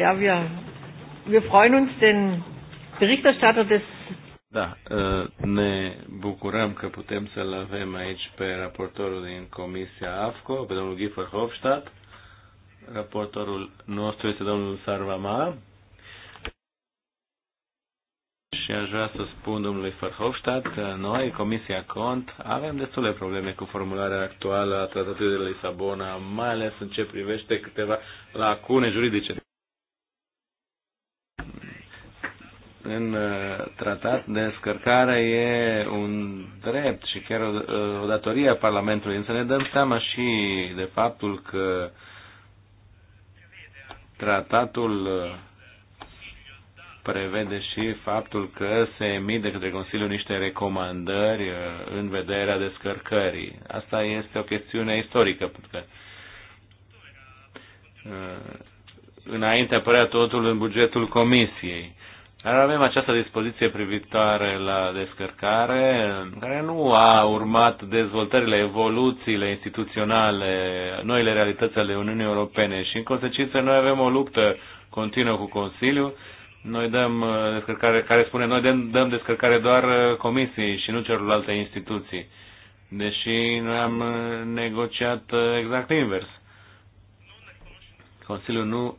Ja, wir, wir freuen uns, den Berichterstatter des da, eh, ne bucurăm că putem să-l avem aici pe raportorul din Comisia AFCO, pe domnul Giffer Hofstadt. Raportorul nostru este domnul Sarvama. Și aș vrea să spun domnului Verhofstadt că noi, Comisia Cont, avem destule probleme cu formularea actuală a Tratatului de Lisabona, mai ales în ce privește câteva lacune juridice. în uh, tratat, descărcarea e un drept și chiar uh, o, datorie a Parlamentului, însă ne dăm seama și de faptul că tratatul uh, prevede și faptul că se emit de către Consiliu niște recomandări în vederea descărcării. Asta este o chestiune istorică, pentru că înainte apărea totul în bugetul Comisiei avem această dispoziție privitoare la descărcare, care nu a urmat dezvoltările, evoluțiile instituționale, noile realități ale Uniunii Europene și, în consecință, noi avem o luptă continuă cu Consiliul. Noi dăm uh, descărcare, care spune, noi dăm, dăm descărcare doar uh, comisiei și nu celorlalte instituții. Deși noi am uh, negociat exact invers. Consiliul nu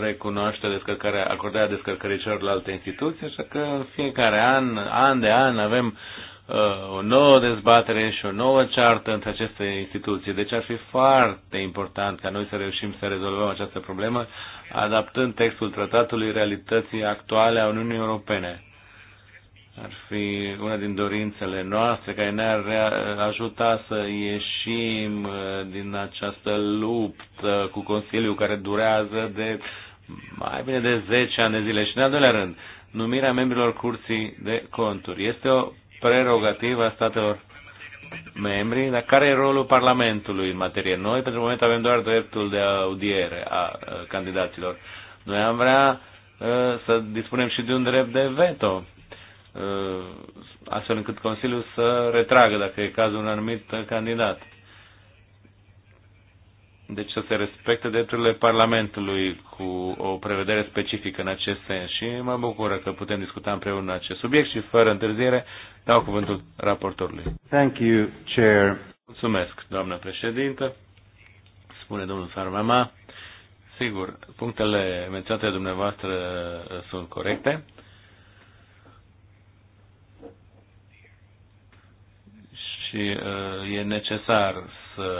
recunoaște descărcarea, acordarea descărcării celorlalte instituții, așa că fiecare an, an de an, avem uh, o nouă dezbatere și o nouă ceartă între aceste instituții. Deci ar fi foarte important ca noi să reușim să rezolvăm această problemă, adaptând textul tratatului realității actuale a Uniunii Europene ar fi una din dorințele noastre care ne-ar ajuta să ieșim uh, din această luptă cu Consiliul care durează de mai bine de 10 ani de zile. Și în al doilea rând, numirea membrilor Curții de Conturi. Este o prerogativă a statelor membri, dar care e rolul Parlamentului în materie? Noi, pentru moment, avem doar dreptul de audiere a uh, candidaților. Noi am vrea uh, să dispunem și de un drept de veto Uh, astfel încât Consiliul să retragă, dacă e cazul, un anumit uh, candidat. Deci să se respecte drepturile Parlamentului cu o prevedere specifică în acest sens și mă bucură că putem discuta împreună acest subiect și fără întârziere dau cuvântul raportorului. Thank you, Chair. Mulțumesc, doamnă președintă. Spune domnul Sarmama. Sigur, punctele menționate de dumneavoastră uh, sunt corecte. și uh, e necesar să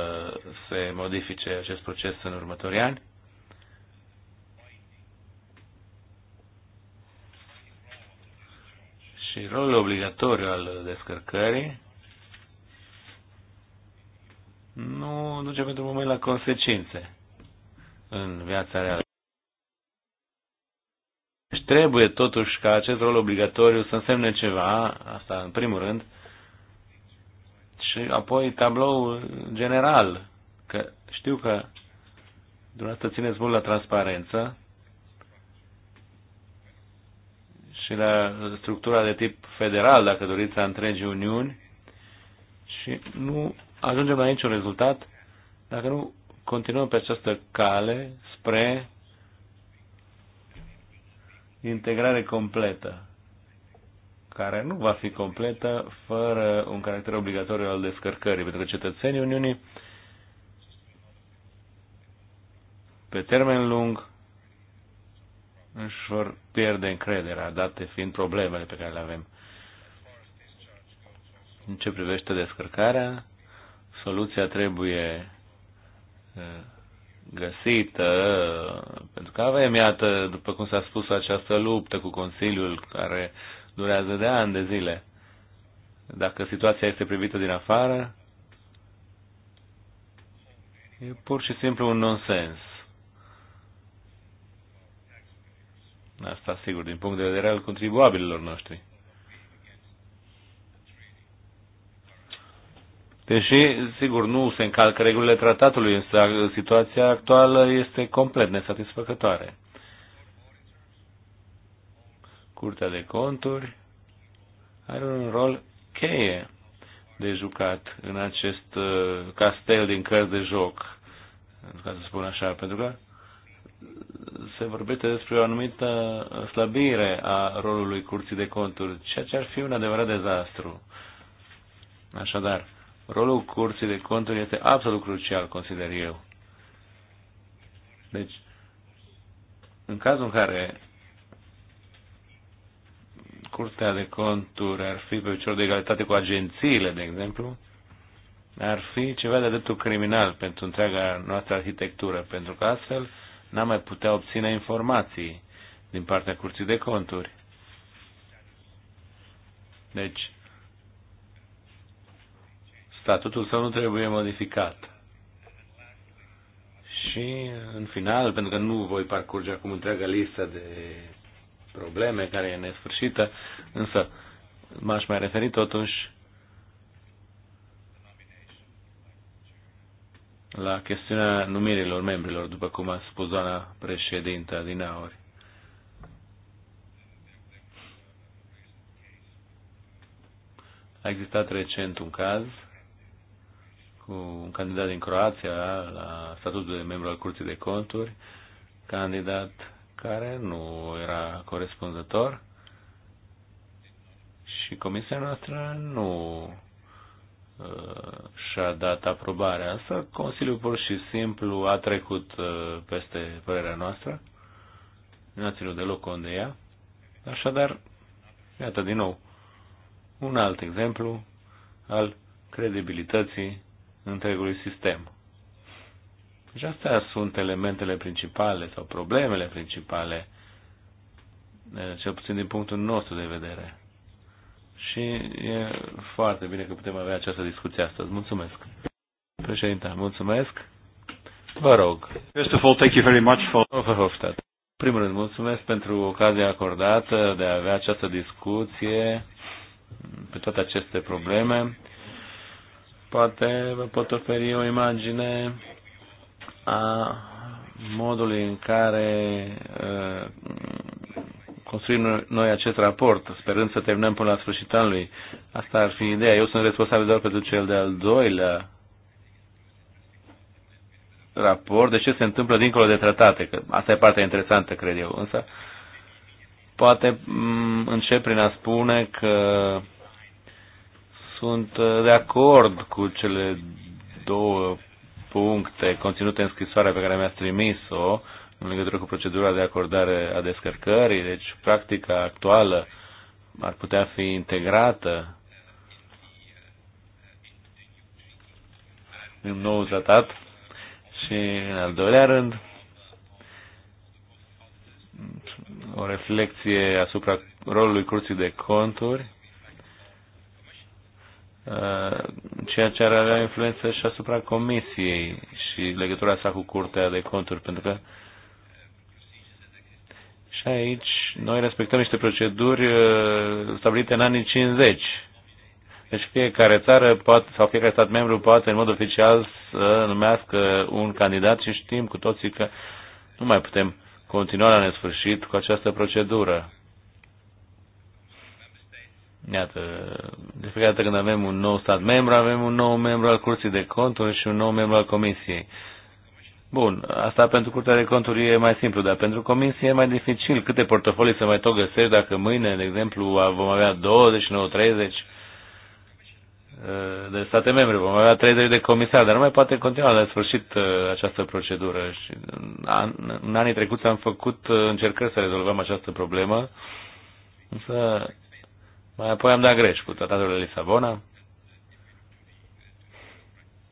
se modifice acest proces în următorii ani. Și rolul obligatoriu al descărcării nu duce pentru moment la consecințe în viața reală. Deci trebuie totuși ca acest rol obligatoriu să însemne ceva, asta în primul rând, și apoi tabloul general, că știu că dumneavoastră țineți mult la transparență și la structura de tip federal, dacă doriți, a întregii Uniuni și nu ajungem la niciun rezultat dacă nu continuăm pe această cale spre integrare completă care nu va fi completă fără un caracter obligatoriu al descărcării, pentru că cetățenii Uniunii pe termen lung își vor pierde încrederea, date fiind problemele pe care le avem. În ce privește descărcarea, soluția trebuie găsită, pentru că avem, iată, după cum s-a spus, această luptă cu Consiliul care durează de ani de zile. Dacă situația este privită din afară, e pur și simplu un nonsens. Asta, sigur, din punct de vedere al contribuabililor noștri. Deși, sigur, nu se încalcă regulile tratatului, însă situația actuală este complet nesatisfăcătoare. Curtea de Conturi are un rol cheie de jucat în acest uh, castel din cărți de joc, ca să spun așa, pentru că se vorbește despre o anumită slăbire a rolului Curții de Conturi, ceea ce ar fi un adevărat dezastru. Așadar, rolul Curții de Conturi este absolut crucial, consider eu. Deci, în cazul în care Curtea de conturi ar fi pe picior de egalitate cu agențiile, de exemplu, ar fi ceva de dreptul criminal pentru întreaga noastră arhitectură, pentru că astfel n-am mai putea obține informații din partea Curții de Conturi. Deci, statutul său nu trebuie modificat. Și, în final, pentru că nu voi parcurge acum întreaga listă de probleme, care e nesfârșită, însă m-aș mai referi totuși la chestiunea numirilor membrilor, după cum a spus doamna președintă din aur. A existat recent un caz cu un candidat din Croația la statutul de membru al Curții de Conturi, candidat care nu era corespunzător și comisia noastră nu uh, și-a dat aprobarea. Însă Consiliul pur și simplu a trecut uh, peste părerea noastră, nu a ținut deloc cont de ea. Așadar, iată din nou, un alt exemplu al credibilității întregului sistem. Deci astea sunt elementele principale sau problemele principale, eh, cel puțin din punctul nostru de vedere. Și e foarte bine că putem avea această discuție astăzi. Mulțumesc. Președinte, mulțumesc. Vă rog. First of all, thank you very much for... Hofstadt. Primul rând, mulțumesc pentru ocazia acordată de a avea această discuție pe toate aceste probleme. Poate vă pot oferi o imagine a modului în care construim noi acest raport, sperând să terminăm până la sfârșitul anului. Asta ar fi ideea. Eu sunt responsabil doar pentru cel de-al doilea raport, de ce se întâmplă dincolo de tratate, că asta e partea interesantă, cred eu, însă poate încep prin a spune că sunt de acord cu cele două puncte conținute în scrisoarea pe care mi-ați trimis-o în legătură cu procedura de acordare a descărcării, deci practica actuală ar putea fi integrată în nou tratat și, în al doilea rând, o reflexie asupra rolului Curții de Conturi Uh, ceea ce ar avea influență și asupra comisiei și legătura sa cu Curtea de Conturi, pentru că și aici noi respectăm niște proceduri uh, stabilite în anii 50. Deci fiecare țară poate, sau fiecare stat membru poate în mod oficial să numească un candidat și știm cu toții că nu mai putem continua la nesfârșit cu această procedură. Iată, de fiecare dată când avem un nou stat membru, avem un nou membru al Curții de Conturi și un nou membru al Comisiei. Bun, asta pentru Curtea de Conturi e mai simplu, dar pentru Comisie e mai dificil. Câte portofolii să mai tot găsești dacă mâine, de exemplu, vom avea 29, 30 eh, de state membre, vom avea 30 de comisari, dar nu mai poate continua la sfârșit eh, această procedură. Și în anii trecuți am făcut eh, încercări să rezolvăm această problemă, însă mai apoi am dat greș cu tratatul de Lisabona.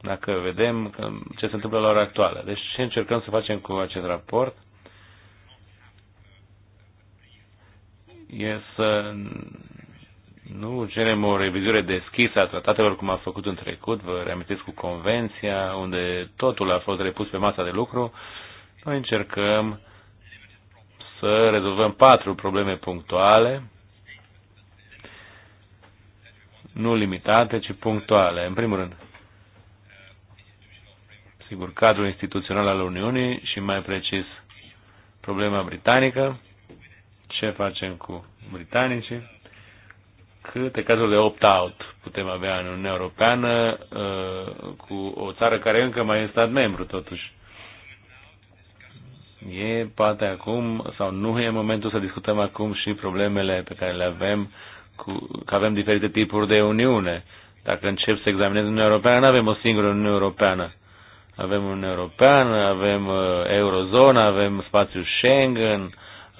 Dacă vedem ce se întâmplă la ora actuală. Deci ce încercăm să facem cu acest raport? E să nu cerem o revizuire deschisă a tratatelor cum a făcut în trecut, vă reamintesc cu convenția, unde totul a fost repus pe masa de lucru. Noi încercăm să rezolvăm patru probleme punctuale nu limitate, ci punctuale. În primul rând, sigur, cadrul instituțional al Uniunii și mai precis problema britanică, ce facem cu britanicii, câte cazuri de opt-out putem avea în Uniunea Europeană uh, cu o țară care încă mai e stat membru, totuși. E poate acum, sau nu e momentul să discutăm acum și problemele pe care le avem cu, că avem diferite tipuri de Uniune. Dacă încep să examinez Uniunea Europeană, nu avem o singură Uniune Europeană. Avem Uniunea Europeană, avem uh, Eurozona, avem spațiul Schengen,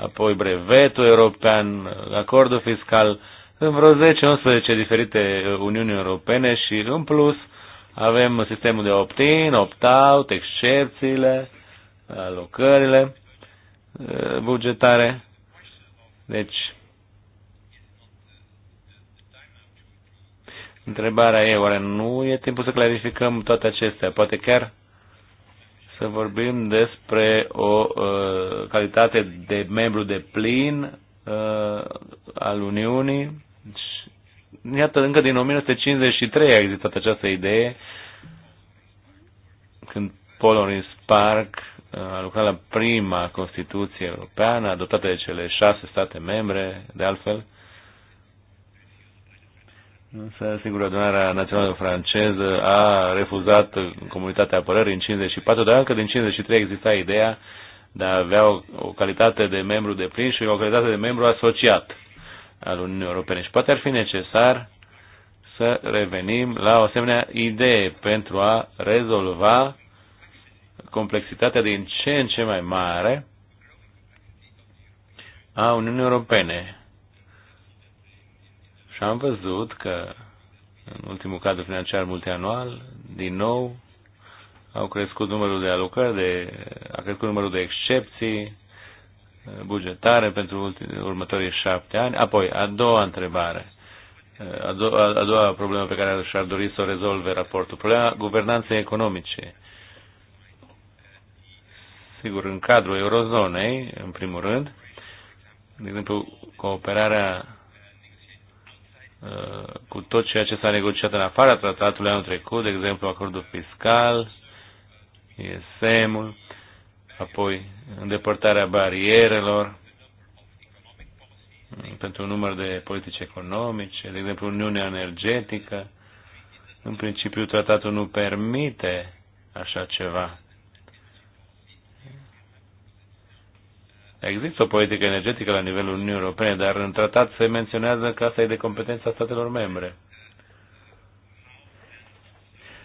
apoi brevetul european, acordul fiscal, în vreo 10-11 diferite uh, Uniuni Europene și, în plus, avem sistemul de opt-in, opt-out, excepțiile, alocările uh, bugetare. Deci, Întrebarea e, oare nu e timpul să clarificăm toate acestea? Poate chiar să vorbim despre o uh, calitate de membru de plin uh, al Uniunii. Iată, încă din 1953 a existat această idee, când Polonis Park uh, a lucrat la prima Constituție Europeană, adoptată de cele șase state membre, de altfel, Însă, sigur, adunarea națională franceză a refuzat comunitatea apărării în 54, dar încă din 53 exista ideea de a avea o, o calitate de membru de plin și o calitate de membru asociat al Uniunii Europene. Și poate ar fi necesar să revenim la o asemenea idee pentru a rezolva complexitatea din ce în ce mai mare a Uniunii Europene și am văzut că în ultimul cadru financiar multianual, din nou, au crescut numărul de alocări, de, a crescut numărul de excepții uh, bugetare pentru următorii șapte ani. Apoi, a doua întrebare, uh, a doua, a doua problemă pe care și-ar dori să o rezolve raportul, problema guvernanței economice. Sigur, în cadrul eurozonei, în primul rând, de exemplu, cooperarea cu tot ceea ce s-a negociat în afara tratatului anul trecut, de exemplu acordul fiscal, ISM-ul, apoi îndepărtarea barierelor pentru un număr de politici economice, de exemplu Uniunea Energetică. În principiu, tratatul nu permite așa ceva. Există o politică energetică la nivelul Uniunii Europene, dar în tratat se menționează că asta e de competența statelor membre.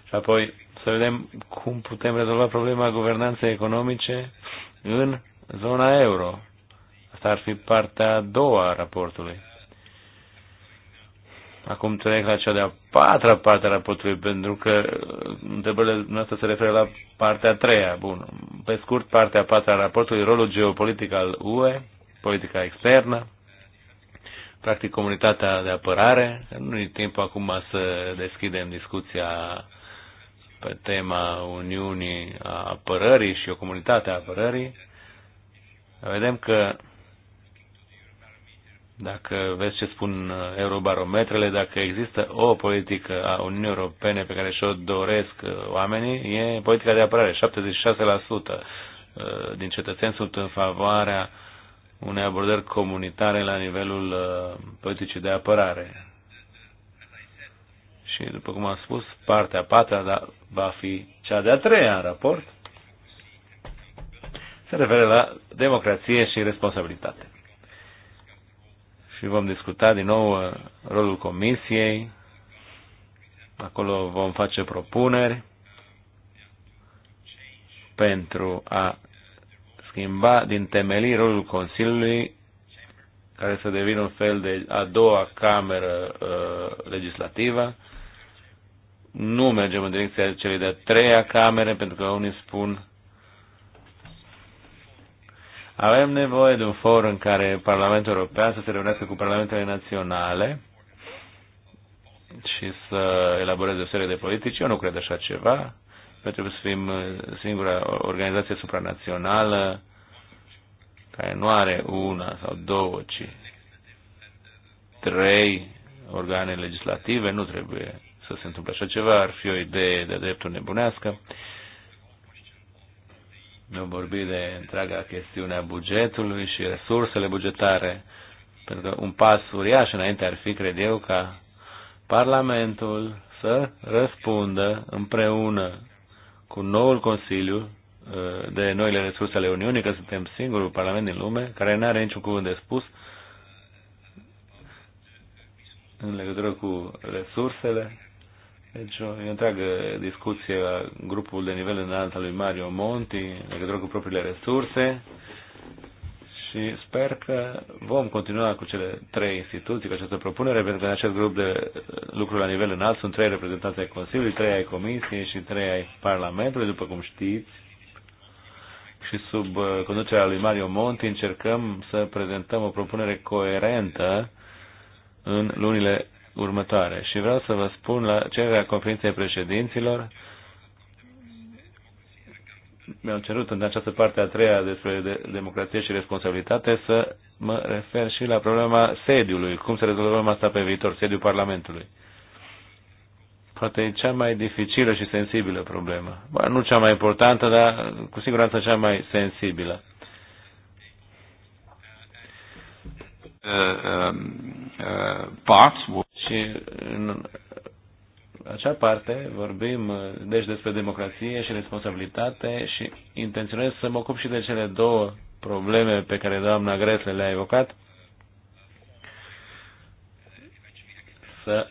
Și apoi să vedem cum putem rezolva problema guvernanței economice în zona euro. Asta ar fi partea a doua a raportului. Acum trec la cea de-a patra parte a raportului, pentru că uh, întrebările noastre se referă la partea a treia. Bun. Pe scurt, partea a patra a raportului, rolul geopolitic al UE, politica externă, practic comunitatea de apărare. Nu e timp acum să deschidem discuția pe tema Uniunii a apărării și o comunitate a apărării. Vedem că dacă vezi ce spun uh, eurobarometrele, dacă există o politică a Uniunii Europene pe care și-o doresc uh, oamenii, e politica de apărare. 76% uh, din cetățeni sunt în favoarea unei abordări comunitare la nivelul politicii de apărare. Și, după cum am spus, partea a patra da, va fi cea de-a treia în raport. Se referă la democrație și responsabilitate și vom discuta din nou uh, rolul comisiei. Acolo vom face propuneri pentru a schimba din temelii rolul Consiliului, care să devină un fel de a doua cameră uh, legislativă. Nu mergem în direcția celei de-a treia camere, pentru că unii spun avem nevoie de un for în care Parlamentul European să se reunească cu Parlamentele Naționale și să elaboreze o serie de politici. Eu nu cred așa ceva. Noi trebuie să fim singura organizație supranațională care nu are una sau două, ci trei organe legislative. Nu trebuie să se întâmple așa ceva. Ar fi o idee de dreptul nebunească. Uh, Vom vorbi de întreaga chestiune a bugetului și resursele bugetare, pentru că un pas uriaș înainte ar fi, cred eu, ca Parlamentul să răspundă împreună cu noul Consiliu uh, de noile resurse ale Uniunii, că suntem singurul Parlament din lume care nu are niciun cuvânt de spus în legătură cu resursele deci o întreagă discuție la grupul de nivel înalt al lui Mario Monti în legătură cu propriile resurse și sper că vom continua cu cele trei instituții, cu această propunere, pentru că în acest grup de uh, lucruri la nivel înalt sunt trei reprezentanți ai Consiliului, trei ai Comisiei și trei ai Parlamentului, după cum știți. Și sub uh, conducerea lui Mario Monti încercăm să prezentăm o propunere coerentă în lunile următoare. Și vreau să vă spun la cererea conferinței președinților, mi-au cerut în această parte a treia despre de democrație și responsabilitate să mă refer și la problema sediului, cum să rezolvăm asta pe viitor, sediul Parlamentului. Poate e cea mai dificilă și sensibilă problemă. Ba, nu cea mai importantă, dar cu siguranță cea mai sensibilă. Uh, um Uh, parts. Și în acea parte vorbim uh, deci despre democrație și responsabilitate și intenționez să mă ocup și de cele două probleme pe care doamna Gresle le-a evocat. Să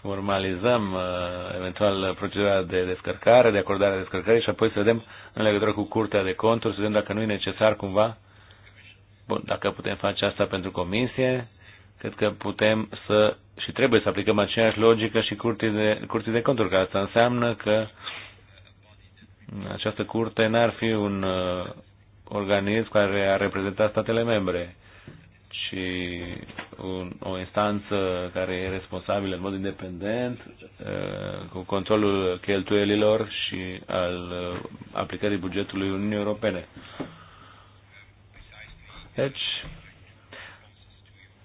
formalizăm uh, eventual procedura de descărcare, de acordare a descărcării și apoi să vedem în legătură cu curtea de conturi, să vedem dacă nu e necesar cumva, bun, dacă putem face asta pentru comisie, cred că putem să și trebuie să aplicăm aceeași logică și curții de, curții de conturi, că asta înseamnă că această curte n-ar fi un uh, organism care ar reprezenta statele membre, ci un, o instanță care e responsabilă în mod independent uh, cu controlul cheltuielilor și al uh, aplicării bugetului Uniunii Europene. Deci,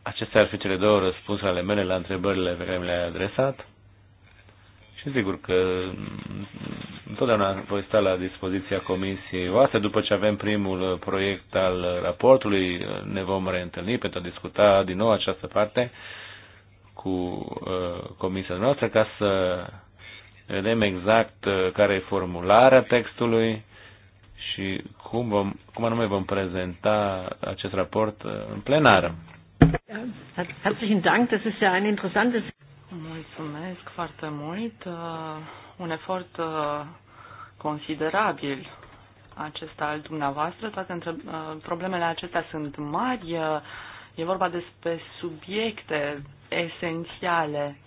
Acestea ar fi cele două răspunsuri ale mele la întrebările pe care mi le-ai adresat. Și sigur că întotdeauna voi sta la dispoziția comisiei voastre. După ce avem primul proiect al raportului, ne vom reîntâlni pentru a discuta din nou această parte cu uh, comisia noastră ca să vedem exact uh, care e formularea textului și cum, vom, cum anume vom prezenta acest raport uh, în plenară. Herzlichen Dank, das ist ja ein interessantes. Mulțumesc foarte mult. Uh, un efort uh, considerabil acesta al dumneavoastră. Toate între... Uh, problemele acestea sunt mari. E vorba despre subiecte esențiale.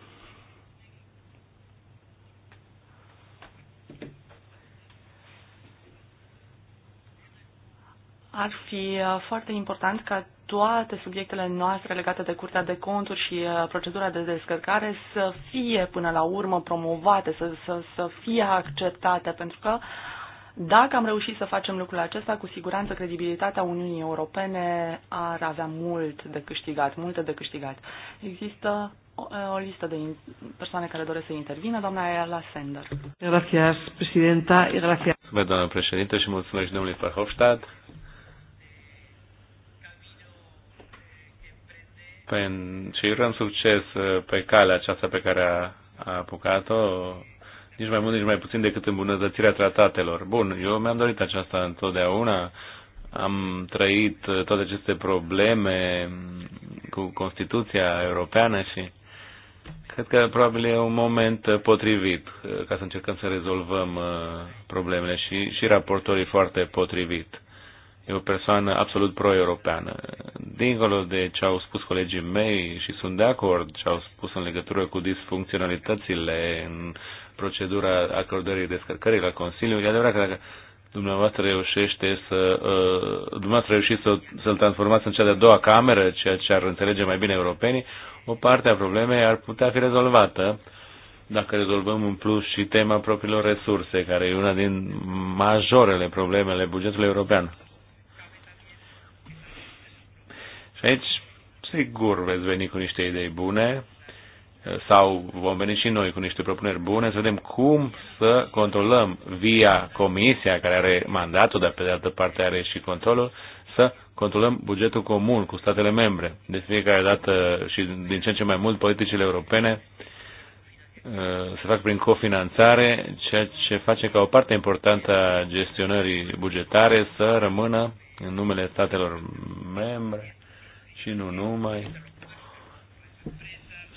Ar fi foarte important ca toate subiectele noastre legate de Curtea de Conturi și uh, procedura de descărcare să fie până la urmă promovate, să, să, să fie acceptate, pentru că dacă am reușit să facem lucrul acesta, cu siguranță credibilitatea Uniunii Europene ar avea mult de câștigat, multe de câștigat. Există o, uh, o listă de persoane care doresc să intervină. Doamna Ayala Sender. Gracias, presidenta, gracias. Mulțumesc, doamna președinte, și mulțumesc domnului Verhofstadt și urăm succes uh, pe calea aceasta pe care a, a apucat-o, nici mai mult, nici mai puțin decât îmbunătățirea tratatelor. Bun, eu mi-am dorit aceasta întotdeauna, am trăit uh, toate aceste probleme cu Constituția Europeană și cred că probabil e un moment uh, potrivit ca să încercăm să rezolvăm problemele și, și raportorii foarte potrivit e o persoană absolut pro-europeană. Dincolo de ce au spus colegii mei și sunt de acord ce au spus în legătură cu disfuncționalitățile în procedura acordării descărcării la Consiliu, e adevărat că dacă dumneavoastră reușește să, uh, dumneavoastră reușiți să, să-l transformați în cea de-a doua cameră, ceea ce ar înțelege mai bine europenii, o parte a problemei ar putea fi rezolvată dacă rezolvăm în plus și tema propriilor resurse, care e una din majorele problemele bugetului european. Deci, sigur, veți veni cu niște idei bune sau vom veni și noi cu niște propuneri bune să vedem cum să controlăm via comisia care are mandatul, dar pe de altă parte are și controlul, să controlăm bugetul comun cu statele membre. De fiecare dată și din ce în ce mai mult politicile europene uh, se fac prin cofinanțare, ceea ce face ca o parte importantă a gestionării bugetare să rămână în numele statelor membre și nu numai,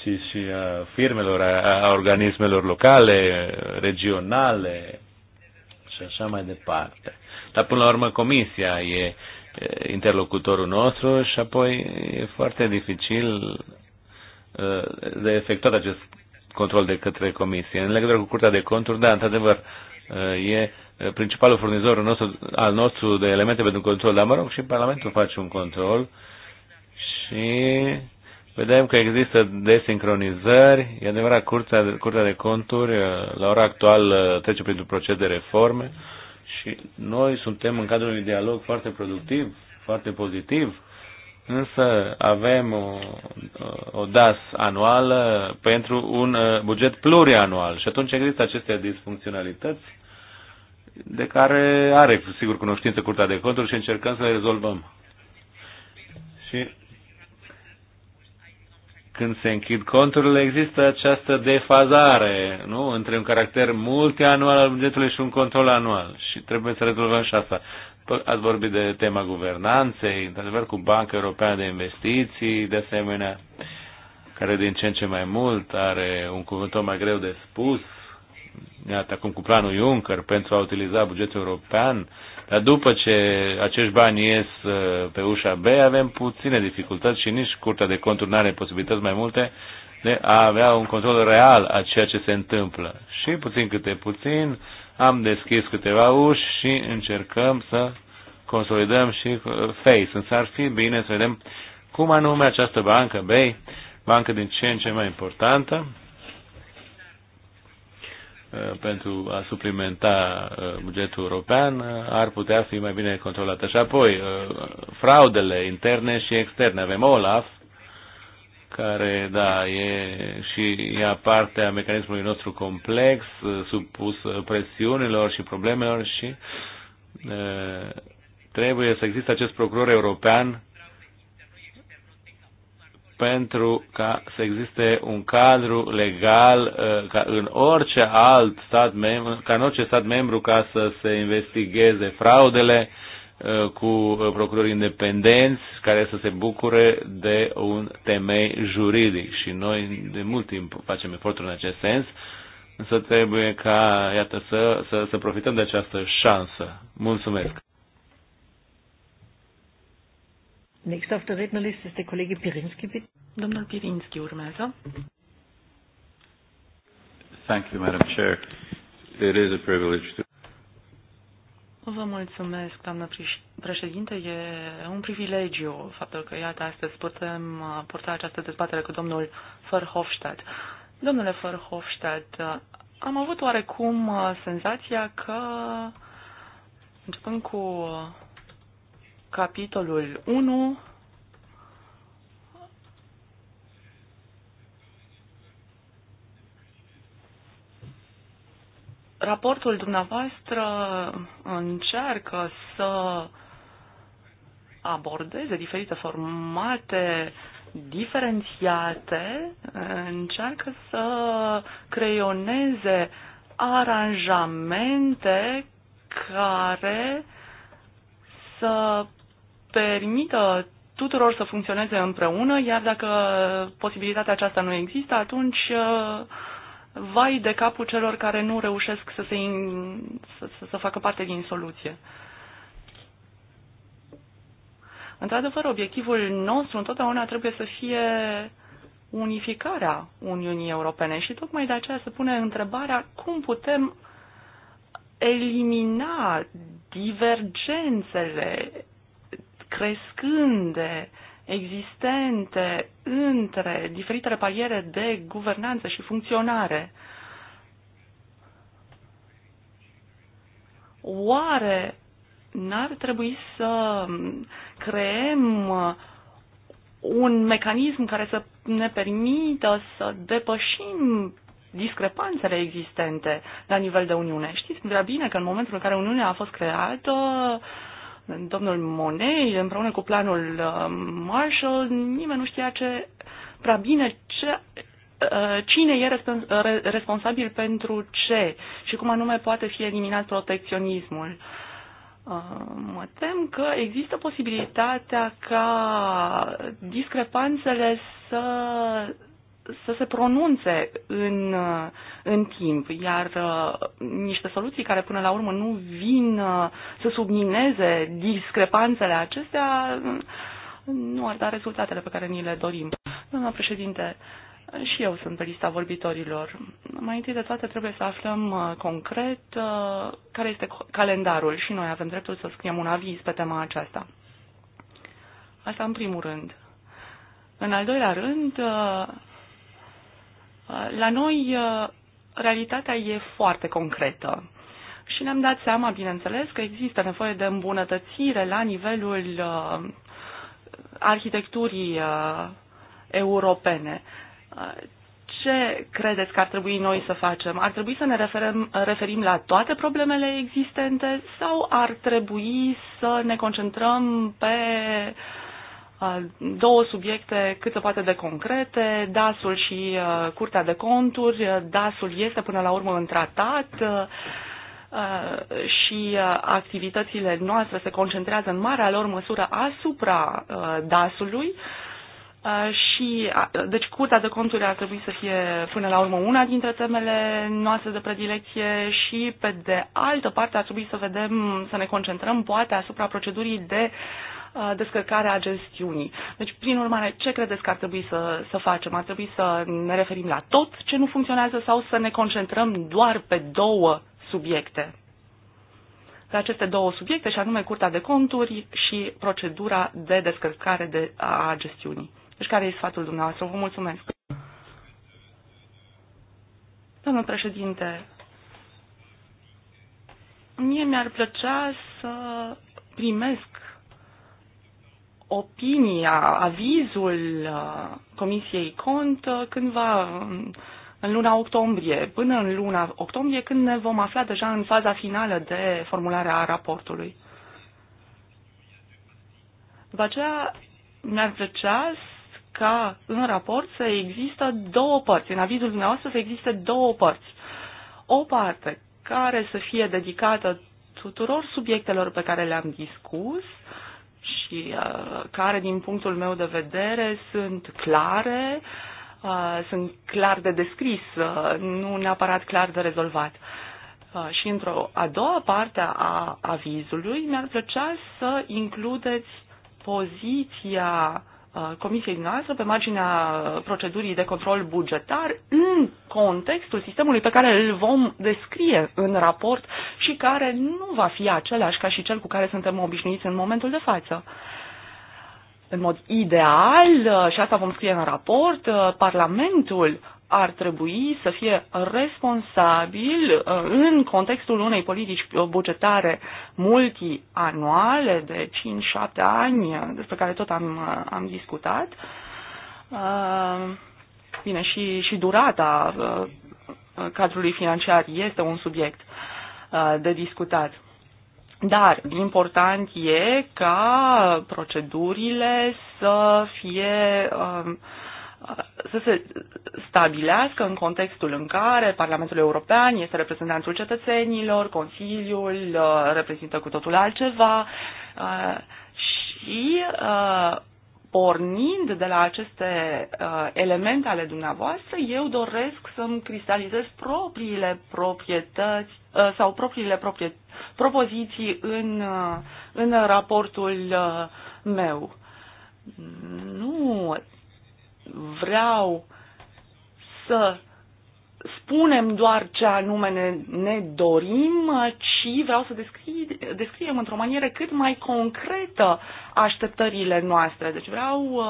ci și a firmelor, a, a organismelor locale, regionale și așa mai departe. Dar până la urmă comisia e interlocutorul nostru și apoi e foarte dificil de efectuat acest control de către comisie. În legătură cu Curtea de Conturi, da, într-adevăr, e principalul furnizor nostru, al nostru de elemente pentru control, dar mă rog, și Parlamentul face un control și vedem că există desincronizări. E adevărat, Curtea de, Curtea de Conturi uh, la ora actuală uh, trece printr-un proces de reforme și noi suntem în cadrul unui dialog foarte productiv, foarte pozitiv, însă avem o, uh, o DAS anuală pentru un buget plurianual și atunci există aceste disfuncționalități de care are, sigur, cunoștință Curtea de Conturi și încercăm să le rezolvăm. Și când se închid conturile, există această defazare nu? între un caracter multianual al bugetului și un control anual. Și trebuie să rezolvăm și asta. Ați vorbit de tema guvernanței, într-adevăr cu Banca Europeană de Investiții, de asemenea, care din ce în ce mai mult are un cuvânt mai greu de spus, iată acum cu planul Juncker pentru a utiliza bugetul european dar după ce acești bani ies uh, pe ușa B, avem puține dificultăți și nici Curtea de Conturi nu are posibilități mai multe de a avea un control real a ceea ce se întâmplă. Și puțin câte puțin am deschis câteva uși și încercăm să consolidăm și uh, face. Însă ar fi bine să vedem cum anume această bancă, BEI, bancă din ce în ce mai importantă, Uh, pentru a suplimenta uh, bugetul european uh, ar putea fi mai bine controlată. Și apoi, fraudele interne și externe. Avem OLAF, care, da, e și ea parte a mecanismului nostru complex, supus presiunilor și problemelor și trebuie să existe acest procuror european pentru ca să existe un cadru legal uh, ca în orice alt stat membru, ca în orice stat membru ca să se investigheze fraudele uh, cu uh, procurori independenți care să se bucure de un temei juridic și noi de mult timp facem eforturi în acest sens, însă trebuie ca, iată, să, să, să profităm de această șansă. Mulțumesc! Nächster auf der Rednerliste ist der Kollege Pirinski, bitte. Domnul Pirinski urmează. Thank you, Madam Chair. It is a privilege to... Vă mulțumesc, doamnă președinte. E un privilegiu faptul că, iată, astăzi putem uh, purta această dezbatere cu domnul Verhofstadt. Domnule Verhofstadt, uh, am avut oarecum uh, senzația că, începând cu capitolul 1 raportul dumneavoastră încearcă să abordeze diferite formate diferențiate, încearcă să creioneze aranjamente care să permită tuturor să funcționeze împreună, iar dacă posibilitatea aceasta nu există, atunci uh, vai de capul celor care nu reușesc să, se in, să, să facă parte din soluție. Într-adevăr, obiectivul nostru întotdeauna trebuie să fie unificarea Uniunii Europene și tocmai de aceea se pune întrebarea cum putem elimina divergențele crescânde existente între diferitele paliere de guvernanță și funcționare. Oare n-ar trebui să creăm un mecanism care să ne permită să depășim discrepanțele existente la nivel de Uniune. Știți prea bine că în momentul în care Uniunea a fost creată, uh, domnul Monet, împreună cu planul uh, Marshall, nimeni nu știa ce prea bine ce, uh, cine e responsabil pentru ce și cum anume poate fi eliminat protecționismul. Uh, mă tem că există posibilitatea ca discrepanțele să să se pronunțe în, în timp, iar uh, niște soluții care până la urmă nu vin uh, să submineze discrepanțele acestea uh, nu ar da rezultatele pe care ni le dorim. Doamna președinte, și eu sunt pe lista vorbitorilor. Mai întâi de toate trebuie să aflăm concret care este calendarul și noi avem dreptul să scriem un aviz pe tema aceasta. Asta în primul rând. În al doilea rând, Uh, la noi uh, realitatea e foarte concretă și ne-am dat seama, bineînțeles, că există nevoie de îmbunătățire la nivelul uh, arhitecturii europene. Ce credeți că ar trebui noi să facem? Ar trebui să ne referim, referim la toate problemele existente sau ar trebui să ne concentrăm pe uh, două subiecte cât se poate de concrete, DAS-ul și uh, Curtea de Conturi. DAS-ul este până la urmă în tratat uh, și uh, activitățile noastre se concentrează în marea lor măsură asupra DAS-ului și, deci, Curtea de Conturi ar trebui să fie, până la urmă, una dintre temele noastre de predilecție și, pe de altă parte, ar trebui să vedem, să ne concentrăm, poate, asupra procedurii de uh, descărcarea gestiunii. Deci, prin urmare, ce credeți că ar trebui să, să facem? Ar trebui să ne referim la tot ce nu funcționează sau să ne concentrăm doar pe două subiecte? Pe aceste două subiecte, și anume Curtea de Conturi și procedura de descărcare de, a gestiunii. Deci, care e sfatul dumneavoastră? Vă mulțumesc! Domnul președinte, mie mi-ar plăcea să primesc opinia, avizul uh, Comisiei Cont uh, cândva um, în luna octombrie, până în luna octombrie, când ne vom afla deja în faza finală de formulare a raportului. După aceea, mi-ar plăcea ca în raport să există două părți, în avizul dumneavoastră să existe două părți. O parte care să fie dedicată tuturor subiectelor pe care le-am discus, uh, și uh, care, din punctul meu de vedere, sunt clare, uh, sunt clar de descris, uh, nu neapărat clar de rezolvat. Și într-o a doua parte a avizului mi-ar plăcea să includeți poziția uh, Uh, comisiei noastre pe marginea procedurii de control bugetar în contextul sistemului pe care îl vom descrie în raport și care nu va fi același ca și cel cu care suntem obișnuiți în momentul de față. În mod ideal, uh, și asta vom scrie în raport, uh, Parlamentul ar trebui să fie responsabil uh, în contextul unei politici bugetare multianuale de 5-7 ani, uh, despre care tot am, uh, am discutat. Bine, și, și durata cadrului financiar este un subiect de discutat. Dar important e ca procedurile să fie uh, să se stabilească în contextul în care Parlamentul European este reprezentantul cetățenilor, Consiliul uh, reprezintă cu totul altceva uh, și uh, pornind de la aceste elemente ale dumneavoastră, eu doresc să-mi cristalizez propriile proprietăți sau propriile proprie, propoziții în, în raportul meu. Nu vreau să spunem doar ce anume ne, ne dorim, ci vreau să descri, descriem într-o manieră cât mai concretă așteptările noastre. Deci vreau uh,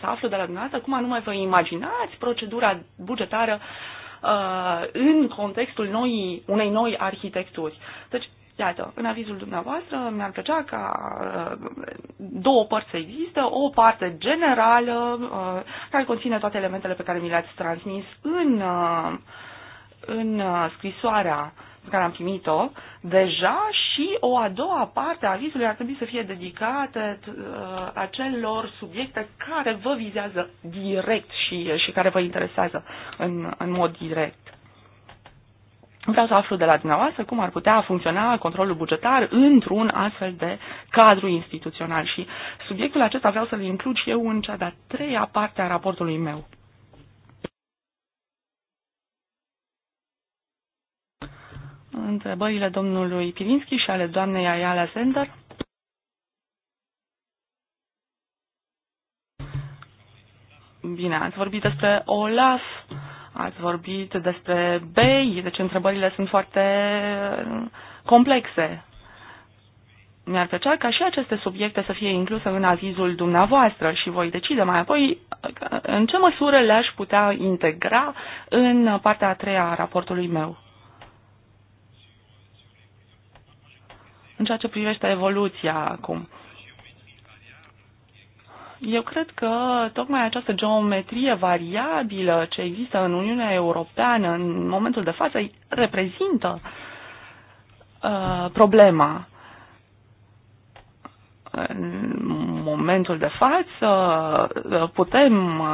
să aflu de la dumneavoastră cum anume vă imaginați procedura bugetară uh, în contextul noii, unei noi arhitecturi. Deci Iată, în avizul dumneavoastră mi-ar plăcea ca uh, două părți să există, o parte generală uh, care conține toate elementele pe care mi le-ați transmis în, uh, în scrisoarea pe care am primit-o deja și o a doua parte a avizului ar trebui să fie dedicată acelor subiecte care vă vizează direct și, și care vă interesează în, în mod direct. Vreau să aflu de la dumneavoastră cum ar putea funcționa controlul bugetar într-un astfel de cadru instituțional și subiectul acesta vreau să-l includ și eu în cea de-a treia parte a raportului meu. Întrebările domnului Pirinski și ale doamnei Ayala Sender. Bine, ați vorbit despre OLAF. Ați vorbit despre bei, deci întrebările sunt foarte uh, complexe. Mi-ar plăcea ca și aceste subiecte să fie incluse în avizul dumneavoastră și voi decide mai apoi uh, în ce măsură le-aș putea integra în partea a treia a raportului meu. În ceea ce privește evoluția acum. Eu cred că tocmai această geometrie variabilă ce există în Uniunea Europeană în momentul de față reprezintă uh, problema. În momentul de față uh, putem uh,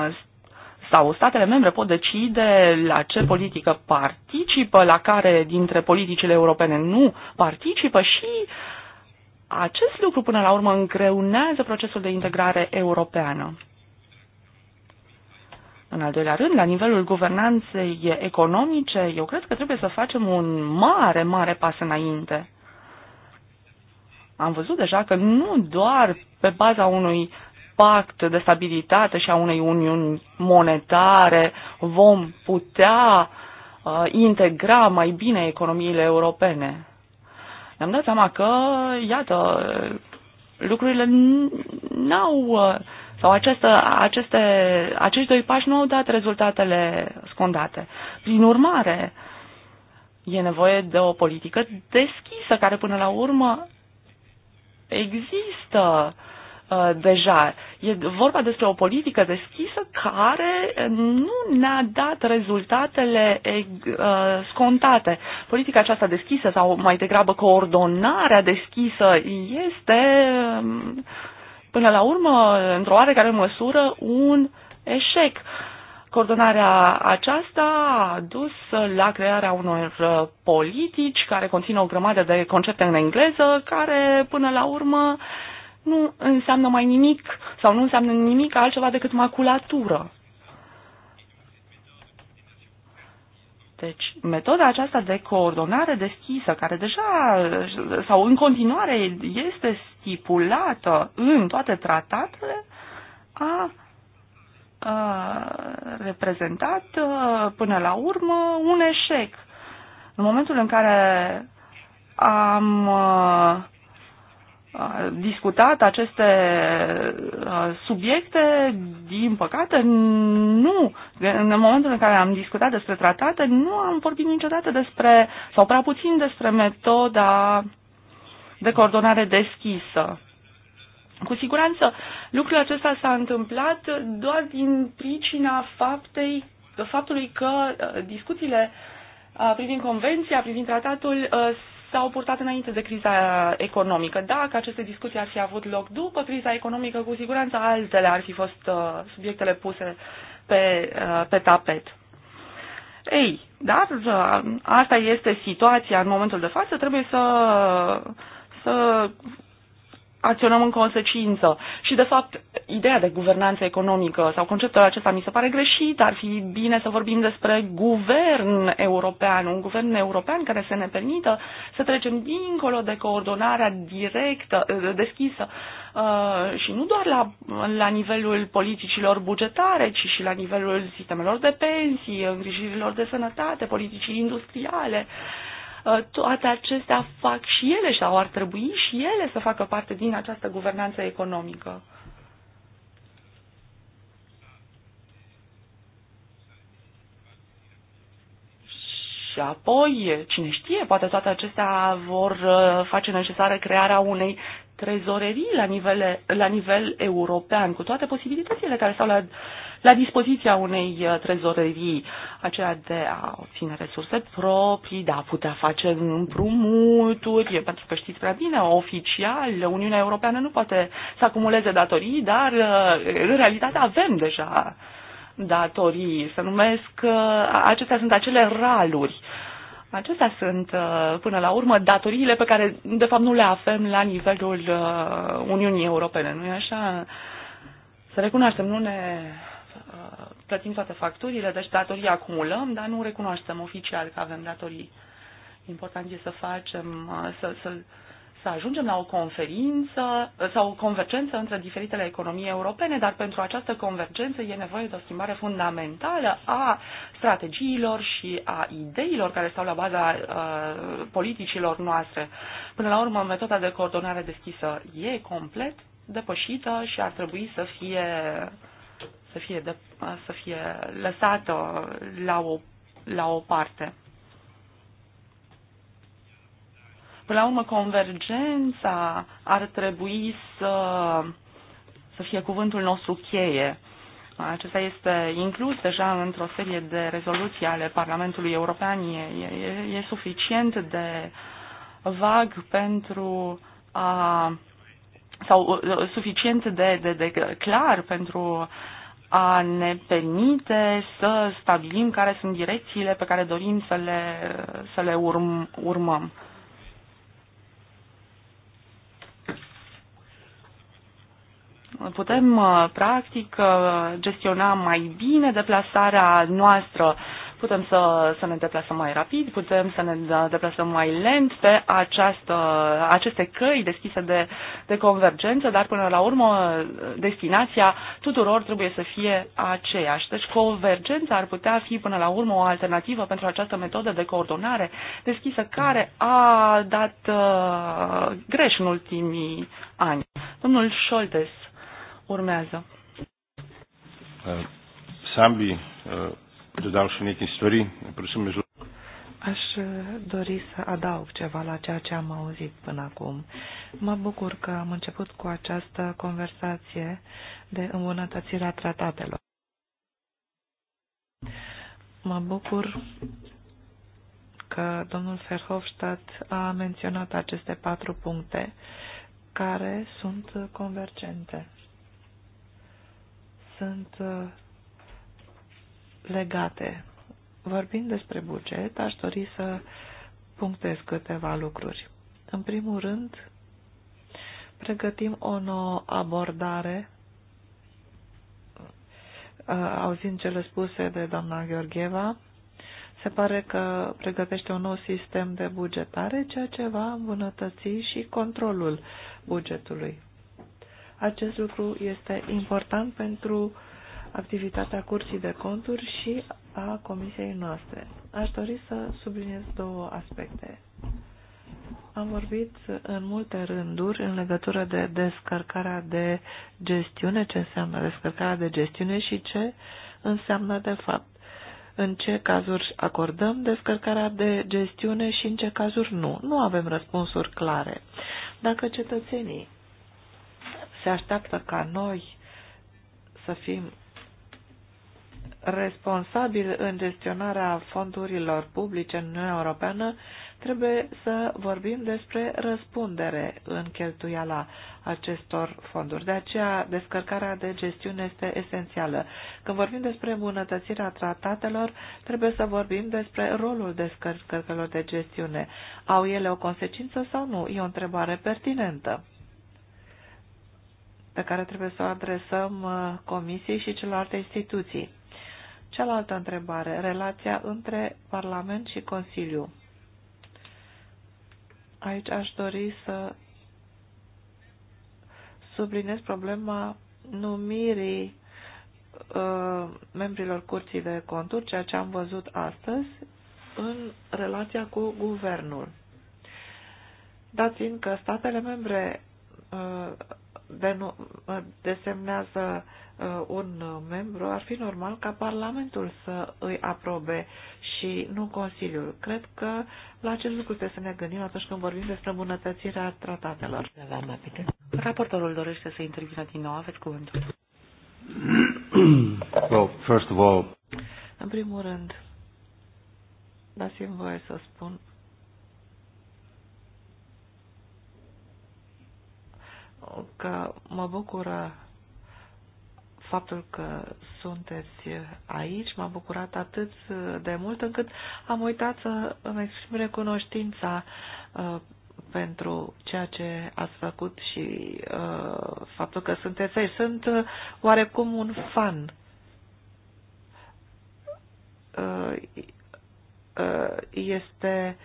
sau statele membre pot decide la ce politică participă, la care dintre politicile europene nu participă și uh, acest lucru până la urmă îngreunează procesul de integrare europeană. În al doilea rând, la nivelul guvernanței economice, eu cred că trebuie să facem un mare, mare pas înainte. Am văzut deja că nu doar pe baza unui pact de stabilitate și a unei uniuni monetare vom putea uh, integra mai bine economiile europene ne-am dat seama că, iată, lucrurile n-au, sau aceste, aceste, acești doi pași nu au dat rezultatele scondate. Prin urmare, e nevoie de o politică deschisă, care până la urmă există. Uh, Uh, deja. E vorba despre o politică deschisă care nu ne-a dat rezultatele uh, scontate. Politica aceasta deschisă sau mai degrabă coordonarea deschisă este um, până la urmă, într-o oarecare măsură, un eșec. Coordonarea aceasta a dus la crearea unor uh, politici care conțin o grămadă de concepte în engleză, care până la urmă uh, nu înseamnă mai nimic sau nu înseamnă nimic altceva decât maculatură. Deci, metoda aceasta de coordonare deschisă, care deja sau în continuare este stipulată în toate tratatele, a, a reprezentat până la urmă un eșec. În momentul în care am a, discutat aceste subiecte, din păcate, nu, în momentul în care am discutat despre tratate, nu am vorbit niciodată despre, sau prea puțin despre metoda de coordonare deschisă. Cu siguranță, lucrul acesta s-a întâmplat doar din pricina faptei, faptului că discuțiile privind convenția, privind tratatul, s-au purtat înainte de criza economică. Dacă aceste discuții ar fi avut loc după criza economică, cu siguranță altele ar fi fost uh, subiectele puse pe, uh, pe tapet. Ei, dar uh, asta este situația în momentul de față, trebuie să, să acționăm în consecință. Și, de fapt, ideea de guvernanță economică sau conceptul acesta mi se pare greșit. Ar fi bine să vorbim despre guvern european, un guvern european care să ne permită să trecem dincolo de coordonarea directă, deschisă uh, și nu doar la, la nivelul politicilor bugetare, ci și la nivelul sistemelor de pensii, îngrijirilor de sănătate, politicii industriale. Uh, toate acestea fac și ele sau ar trebui și ele să facă parte din această guvernanță economică. Și apoi, cine știe, poate toate acestea vor uh, face necesară crearea unei trezorerii la nivel, la nivel european, cu toate posibilitățile care stau la la dispoziția unei uh, trezorerii, aceea de a obține resurse proprii, de a putea face împrumuturi, pentru că știți prea bine, oficial Uniunea Europeană nu poate să acumuleze datorii, dar uh, în realitate avem deja datorii, se numesc, uh, acestea sunt acele raluri. Acestea sunt, până la urmă, datoriile pe care, de fapt, nu le avem la nivelul Uniunii Europene, nu-i așa? Să recunoaștem, nu ne Uh, plătim toate facturile, deci datorii acumulăm, dar nu recunoaștem oficial că avem datorii. Important e să facem, uh, să, să, să ajungem la o conferință uh, sau o convergență între diferitele economii europene, dar pentru această convergență e nevoie de o schimbare fundamentală a strategiilor și a ideilor care stau la baza uh, politicilor noastre. Până la urmă, metoda de coordonare deschisă e complet depășită și ar trebui să fie uh, să fie, de, să fie lăsată la o, la o parte. Până la urmă, convergența ar trebui să, să fie cuvântul nostru cheie. Acesta este inclus deja într-o serie de rezoluții ale Parlamentului European. E, e, e suficient de vag pentru a sau suficient de, de, de clar pentru a ne permite să stabilim care sunt direcțiile pe care dorim să le, să le urm, urmăm. Putem, uh, practic, uh, gestiona mai bine deplasarea noastră Putem să, să ne deplasăm mai rapid, putem să ne da- deplasăm mai lent pe această, aceste căi deschise de, de convergență, dar până la urmă destinația tuturor trebuie să fie aceeași. Deci convergența ar putea fi până la urmă o alternativă pentru această metodă de coordonare deschisă care a dat uh, greș în ultimii ani. Domnul Scholtes urmează. uh... uh dodal și neke istorii, Prosim, Aș eh, dori să adaug ceva la ceea ce am auzit până acum. Mă bucur că am început cu această conversație de îmbunătățirea tratatelor. Mă bucur că domnul Verhofstadt a menționat aceste patru puncte care sunt convergente. Sunt eh, legate. Vorbind despre buget, aș dori să punctez câteva lucruri. În primul rând, pregătim o nouă abordare, auzind cele spuse de doamna Gheorgheva, se pare că pregătește un nou sistem de bugetare, ceea ce va îmbunătăți și controlul bugetului. Acest lucru este important pentru activitatea Curții de Conturi și a Comisiei noastre. Aș dori să subliniez două aspecte. Am vorbit în multe rânduri în legătură de descărcarea de gestiune, ce înseamnă descărcarea de gestiune și ce înseamnă de fapt. În ce cazuri acordăm descărcarea de gestiune și în ce cazuri nu. Nu avem răspunsuri clare. Dacă cetățenii se așteaptă ca noi să fim responsabil în gestionarea fondurilor publice în Uniunea Europeană, trebuie să vorbim despre răspundere în cheltuiala acestor fonduri. De aceea, descărcarea de gestiune este esențială. Când vorbim despre îmbunătățirea tratatelor, trebuie să vorbim despre rolul descărcărilor de gestiune. Au ele o consecință sau nu? E o întrebare pertinentă pe care trebuie să o adresăm uh, comisiei și celorlalte instituții. Cealaltă întrebare, relația între Parlament și Consiliu. Aici aș dori să subliniez problema numirii uh, membrilor Curții de Conturi, ceea ce am văzut astăzi, în relația cu guvernul. Dat fiindcă statele membre Uh, uh, desemnează uh, un membru, ar fi normal ca Parlamentul să îi aprobe și nu Consiliul. Cred că la acest lucru trebuie să ne gândim atunci când vorbim despre îmbunătățirea tratatelor. Raportorul dorește să intervină din nou. Aveți cuvântul. well, first of all... În primul rând, dați-mi voie să spun că mă bucură faptul că sunteți aici. M-a bucurat atât de mult încât am uitat să îmi exprim recunoștința uh, pentru ceea ce ați făcut și uh, faptul că sunteți aici. Sunt uh, oarecum un fan. este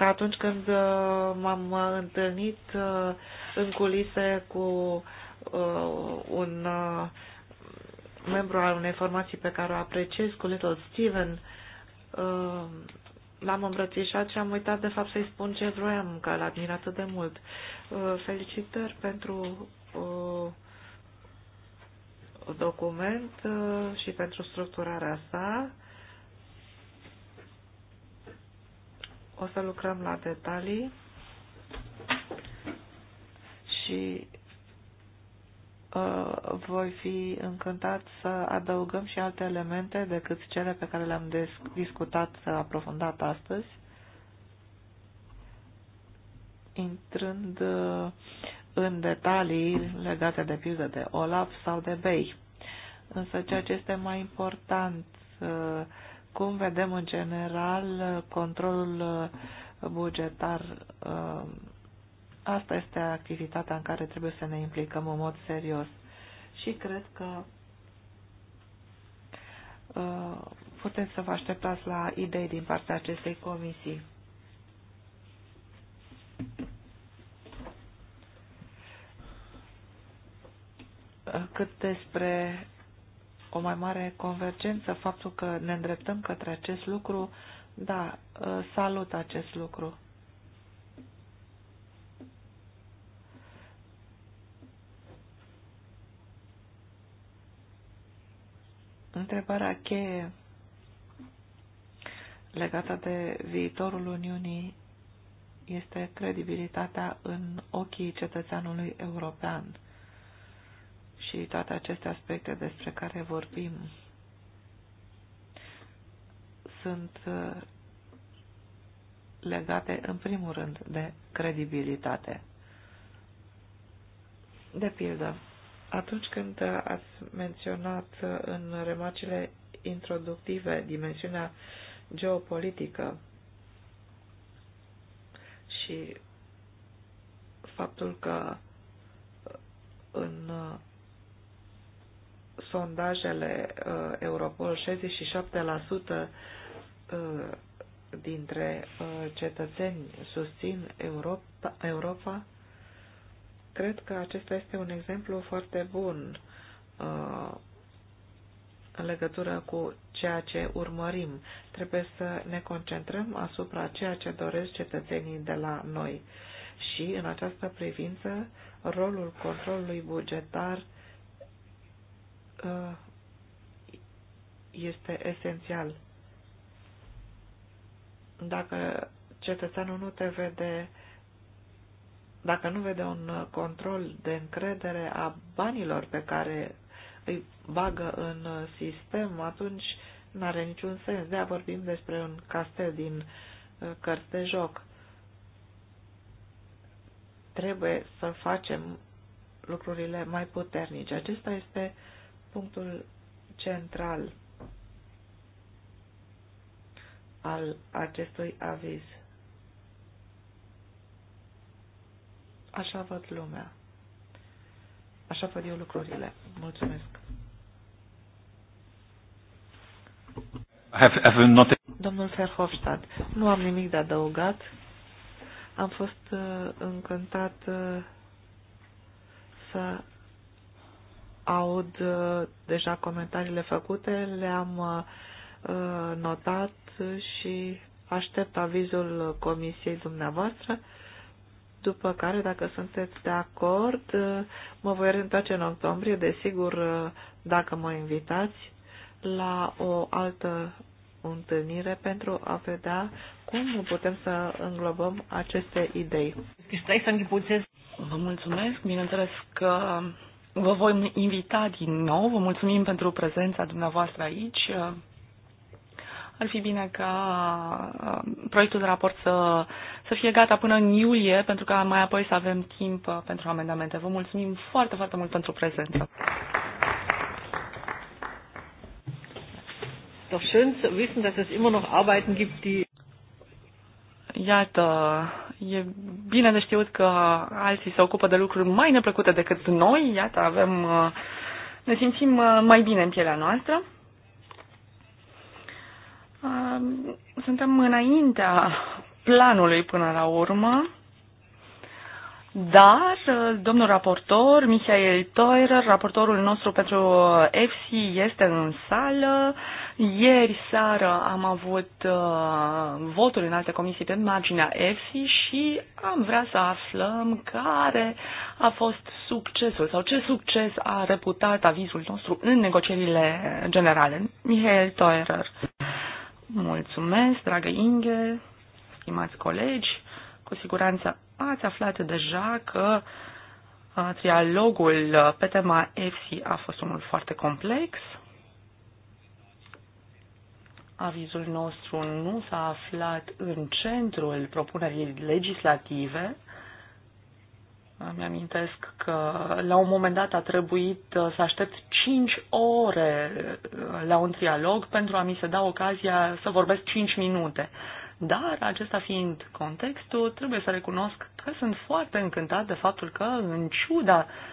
ca atunci când uh, m-am întâlnit uh, în culise cu uh, un membru al unei formații pe care o apreciez, cu Little Steven, l-am îmbrățișat și am uitat de fapt să-i spun ce vroiam, că l admir atât de mult. Felicitări pentru document și pentru structurarea sa. O să lucrăm la detalii și uh, voi fi încântat să adăugăm și alte elemente decât cele pe care le-am discutat aprofundat astăzi, intrând uh, în detalii legate de pildă de Olaf sau de Bay. Însă ceea ce este mai important uh, cum vedem în general controlul bugetar, ă, asta este activitatea în care trebuie să ne implicăm în mod serios. Și cred că ă, puteți să vă așteptați la idei din partea acestei comisii. Cât despre o mai mare convergență, faptul că ne îndreptăm către acest lucru, da, ă, salut acest lucru. Întrebarea cheie legată de viitorul Uniunii este credibilitatea în ochii cetățeanului european și toate aceste aspecte despre care vorbim sunt uh, legate în primul rând de credibilitate. De pildă, atunci când ați menționat uh, în remarcile introductive dimensiunea geopolitică și faptul că uh, în sondajele uh, Europol, 67% uh, dintre uh, cetățeni susțin Europa, Europa, cred că acesta este un exemplu foarte bun uh, în legătură cu ceea ce urmărim. Trebuie să ne concentrăm asupra ceea ce doresc cetățenii de la noi. Și, în această privință, rolul controlului bugetar uh, Uh, este esențial. Dacă cetățeanul nu te vede, dacă nu vede un control de încredere a banilor pe care îi bagă în sistem, atunci nu are niciun sens. de a vorbim despre un castel din uh, cărți de joc. Trebuie să facem lucrurile mai puternice. Acesta este uh, punctul central al acestui aviz. Așa văd lumea. Așa văd eu lucrurile. Mulțumesc. Have, have not... Domnul Verhofstadt, nu am nimic de adăugat. Am fost uh, încântat uh, să aud uh, deja comentariile făcute, le-am uh, uh, notat și aștept avizul comisiei dumneavoastră, după care, dacă sunteți de acord, mă voi reîntoarce în octombrie, desigur, dacă mă invitați, la o altă întâlnire pentru a vedea cum putem să înglobăm aceste idei. Vă mulțumesc, bineînțeles că Vă voi invita din nou, vă mulțumim pentru prezența dumneavoastră aici. Ar fi bine ca uh, proiectul de raport să, să fie gata până în iulie, pentru că mai apoi să avem timp uh, pentru amendamente. Vă mulțumim foarte, foarte mult pentru prezență. Iată, E bine de știut că alții se ocupă de lucruri mai neplăcute decât noi. Iată, avem, uh, ne simțim uh, mai bine în pielea noastră. Uh, suntem înaintea planului până la urmă. Dar domnul raportor, Michael Teurer, raportorul nostru pentru EFSI, este în sală. Ieri seară am avut uh, votul în alte comisii pe marginea EFSI și am vrea să aflăm care a fost succesul sau ce succes a reputat avizul nostru în negocierile generale. Mihail Toerer. Mulțumesc, dragă Inge, stimați colegi. Cu siguranță ați aflat deja că uh, trialogul pe tema EFSI a fost unul foarte complex avizul nostru nu s-a aflat în centrul propunerii legislative. Îmi amintesc că la un moment dat a trebuit uh, să aștept 5 ore uh, la un trialog pentru a mi se da ocazia să vorbesc 5 minute. Dar, acesta fiind contextul, trebuie să recunosc că sunt foarte încântat de faptul că, în ciuda uh,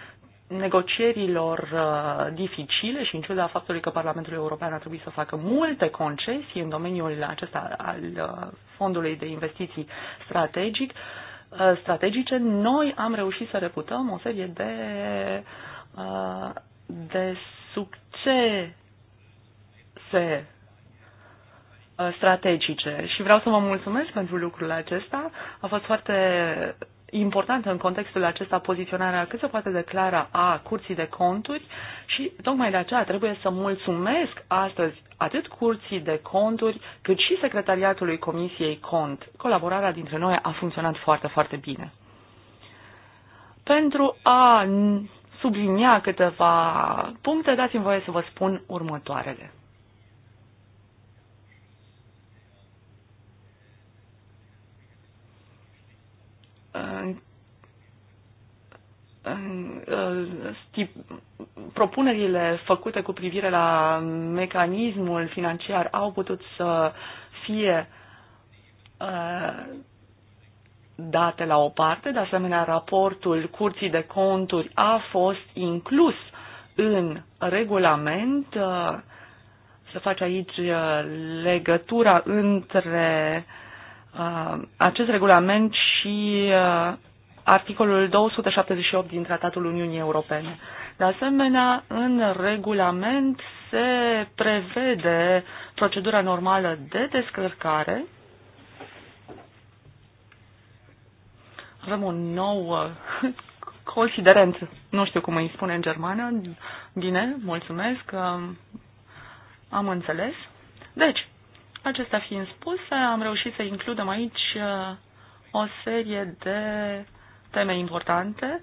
negocierilor uh, dificile și în ciuda faptului că Parlamentul European a trebuit să facă multe concesii în domeniul acesta al uh, fondului de investiții strategic, uh, strategice, noi am reușit să reputăm o serie de, de succese strategice și vreau să vă mulțumesc pentru lucrul acesta. A fost foarte importantă în contextul acesta poziționarea cât se poate declara a curții de conturi și tocmai de aceea trebuie să mulțumesc astăzi atât curții de conturi cât și secretariatului Comisiei Cont. Colaborarea dintre noi a funcționat foarte, foarte bine. Pentru a sublinia câteva puncte, dați-mi voie să vă spun următoarele. propunerile făcute cu privire la mecanismul financiar au putut să fie uh, date la o parte, de asemenea raportul Curții de Conturi a fost inclus în regulament. Uh, să face aici uh, legătura între uh, Uh, acest regulament și uh, articolul 278 din Tratatul Uniunii Europene. De asemenea, în regulament se prevede procedura normală de descărcare. Avem un nou uh, considerent, nu știu cum îi spune în germană. Bine, mulțumesc, am înțeles. Deci, Acestea fiind spuse, am reușit să includem aici uh, o serie de teme importante.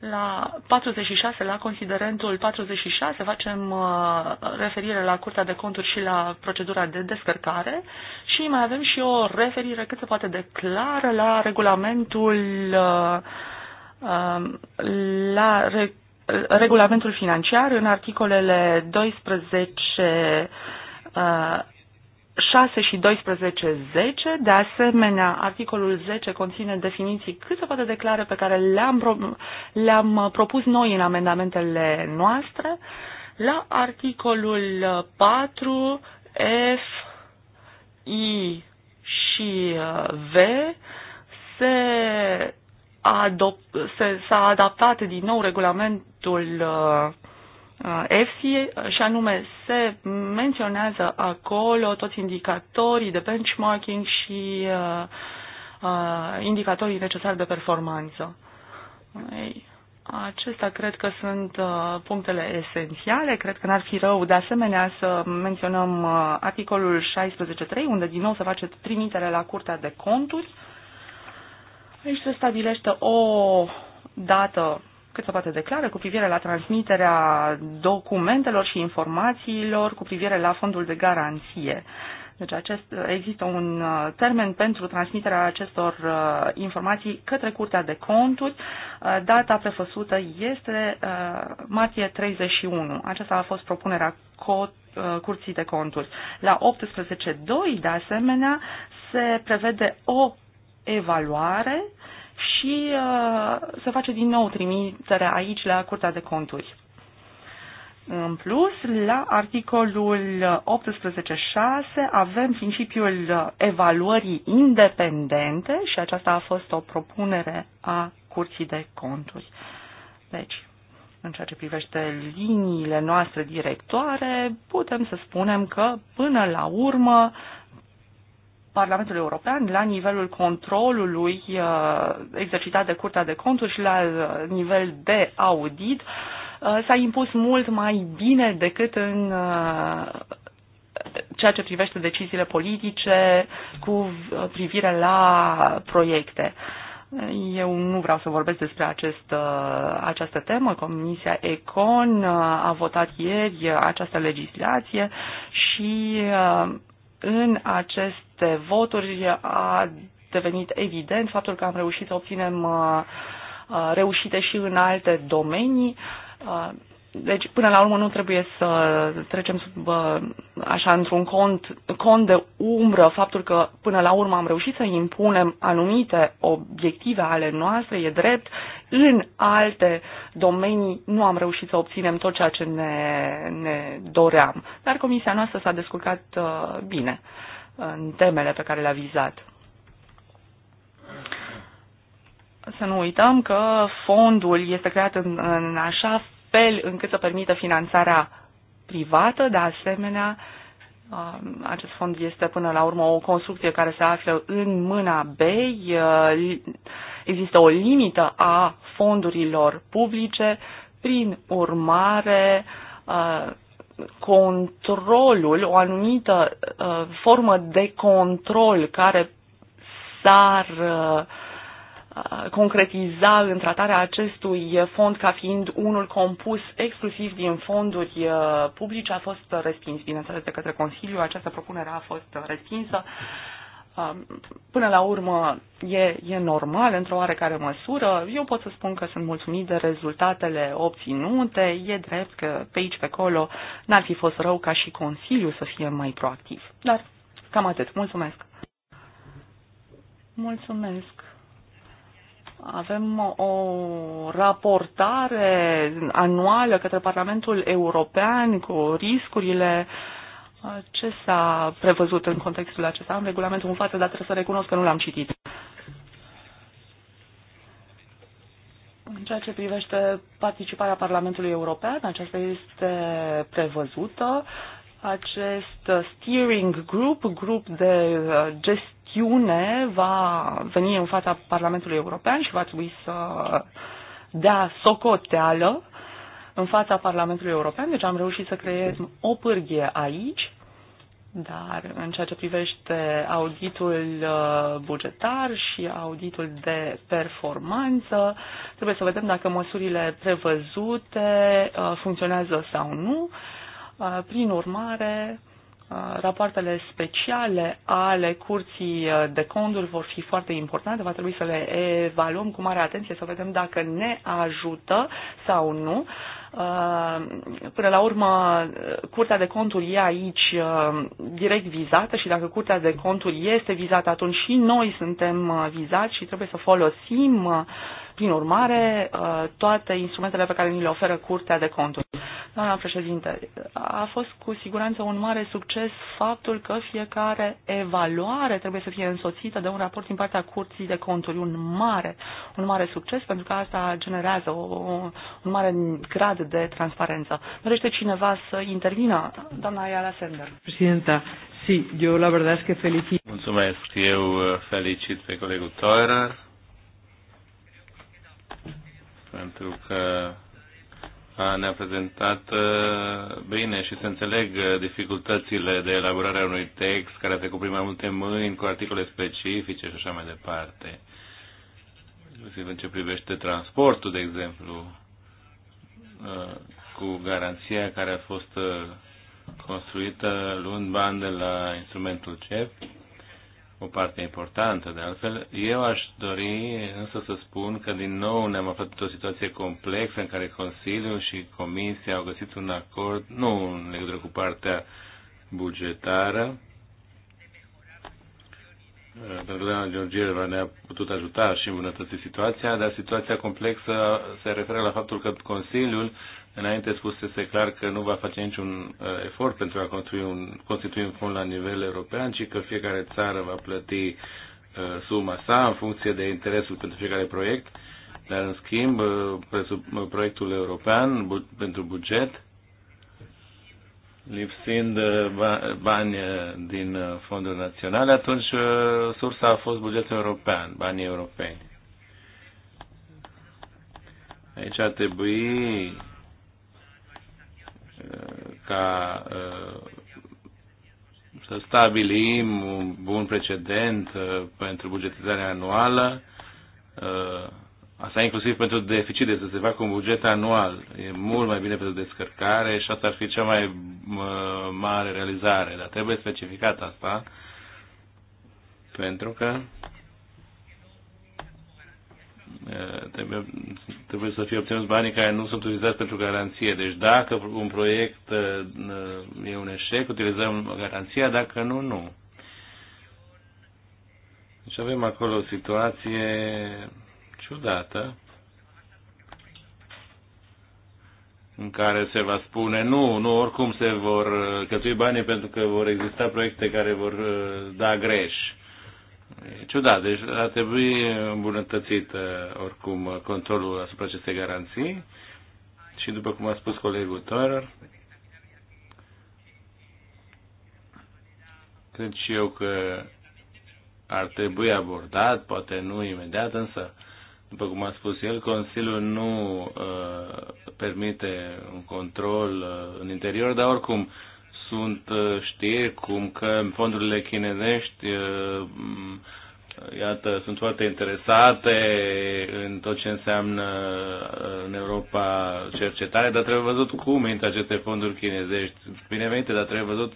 La 46, la considerentul 46, facem uh, referire la Curtea de Conturi și la procedura de descărcare și mai avem și o referire cât se poate de clară la regulamentul uh, um, la re, regulamentul financiar în articolele 12 6 și 12, 10. De asemenea, articolul 10 conține definiții cât se poate declare pe care le-am, pro- le-am uh, propus noi în amendamentele noastre. La articolul 4, uh, F, I și uh, V se adop- se, s-a adaptat din nou regulamentul uh, EFSI și anume se menționează acolo toți indicatorii de benchmarking și indicatorii necesari de performanță. Acestea cred că sunt punctele esențiale. Cred că n-ar fi rău de asemenea să menționăm articolul 16.3, unde din nou se face trimitere la Curtea de Conturi. Aici se stabilește o dată cât se poate declară cu privire la transmiterea documentelor și informațiilor cu privire la fondul de garanție. Deci acest, există un uh, termen pentru transmiterea acestor uh, informații către Curtea de Conturi. Uh, data prefăsută este martie 31. Aceasta a fost propunerea Curții de Conturi. La 18.2, de asemenea, se prevede o evaluare uh, și uh, se face din nou trimiterea aici la Curtea de Conturi. În plus, la articolul 18.6 avem principiul evaluării independente și aceasta a fost o propunere a Curții de Conturi. Deci, în ceea ce privește liniile noastre directoare, putem să spunem că, până la urmă, uh, Parlamentul European la nivelul controlului uh, exercitat de Curtea de Conturi și la uh, nivel de audit uh, s-a impus mult mai bine decât în ceea ce privește deciziile politice cu privire la proiecte. Eu nu vreau să vorbesc despre acest, această temă. Comisia Econ a votat ieri această legislație și în acest de voturi a devenit evident faptul că am reușit să obținem reușite și în alte domenii. Deci, până la urmă, nu trebuie să trecem sub, așa într-un cont, cont de umbră faptul că, până la urmă, am reușit să impunem anumite obiective ale noastre, e drept, în alte domenii nu am reușit să obținem tot ceea ce ne, ne doream. Dar comisia noastră s-a descurcat uh, bine. Uh, în temele pe care le-a vizat. Să nu uităm că fondul este creat în, în așa fel încât să permită finanțarea privată, de asemenea, um, acest fond este până la urmă o construcție care se află în mâna BEI. Uh, există o limită a fondurilor publice, prin urmare uh, controlul, o anumită uh, formă de control care s-ar uh, uh, concretiza în tratarea acestui fond ca fiind unul compus exclusiv din fonduri uh, publice a fost respins, bineînțeles, de către Consiliu. Această propunere a fost respinsă. Uh, Um, până la urmă e, e normal într-o oarecare măsură. Eu pot să spun că sunt mulțumit de rezultatele obținute. E drept că pe aici, pe acolo, n-ar fi fost rău ca și Consiliul să fie mai proactiv. Dar cam atât. Mulțumesc! Mulțumesc! Avem o raportare anuală către Parlamentul European cu riscurile uh, ce s-a prevăzut în contextul acesta? Am regulamentul în față, dar trebuie să recunosc că nu l-am citit. În ceea ce privește participarea Parlamentului European, aceasta este prevăzută. Acest steering group, grup de uh, gestiune, va veni în fața Parlamentului European și va trebui să dea socoteală în fața Parlamentului European. Deci am reușit să creez o pârghie aici dar în ceea ce privește auditul uh, bugetar și auditul de performanță, trebuie să vedem dacă măsurile prevăzute uh, funcționează sau nu. Uh, prin urmare, Uh, rapoartele speciale ale curții uh, de conduri vor fi foarte importante, va trebui să le evaluăm cu mare atenție, să vedem dacă ne ajută sau nu. Uh, până la urmă, Curtea de Conturi e aici direct vizată și dacă Curtea de Conturi este vizată, atunci și noi suntem vizați și trebuie să folosim prin urmare, uh, toate instrumentele pe care ni le oferă Curtea de Conturi. Doamna președinte, a fost cu siguranță un mare succes faptul că fiecare evaluare trebuie să fie însoțită de un raport din partea Curții de Conturi. Un mare, un mare succes pentru că asta generează o, un mare grad de transparență. Dorește cineva să intervină? Doamna Ayala Sender. Președinte, Sí, yo la verdad es que felicito. Mulțumesc. Eu uh, felicit pe colegul Toirer pentru că ne-a prezentat bine și să înțeleg dificultățile de elaborare a unui text care a trecut prin mai multe mâini, cu articole specifice și așa mai departe. Inclusiv în ce privește transportul, de exemplu, cu garanția care a fost construită luând bani de la instrumentul CEP o parte importantă. De altfel, eu aș dori însă să spun că din nou ne-am aflat într-o situație complexă în care Consiliul și Comisia au găsit un acord, nu în legătură cu partea bugetară, pentru că doamna Georgieva ne-a putut ajuta și îmbunătăți situația, dar situația complexă se referă la faptul că Consiliul Înainte spusese clar că nu va face niciun uh, efort pentru a construi un, constitui un fond la nivel european, ci că fiecare țară va plăti uh, suma sa în funcție de interesul pentru fiecare proiect, dar în schimb uh, proiectul european pentru buget, lipsind bani din fonduri naționale, atunci sursa a fost bugetul european, banii europeni. Aici ar trebui ca uh, să stabilim un bun precedent uh, pentru bugetizarea anuală, uh, asta inclusiv pentru deficit, să se facă un buget anual. E mult mai bine pentru descărcare și asta ar fi cea mai mare realizare, dar trebuie specificat asta pentru că Eh, trebuie, trebuie să fie obținuți banii care nu sunt utilizați pentru garanție. Deci dacă un proiect eh, e un eșec, utilizăm garanția, dacă nu, nu. Deci avem acolo o situație ciudată în care se va spune nu, nu, oricum se vor eh, cheltui banii pentru că vor exista proiecte care vor da greș. E ciudat, deci ar trebui îmbunătățit oricum controlul asupra acestei garanții și după cum a spus colegul Torer, cred și eu că ar trebui abordat, poate nu imediat, însă, după cum a spus el, Consiliul nu uh, permite un control uh, în interior, dar oricum sunt uh, știri cum că fondurile chinezești uh, iată, sunt foarte interesate în tot ce înseamnă uh, în Europa cercetare, dar trebuie văzut cum intră aceste fonduri chinezești. Binevenite, dar trebuie văzut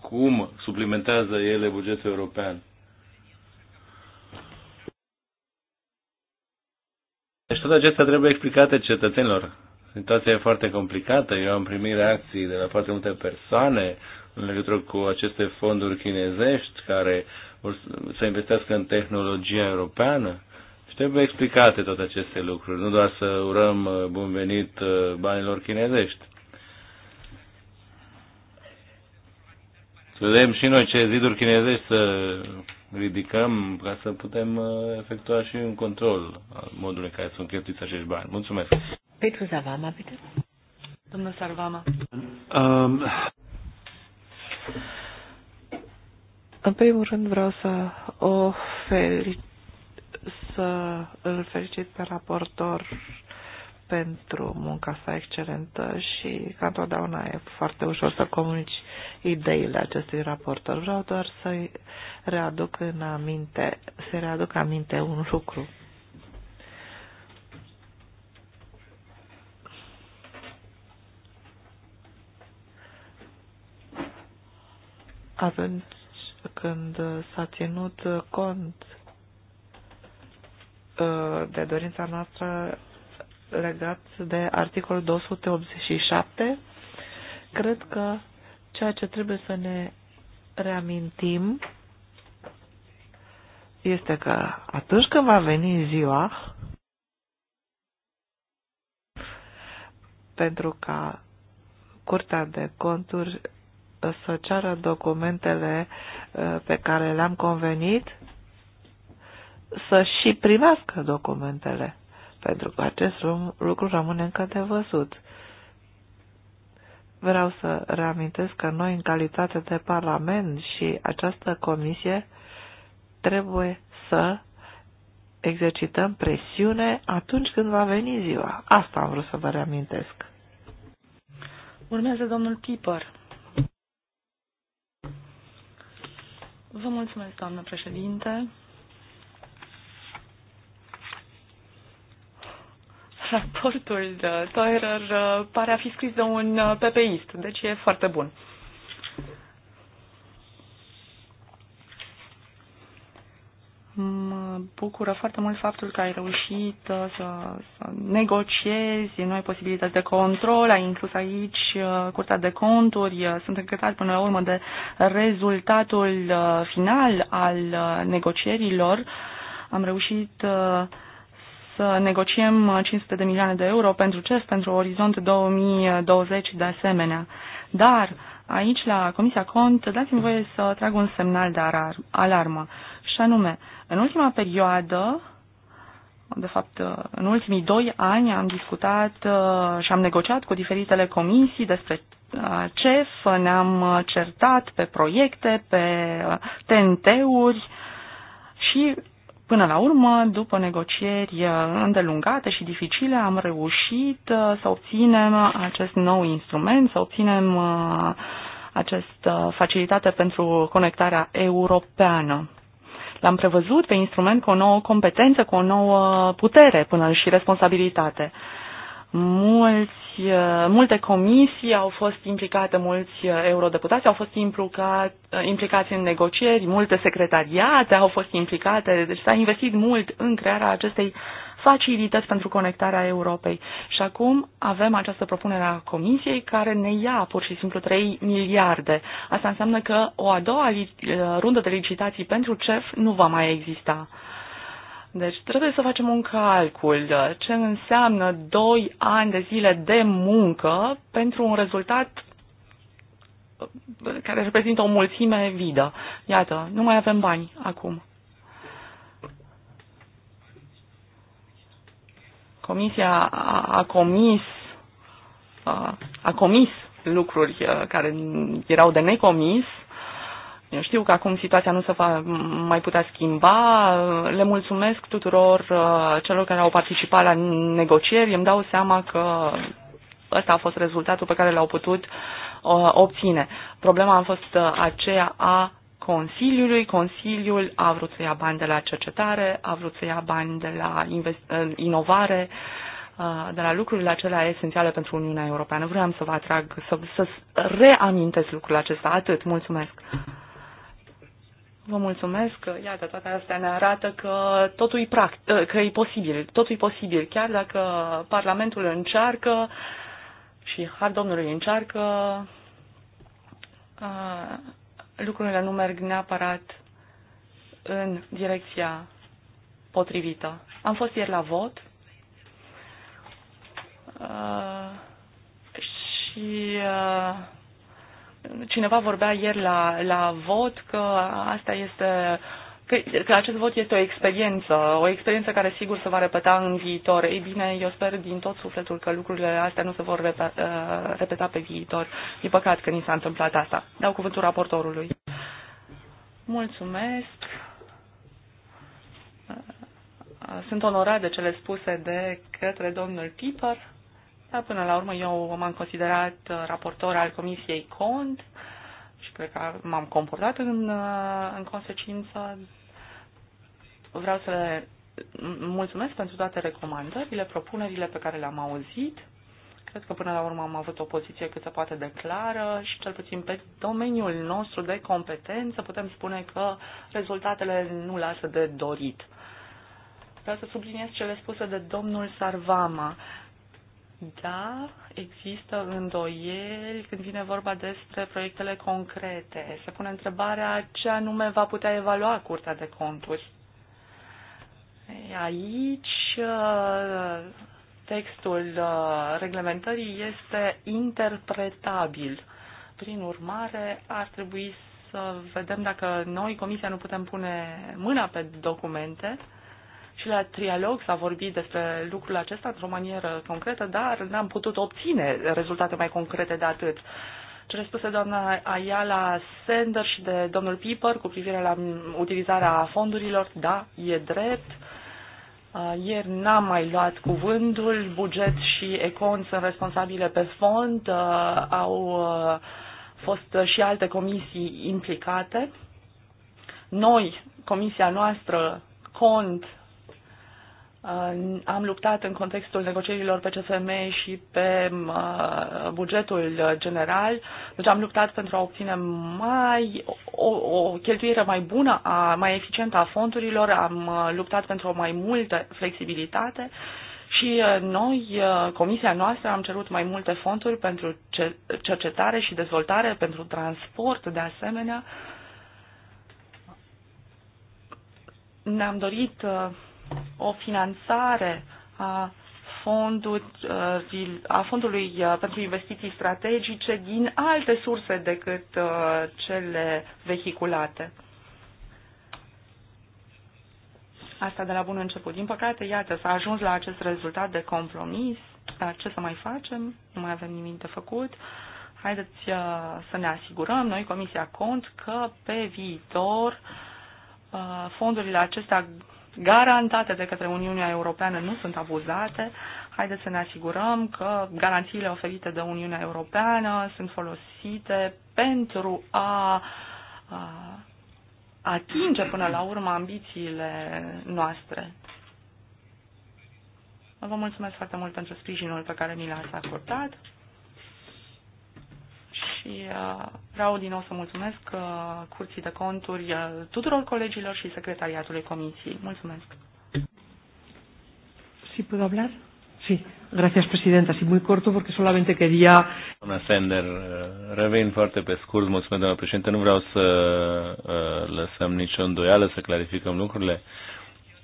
cum suplimentează ele bugetul european. Deci toate acestea trebuie explicate cetățenilor. Situația e foarte complicată. Eu am primit reacții de la foarte multe persoane în legătură cu aceste fonduri chinezești care vor să investească în tehnologia europeană. Și trebuie explicate toate aceste lucruri, nu doar să urăm uh, bun venit uh, banilor chinezești. Să vedem și noi ce ziduri chinezești să ridicăm ca să putem uh, efectua și un control al modului în care sunt cheltuiți acești bani. Mulțumesc! Petru zavama bitte. Domnul Sarvama. Um... În primul rând vreau să o felicit, să îl felicit pe raportor pentru munca sa excelentă și ca întotdeauna e foarte ușor să comunici ideile acestui raportor. Vreau doar să-i readuc în aminte, să readuc aminte un lucru. atunci când s-a ținut cont uh, de dorința noastră legat de articolul 287, cred că ceea ce trebuie să ne reamintim este că atunci când va veni ziua pentru ca Curtea de Conturi să ceară documentele uh, pe care le-am convenit să și primească documentele, pentru că acest lucru rămâne încă de văzut. Vreau să reamintesc că noi, în calitate de Parlament și această comisie, trebuie să exercităm presiune atunci când va veni ziua. Asta am vrut să vă reamintesc. Urmează domnul Tipăr. Vă mulțumesc, doamnă președinte. Raportul de Toirer uh, pare a fi scris de un uh, PPist, deci e foarte bun bucură foarte mult faptul că ai reușit uh, să, să negociezi noi posibilități de control, ai inclus aici uh, Curtea de Conturi. Uh, sunt încântat până la urmă de rezultatul final al negocierilor. Am reușit să negociem 500 de milioane de euro pentru CES, pentru Orizont 2020 de asemenea. Dar aici, la Comisia Cont, dați-mi voie să trag un semnal de alarmă. Și anume, în ultima perioadă, de fapt, în ultimii doi ani am discutat uh, și am negociat cu diferitele comisii despre uh, CEF, ne-am uh, certat pe proiecte, pe TNT-uri și Până la urmă, după negocieri îndelungate și dificile, am reușit să obținem acest nou instrument, să obținem această facilitate pentru conectarea europeană. L-am prevăzut pe instrument cu o nouă competență, cu o nouă putere până și responsabilitate. Mulți, uh, multe comisii au fost implicate, mulți uh, eurodeputați au fost implicat, uh, implicați în negocieri, multe secretariate au fost implicate, deci s-a investit mult în crearea acestei facilități pentru conectarea Europei. Și acum avem această propunere a Comisiei care ne ia pur și simplu 3 miliarde. Asta înseamnă că o a doua rundă de licitații pentru CEF nu va mai exista. Deci trebuie să facem un calcul ce înseamnă 2 ani de zile de muncă pentru un rezultat uh, care reprezintă o mulțime vidă. Iată, nu mai avem bani acum. Comisia a, a comis a, a comis lucruri uh, care erau de necomis. Eu știu că acum situația nu se va mai putea schimba. Le mulțumesc tuturor uh, celor care au participat la negocieri. Îmi dau seama că ăsta a fost rezultatul pe care l-au putut uh, obține. Problema a fost aceea a Consiliului. Consiliul a vrut să ia bani de la cercetare, a vrut să ia bani de la inovare, uh, de la lucrurile acelea esențiale pentru Uniunea Europeană. Vreau să vă atrag, să, să reamintesc lucrul acesta. Atât. Mulțumesc. Vă mulțumesc. Iată, toate astea ne arată că totul e, pract- uh, că e posibil. Totul e posibil, chiar dacă Parlamentul încearcă și Har Domnului încearcă uh, lucrurile nu merg neapărat în direcția potrivită. Am fost ieri la vot uh, și uh, cineva vorbea ieri la, la vot că asta este uh, că, că acest vot este o experiență, o experiență care sigur se va repeta în viitor. Ei bine, eu sper din tot sufletul că lucrurile astea nu se vor repeta, uh, repeta pe viitor. E păcat că ni s-a întâmplat asta. Dau cuvântul raportorului. Mulțumesc. Uh, sunt onorat de cele spuse de către domnul Piper. Dar până la urmă eu m-am considerat uh, raportor al Comisiei Cont și pe care m-am comportat în, uh, în consecință. Vreau să le mulțumesc pentru toate recomandările, propunerile pe care le-am auzit. Cred că până la urmă am avut o poziție cât se poate de clară și cel puțin pe domeniul nostru de competență putem spune că rezultatele nu lasă de dorit. Vreau să subliniez cele spuse de domnul Sarvama. Uh, da, există îndoieli când vine vorba despre proiectele concrete. Se pune întrebarea ce anume va putea evalua Curtea de Conturi. Aici uh, textul uh, reglementării este interpretabil. Prin urmare, ar trebui să vedem dacă noi, Comisia, nu putem pune mâna pe documente și la trialog s-a vorbit despre lucrul acesta într-o manieră concretă, dar n-am putut obține rezultate mai concrete de atât. Cele spuse doamna Ayala Sender și de domnul Piper cu privire la utilizarea fondurilor, da, e drept. Uh, ieri n-am mai luat cuvântul, buget și econ sunt responsabile pe fond, uh, au uh, fost și alte comisii implicate. Noi, comisia noastră, cont, Uh, am luptat în contextul negocierilor pe CSM și pe uh, bugetul general, deci am luptat pentru a obține mai, o, o cheltuire mai bună, a, mai eficientă a fondurilor, am uh, luptat pentru o mai multă flexibilitate și noi, comisia noastră, am cerut mai multe fonduri pentru cercetare și dezvoltare, pentru transport de asemenea. Ne-am dorit o finanțare a uh, a fondului uh, pentru investiții strategice din alte surse decât uh, cele vehiculate. Asta de la bun început. Din păcate, iată, s-a ajuns la acest rezultat de compromis. Dar ce să mai facem? Nu mai avem nimic de făcut. Haideți să ne asigurăm, noi, Comisia Cont, că pe viitor fondurile acestea garantate de către Uniunea Europeană nu sunt abuzate. Haideți să ne asigurăm că garanțiile oferite de Uniunea Europeană sunt folosite pentru a, a atinge până la urmă ambițiile noastre. Vă mulțumesc foarte mult pentru sprijinul pe care mi l-ați acordat și uh, vreau din nou să mulțumesc uh, Curții de Conturi, uh, tuturor colegilor și secretariatului Comisiei. Mulțumesc. Si puedo hablar? Sí, gracias Presidenta. Sí, muy corto porque solamente quería... Doamna Sender, revin foarte pe scurt. Mulțumesc, doamna președinte. Nu vreau să lăsăm nicio îndoială, să clarificăm lucrurile.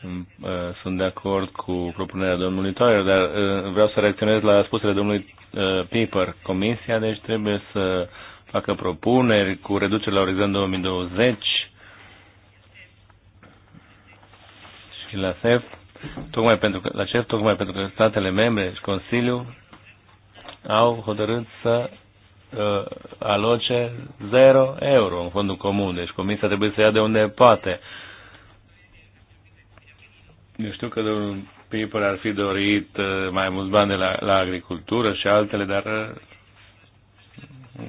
Uh, sunt de acord cu propunerea domnului Toyer, dar uh, vreau să reacționez la spusele domnului uh, Piper. Comisia, deci, trebuie să facă propuneri cu reducere la orizont 2020 și la SEF, tocmai pentru că, la CEF, tocmai pentru că statele membre și Consiliul au hotărât să uh, aloce 0 euro în fondul comun. Deci Comisia trebuie să ia de unde poate. Uh, eu știu că domnul Piper ar fi dorit uh, mai mulți bani de la, la agricultură și altele, dar uh,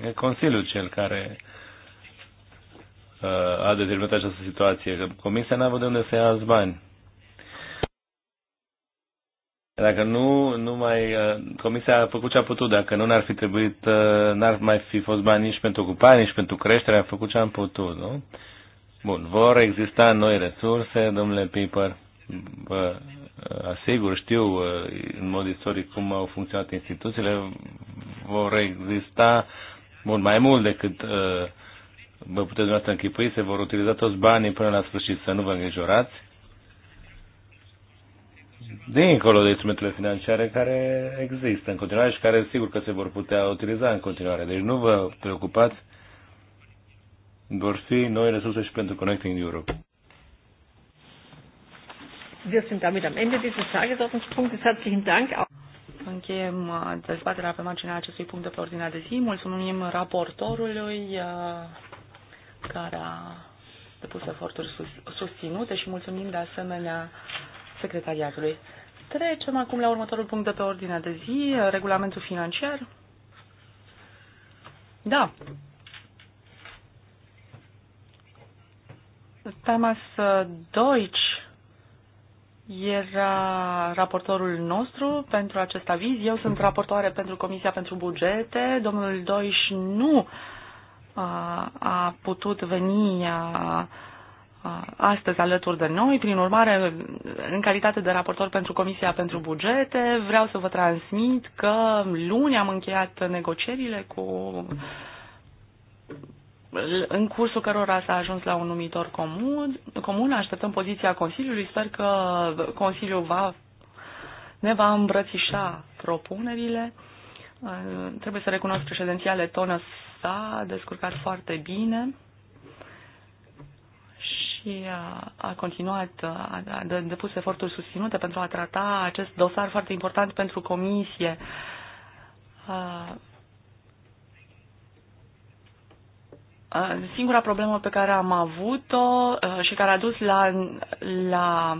e Consiliul cel care uh, a determinat această situație, că Comisia n-a văzut unde să ia alți bani. Dacă nu, nu mai, Comisia a făcut ce a putut, dacă nu n-ar fi trebuit, n-ar mai fi fost bani nici pentru ocupare, nici pentru creștere, a făcut ce am putut, nu? Bun, vor exista noi resurse, domnule Piper vă uh, asigur, știu uh, în mod istoric cum au funcționat instituțiile, vor exista mult mai mult decât uh, vă puteți dumneavoastră închipui, se vor utiliza toți banii până la sfârșit, să nu vă îngrijorați. Dincolo de instrumentele financiare care există în continuare și care sigur că se vor putea utiliza în continuare. Deci nu vă preocupați, vor fi noi resurse și pentru Connecting Europe. Wir sind damit am Ende dieses Tagesordnungspunktes. Herzlichen Dank. Încheiem uh, dezbaterea pe marginea acestui punct de pe ordinea de zi. Mulțumim raportorului uh, care a depus eforturi susținute și mulțumim de asemenea secretariatului. Trecem acum la următorul punct de pe ordinea de zi, regulamentul financiar. Da. Tamas uh, Deutsch era raportorul nostru pentru acest aviz. Eu sunt raportoare pentru Comisia pentru Bugete. Domnul Doiș nu a, a putut veni a, astăzi alături de noi. Prin urmare, în calitate de raportor pentru Comisia pentru Bugete, vreau să vă transmit că luni am încheiat negocierile cu în cursul cărora s-a ajuns la un numitor comun, comun așteptăm poziția Consiliului. Sper că Consiliul va, ne va îmbrățișa propunerile. Trebuie să recunosc președinția letonă s-a descurcat foarte bine și a continuat, a depus eforturi susținute pentru a trata acest dosar foarte important pentru Comisie Uh, singura problemă pe care am avut-o uh, și care a dus la, la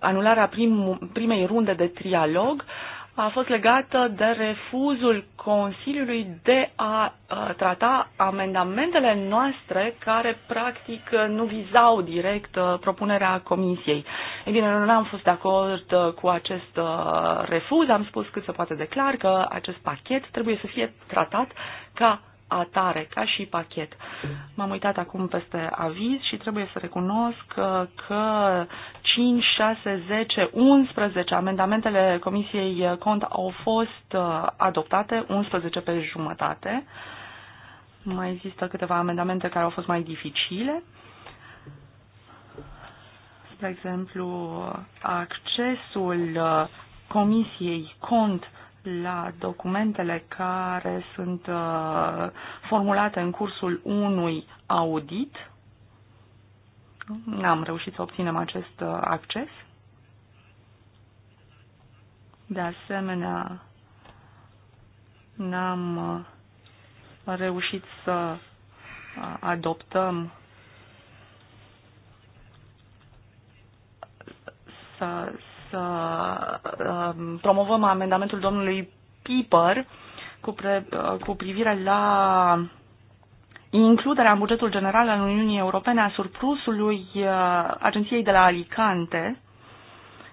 anularea prim, primei runde de trialog a fost legată de refuzul Consiliului de a uh, trata amendamentele noastre care practic nu vizau direct propunerea Comisiei. Ei bine, nu am fost de acord cu acest refuz, am spus cât se poate declar că acest pachet trebuie să fie tratat ca atare, ca și pachet. M-am uitat acum peste aviz și trebuie să recunosc că, că 5, 6, 10, 11 amendamentele Comisiei Cont au fost uh, adoptate, 11 pe jumătate. Mai există câteva amendamente care au fost mai dificile. Spre exemplu, accesul uh, Comisiei Cont la documentele care sunt uh, formulate în cursul unui audit. N-am reușit să obținem acest uh, acces. De asemenea, n-am uh, reușit să adoptăm să, să um, promovăm amendamentul domnului Piper cu, pre, uh, cu privire la includerea în bugetul general al Uniunii Europene a surplusului uh, agenției de la Alicante.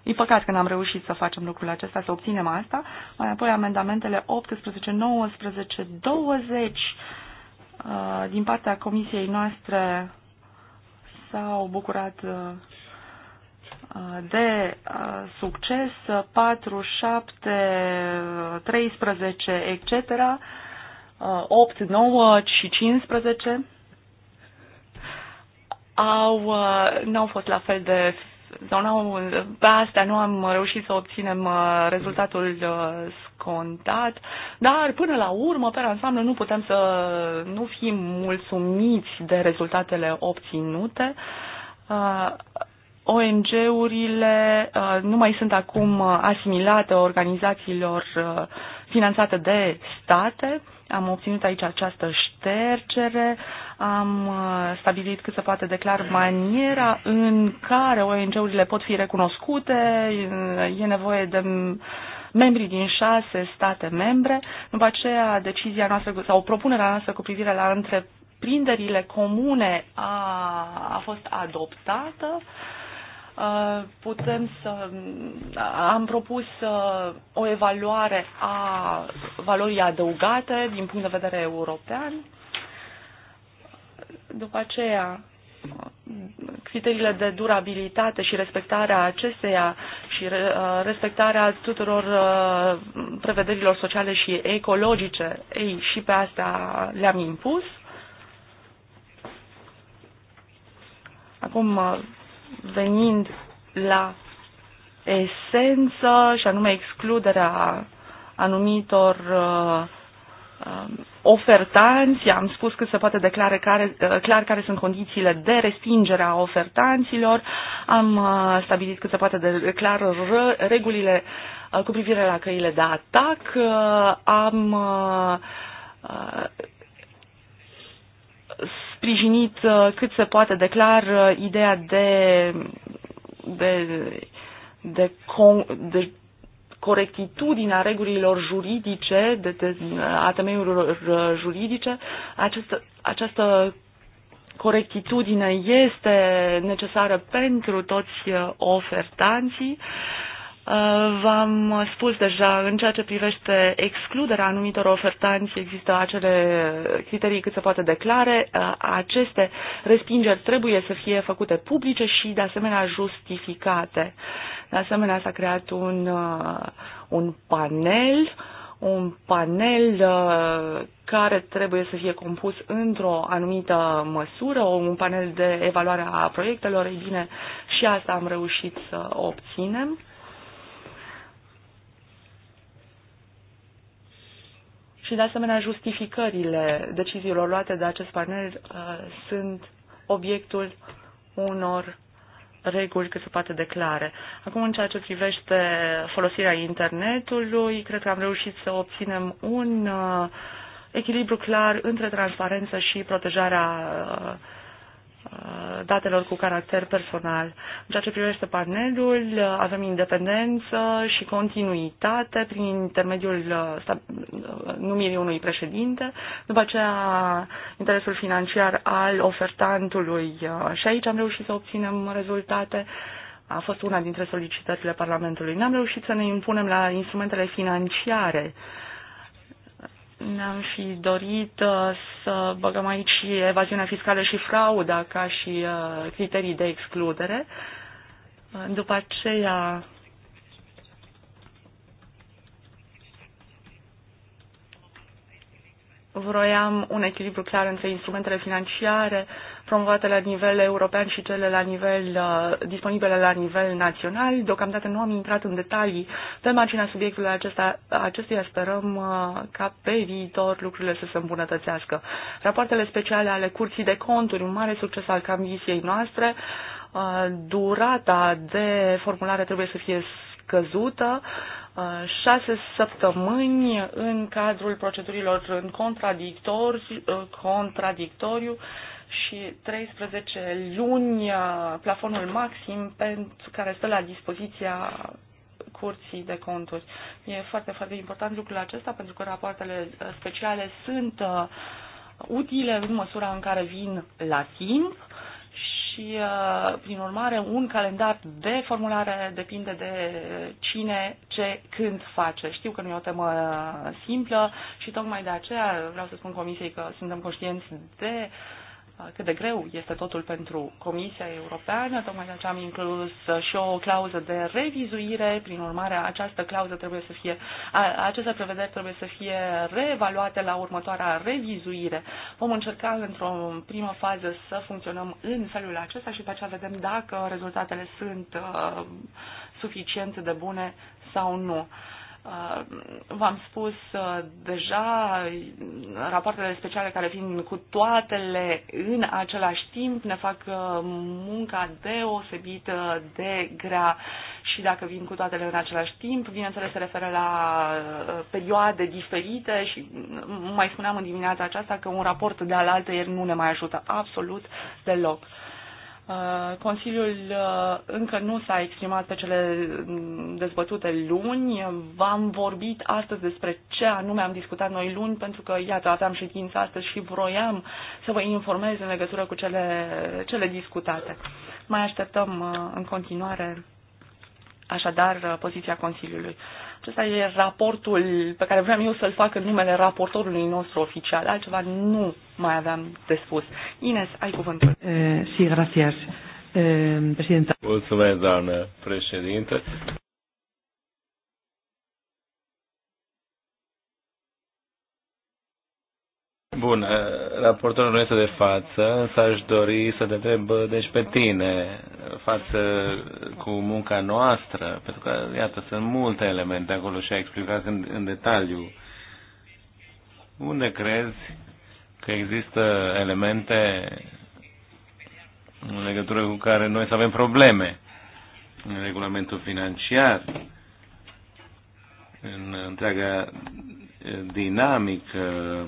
E păcat că n-am reușit să facem lucrul acesta, să obținem asta. Mai apoi amendamentele 18, 19, 20 din partea comisiei noastre s-au bucurat uh, de uh, succes 4, 7, 13, etc., 8, 9 și 15 au, uh, nu au fost la fel de sau nu, au pe astea nu am reușit să obținem uh, rezultatul scontat, dar până la urmă, pe ansamblu, nu putem să nu fim mulțumiți de rezultatele obținute ONG-urile uh, nu mai sunt acum uh, asimilate organizațiilor uh, finanțate de state. Am obținut aici această ștergere, am stabilit cât se poate declar maniera în care ONG-urile pot fi recunoscute, e nevoie de membrii din șase state membre. După aceea, decizia noastră sau propunerea noastră cu privire la întreprinderile comune a, a fost adoptată. Uh, Uh, putem să am propus uh, o evaluare a valorii adăugate din punct de vedere european. După aceea, criteriile de durabilitate și respectarea acesteia și uh, respectarea tuturor prevederilor sociale și ecologice, ei, și pe asta le-am impus. Acum, venind la esență și anume excluderea anumitor uh, um, ofertanți, am spus că se poate declare care, uh, clar care sunt condițiile de respingere a ofertanților, am uh, stabilit că se poate declara regulile regulile uh, cu privire la căile de atac, am sprijinit uh, cât se poate declar uh, ideea de, de, de, con, de corectitudinea regulilor juridice, de, de, a temeiurilor uh, juridice. Această, această corectitudine este necesară pentru toți ofertanții. Uh, Uh, v-am spus deja, în ceea ce privește excluderea anumitor ofertanți, există acele criterii cât se poate declare. Uh, aceste respingeri trebuie să fie făcute publice și, de asemenea, justificate. De asemenea, s-a creat un, uh, un panel un panel care trebuie să fie compus într-o anumită măsură, un panel de evaluare a proiectelor, ei bine, și asta am reușit să obținem. și, de asemenea, justificările deciziilor luate de acest partener uh, sunt obiectul unor reguli cât se poate declare. Acum, în ceea ce privește folosirea internetului, cred că am reușit să obținem un uh, echilibru clar între transparență și protejarea uh, Uh, datelor cu caracter personal. În ceea ce privește panelul, uh, avem independență și continuitate prin intermediul uh, numirii unui președinte, după aceea interesul financiar al ofertantului și aici am reușit să obținem rezultate. A fost una dintre solicitările Parlamentului. N-am reușit să ne impunem la instrumentele financiare uh, ne-am fi dorit uh, să băgăm aici și evaziunea fiscală și frauda ca și uh, criterii de excludere. Uh, după aceea, vroiam un echilibru clar între instrumentele financiare uh, promovate la nivel european și cele la nivel, uh, disponibile la nivel național. Deocamdată nu am intrat în detalii pe marginea subiectului acesta, acestuia. Sperăm uh, ca pe viitor lucrurile să se îmbunătățească. Rapoartele speciale ale Curții de Conturi, un mare succes al camisiei noastre, uh, durata de formulare trebuie să fie scăzută, șase săptămâni în cadrul procedurilor în contradictor, contradictoriu și 13 luni uh, plafonul maxim pentru care stă la dispoziția curții de conturi. E foarte, foarte important lucrul acesta pentru că rapoartele uh, speciale sunt uh, utile în măsura în care vin la timp și, prin urmare, un calendar de formulare depinde de cine, ce, când face. Știu că nu e o temă simplă și tocmai de aceea vreau să spun comisiei că suntem conștienți de uh, cât de greu este totul pentru Comisia Europeană, tocmai de aceea am inclus și o clauză de revizuire, prin urmare această clauză trebuie să fie, aceste prevederi trebuie să fie reevaluate la următoarea revizuire. Vom încerca într-o primă fază să funcționăm în felul acesta și pe aceea vedem dacă rezultatele sunt uh, suficient de bune sau nu. Uh, Uh, v-am spus uh, deja, rapoartele speciale care vin cu toatele în același timp ne fac uh, munca deosebită de grea și dacă vin cu toatele în același timp, bineînțeles se referă la perioade diferite și mai spuneam în dimineața aceasta că un raport de alaltă ieri nu ne mai ajută absolut deloc. Uh, Consiliul uh, încă nu s-a exprimat pe cele mm, dezbătute luni. V-am vorbit astăzi despre ce anume am discutat noi luni, pentru că, iată, aveam ședință astăzi și vroiam să vă informez în legătură cu cele, cele discutate. Mai așteptăm uh, în continuare, așadar, poziția Consiliului. Acesta e raportul pe care vreau eu să-l fac în numele raportorului nostru oficial. Altceva nu mai aveam de spus. Ines, ai cuvântul. Uh, gracias, eh, președinte. Mulțumesc, doamnă președinte. Bun, eh, raportorul nu este de față, însă aș dori să te întreb, eh, deci pe tine, față cu munca noastră, pentru că, iată, sunt multe elemente acolo și ai explicat în, în detaliu. Unde crezi că există elemente în legătură cu care noi să avem probleme în regulamentul financiar, în întreaga dinamic uh,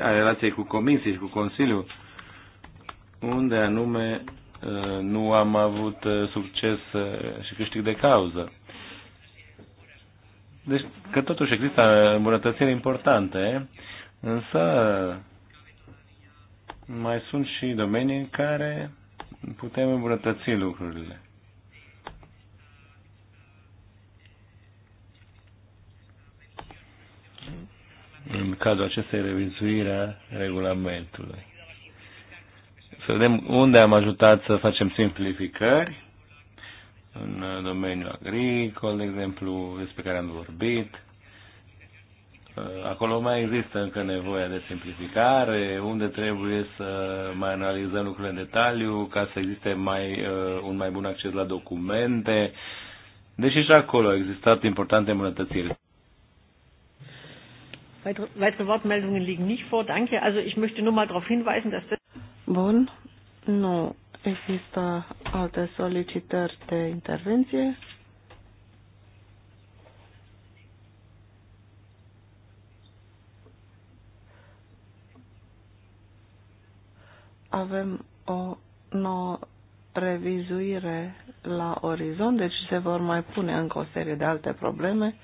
a relației cu comisii și cu consiliu, unde anume uh, nu am avut uh, succes și câștig de cauză. Deci că totuși există îmbunătățiri importante, însă mai sunt și domenii în care putem îmbunătăți lucrurile. în cazul acestei revizuiri a regulamentului. Să vedem unde am ajutat să facem simplificări în domeniul agricol, de exemplu, despre care am vorbit. Acolo mai există încă nevoia de simplificare, unde trebuie să mai analizăm lucrurile în detaliu ca să existe mai, uh, un mai bun acces la documente. Deși și acolo au existat importante îmbunătățiri. Weitere Wortmeldungen liegen nicht vor. Danke. Also ich möchte nur mal darauf hinweisen, dass das... Bun. Nu există alte solicitări de intervenție. Avem o nouă revizuire la orizont, deci se vor mai pune încă o serie de alte probleme.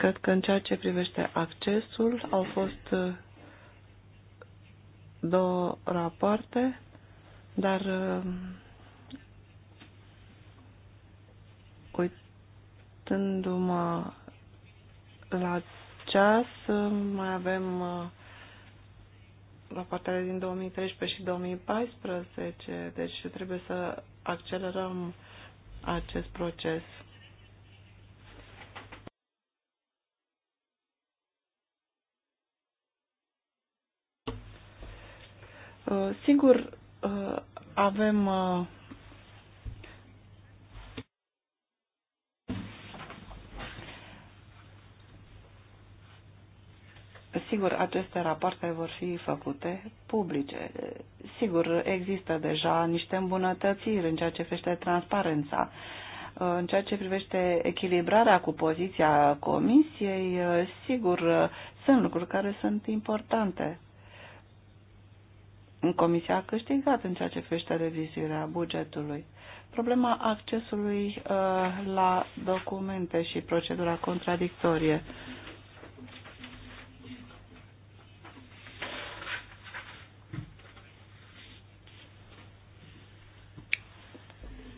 Cred că în ceea ce privește accesul au fost uh, două rapoarte, dar uh, uitându-mă la ceas, uh, mai avem rapoartele din 2013 și 2014, deci trebuie să accelerăm acest proces. Uh, Singur, uh, avem uh, Sigur, aceste rapoarte vor fi făcute publice. Sigur, există deja niște îmbunătățiri în ceea ce privește transparența. În ceea ce privește echilibrarea cu poziția comisiei, sigur, sunt lucruri care sunt importante în Comisia a câștigat în ceea ce privește revizuirea bugetului. Problema accesului uh, la documente și procedura contradictorie.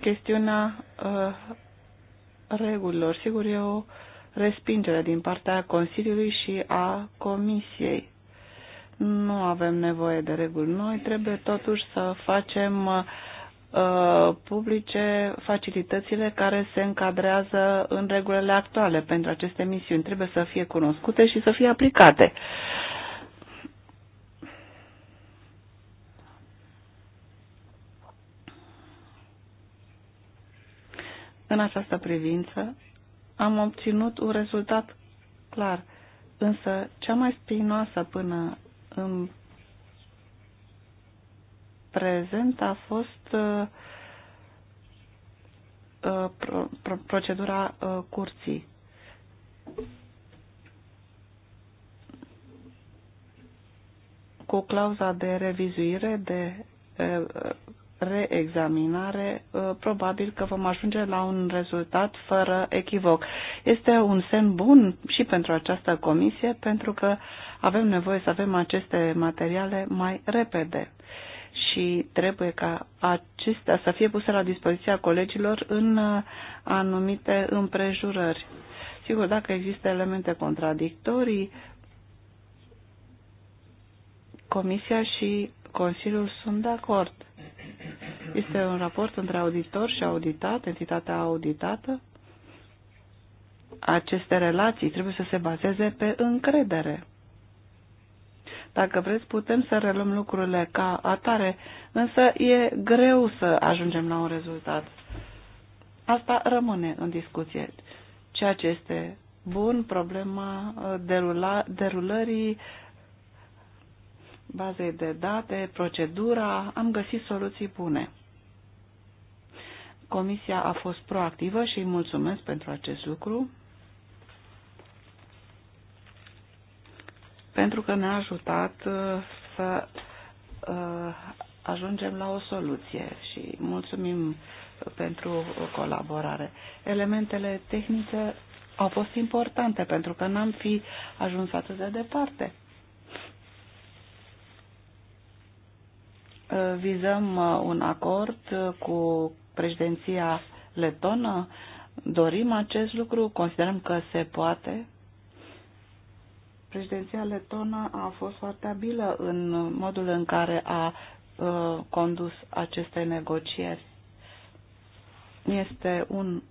Chestiunea uh, regulilor. Sigur, e o respingere din partea Consiliului și a Comisiei nu avem nevoie de reguli noi, trebuie totuși să facem uh, publice facilitățile care se încadrează în regulile actuale pentru aceste misiuni. Trebuie să fie cunoscute și să fie aplicate. În această privință am obținut un rezultat clar, însă cea mai spinoasă până în prezent a fost uh, uh, procedura uh, curții. Cu clauza de revizuire, de reexaminare, uh, probabil că vom ajunge la un rezultat fără echivoc. Este un semn bun și pentru această comisie, pentru că avem nevoie să avem aceste materiale mai repede și trebuie ca acestea să fie puse la dispoziția colegilor în uh, anumite împrejurări. Sigur, dacă există elemente contradictorii, Comisia și Consiliul sunt de acord. Este un raport între auditor și auditat, entitatea auditată. Aceste relații trebuie să se bazeze pe încredere. Dacă vreți, putem să reluăm lucrurile ca atare, însă e greu să ajungem la un rezultat. Asta rămâne în discuție. Ceea ce este bun, problema uh, derula, derulării bazei de date, procedura, am găsit soluții bune. Comisia a fost proactivă și îi mulțumesc pentru acest lucru, pentru că ne-a ajutat uh, să uh, ajungem la o soluție și mulțumim pentru colaborare. Elementele tehnice au fost importante pentru că n-am fi ajuns atât de departe. Uh, vizăm uh, un acord uh, cu președinția letonă? Dorim acest lucru? Considerăm că se poate? Președinția letonă a fost foarte abilă în modul în care a condus aceste negocieri. Este un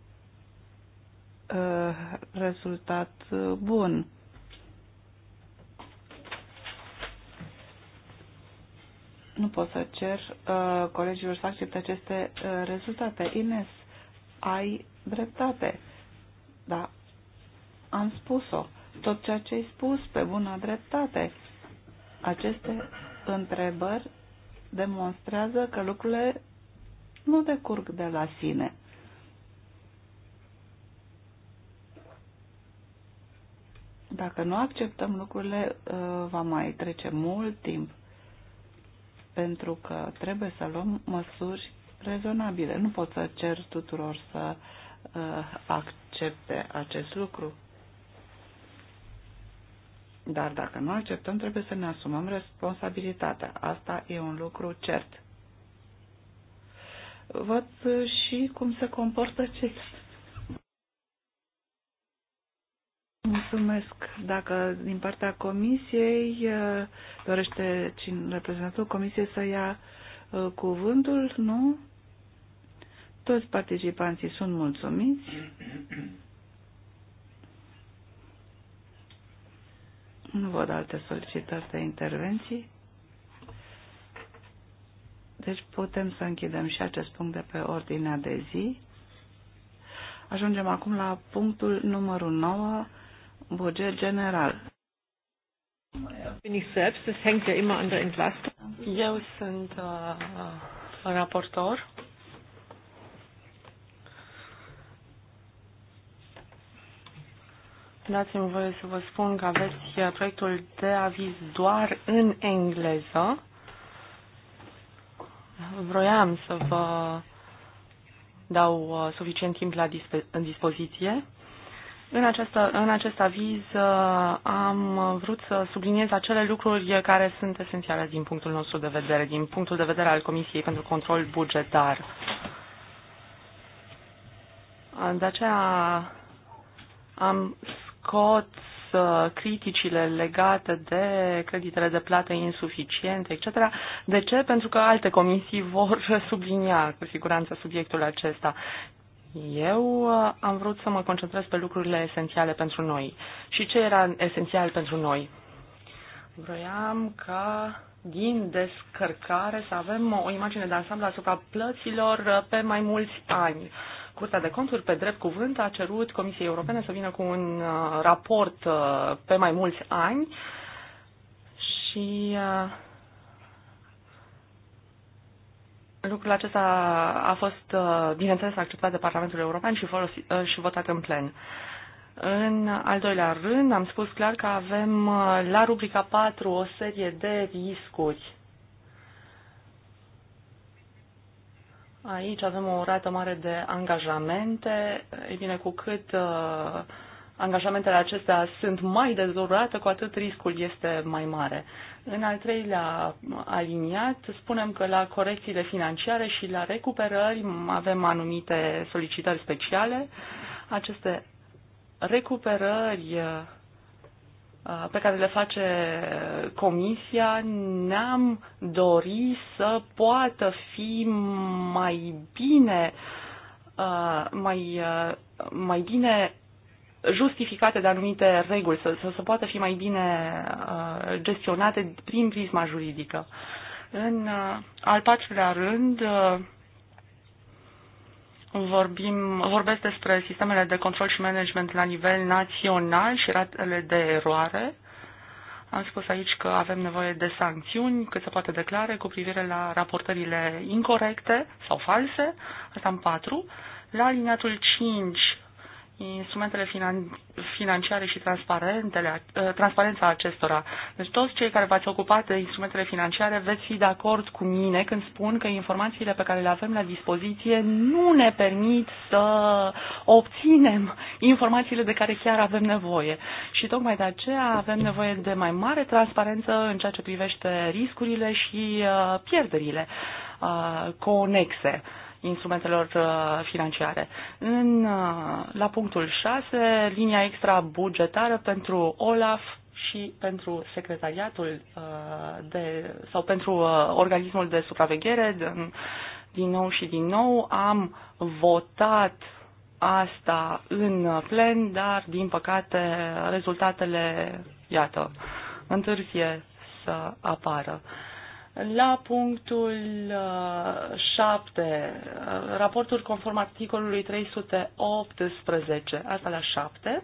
rezultat bun. nu pot să cer uh, colegilor să accepte aceste uh, rezultate. Ines, ai dreptate. Da, am spus-o. Tot ceea ce ai spus pe bună dreptate. Aceste întrebări demonstrează că lucrurile nu decurg de la sine. Dacă nu acceptăm lucrurile, uh, va mai trece mult timp pentru că trebuie să luăm măsuri rezonabile. Nu pot să cer tuturor să uh, accepte acest lucru. Dar dacă nu acceptăm, trebuie să ne asumăm responsabilitatea. Asta e un lucru cert. Văd și cum se comportă ceilalți Mulțumesc. Dacă din partea comisiei uh, dorește cine, reprezentantul comisiei să ia uh, cuvântul, nu? Toți participanții sunt mulțumiți. Nu văd alte solicitări de intervenții. Deci putem să închidem și acest punct de pe ordinea de zi. Ajungem acum la punctul numărul 9 buget general. Eu sunt uh, uh, raportor. Dați-mi voie să vă spun că aveți proiectul de aviz doar în engleză. Vroiam să vă dau uh, suficient timp la disp- în dispoziție. În, acest, în acest aviz uh, am vrut să subliniez acele lucruri care sunt esențiale din punctul nostru de vedere, din punctul de vedere al Comisiei pentru Control Bugetar. Uh, de aceea am scot uh, criticile legate de creditele de plată insuficiente, etc. De ce? Pentru că alte comisii vor sublinia cu siguranță subiectul acesta. Eu uh, am vrut să mă concentrez pe lucrurile esențiale pentru noi. Și ce era esențial pentru noi? Vroiam ca din descărcare să avem o imagine de ansamblu asupra plăților uh, pe mai mulți ani. Curtea de Conturi, pe drept cuvânt, a cerut Comisiei Europene să vină cu un uh, raport pe mai mulți ani și Lucrul acesta a fost, uh, bineînțeles, acceptat de Parlamentul European și, folosit, uh, și votat în plen. În al doilea rând, am spus clar că avem uh, la rubrica 4 o serie de riscuri. Aici avem o rată mare de angajamente. Ei bine, cu cât uh, angajamentele acestea sunt mai de cu atât riscul este mai mare. În al treilea aliniat spunem că la corecțiile financiare și la recuperări avem anumite solicitări speciale. Aceste recuperări uh, pe care le face comisia, ne-am dori să poată fi mai bine uh, mai, uh, mai bine justificate de anumite reguli, să, să, să poată fi mai bine uh, gestionate prin prisma juridică. În uh, al patrulea rând, uh, vorbim, vorbesc despre sistemele de control și management la nivel național și ratele de eroare. Am spus aici că avem nevoie de sancțiuni cât se poate declare cu privire la raportările incorrecte sau false, asta în patru. La alineatul 5 instrumentele finan- financiare și transparentele, ă, transparența acestora. Deci toți cei care v-ați ocupat de instrumentele financiare veți fi de acord cu mine când spun că informațiile pe care le avem la dispoziție nu ne permit să obținem informațiile de care chiar avem nevoie. Și tocmai de aceea avem nevoie de mai mare transparență în ceea ce privește riscurile și ă, pierderile ă, conexe instrumentelor uh, financiare. În, uh, la punctul 6, linia extra bugetară pentru OLAF și pentru secretariatul uh, de, sau pentru organismul de supraveghere. Din nou și din nou am votat asta în plen, dar din păcate rezultatele, iată, întârzie să apară. Uh, la punctul 7, uh, uh, raportul conform articolului 318, asta la 7.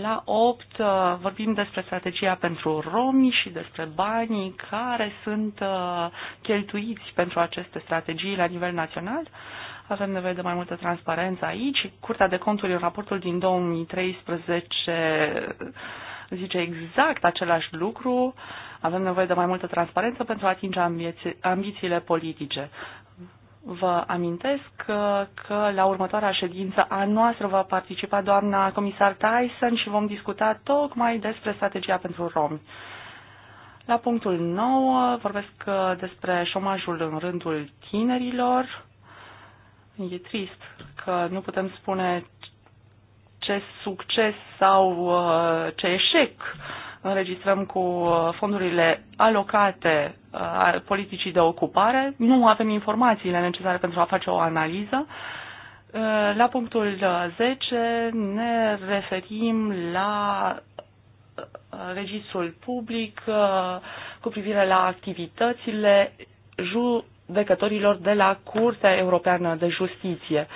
La 8 uh, vorbim despre strategia pentru romi și despre banii care sunt cheltuiți pentru aceste strategii la nivel național. Avem nevoie de mai multă transparență aici. Curtea de conturi în raportul din 2013 zice exact același lucru. Uh, avem nevoie de mai multă transparență pentru a atinge ambiții, ambițiile politice. Vă amintesc că, că la următoarea ședință a noastră va participa doamna comisar Tyson și vom discuta tocmai despre strategia pentru romi. La punctul 9 vorbesc uh, despre șomajul în rândul tinerilor. E trist că nu putem spune ce succes sau uh, ce eșec înregistrăm cu uh, fondurile alocate uh, politicii de ocupare. Nu avem informațiile necesare pentru a face o analiză. Uh, la punctul 10 ne referim la registrul public cu privire la activitățile judecătorilor de la Curtea Europeană de Justiție.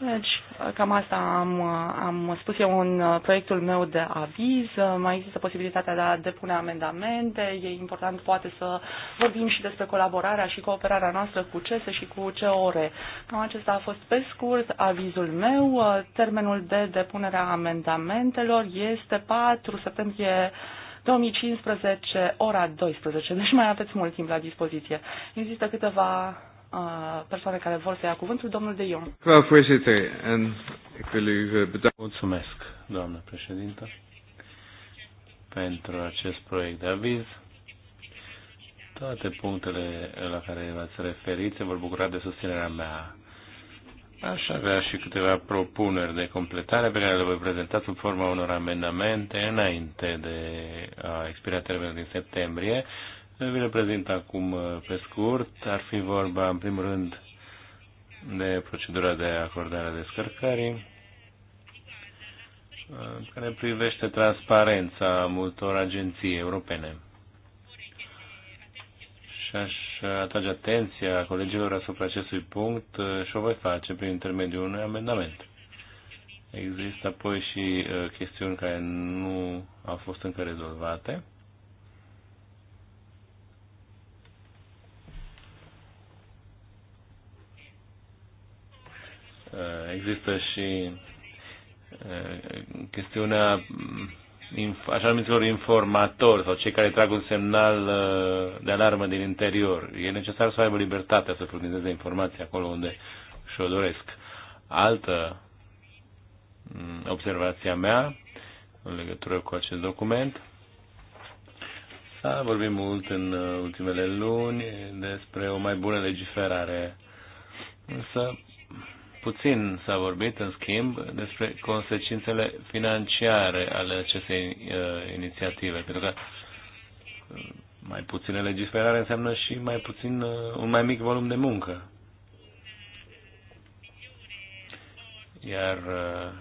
Deci, cam asta am, am spus eu în uh, proiectul meu de aviz. Uh, mai există posibilitatea de a depune amendamente. E important, poate, să vorbim și despre colaborarea și cooperarea noastră cu CESE și cu COR. Cam acesta a fost, pe scurt, avizul meu. Uh, termenul de depunere a amendamentelor este 4 septembrie 2015, ora 12. Deci mai aveți mult timp la dispoziție. Există câteva Uh, persoane care vor să ia cuvântul, domnul De Jong. Eh, Mulțumesc, doamnă președintă, pentru acest proiect de aviz. Toate punctele la care v-ați referit se vor bucura de susținerea mea. Aș avea și câteva propuneri de completare pe care le voi prezenta sub forma unor amendamente înainte de a expira termenul din septembrie vi le prezint acum uh, pe scurt. Ar fi vorba, în primul rând, de procedura de acordare a descărcării, uh, care privește transparența multor agenții europene. Și aș atrage atenția colegilor asupra acestui punct uh, și o voi face prin intermediul unui amendament. Există apoi și chestiuni care nu au fost încă rezolvate. Eh, există și eh, chestiunea mm, așa numiților informatori sau cei care trag un semnal eh, de alarmă din interior. E necesar să aibă libertatea să furnizeze informații acolo unde și-o doresc. Altă mm, observația mea în legătură cu acest document s-a vorbit mult în ultimele luni despre o mai bună legiferare. Însă Puțin s-a vorbit, în schimb, despre consecințele financiare ale acestei uh, inițiative, pentru că uh, mai puțină legiferare înseamnă și mai puțin, uh, un mai mic volum de muncă. Iar uh,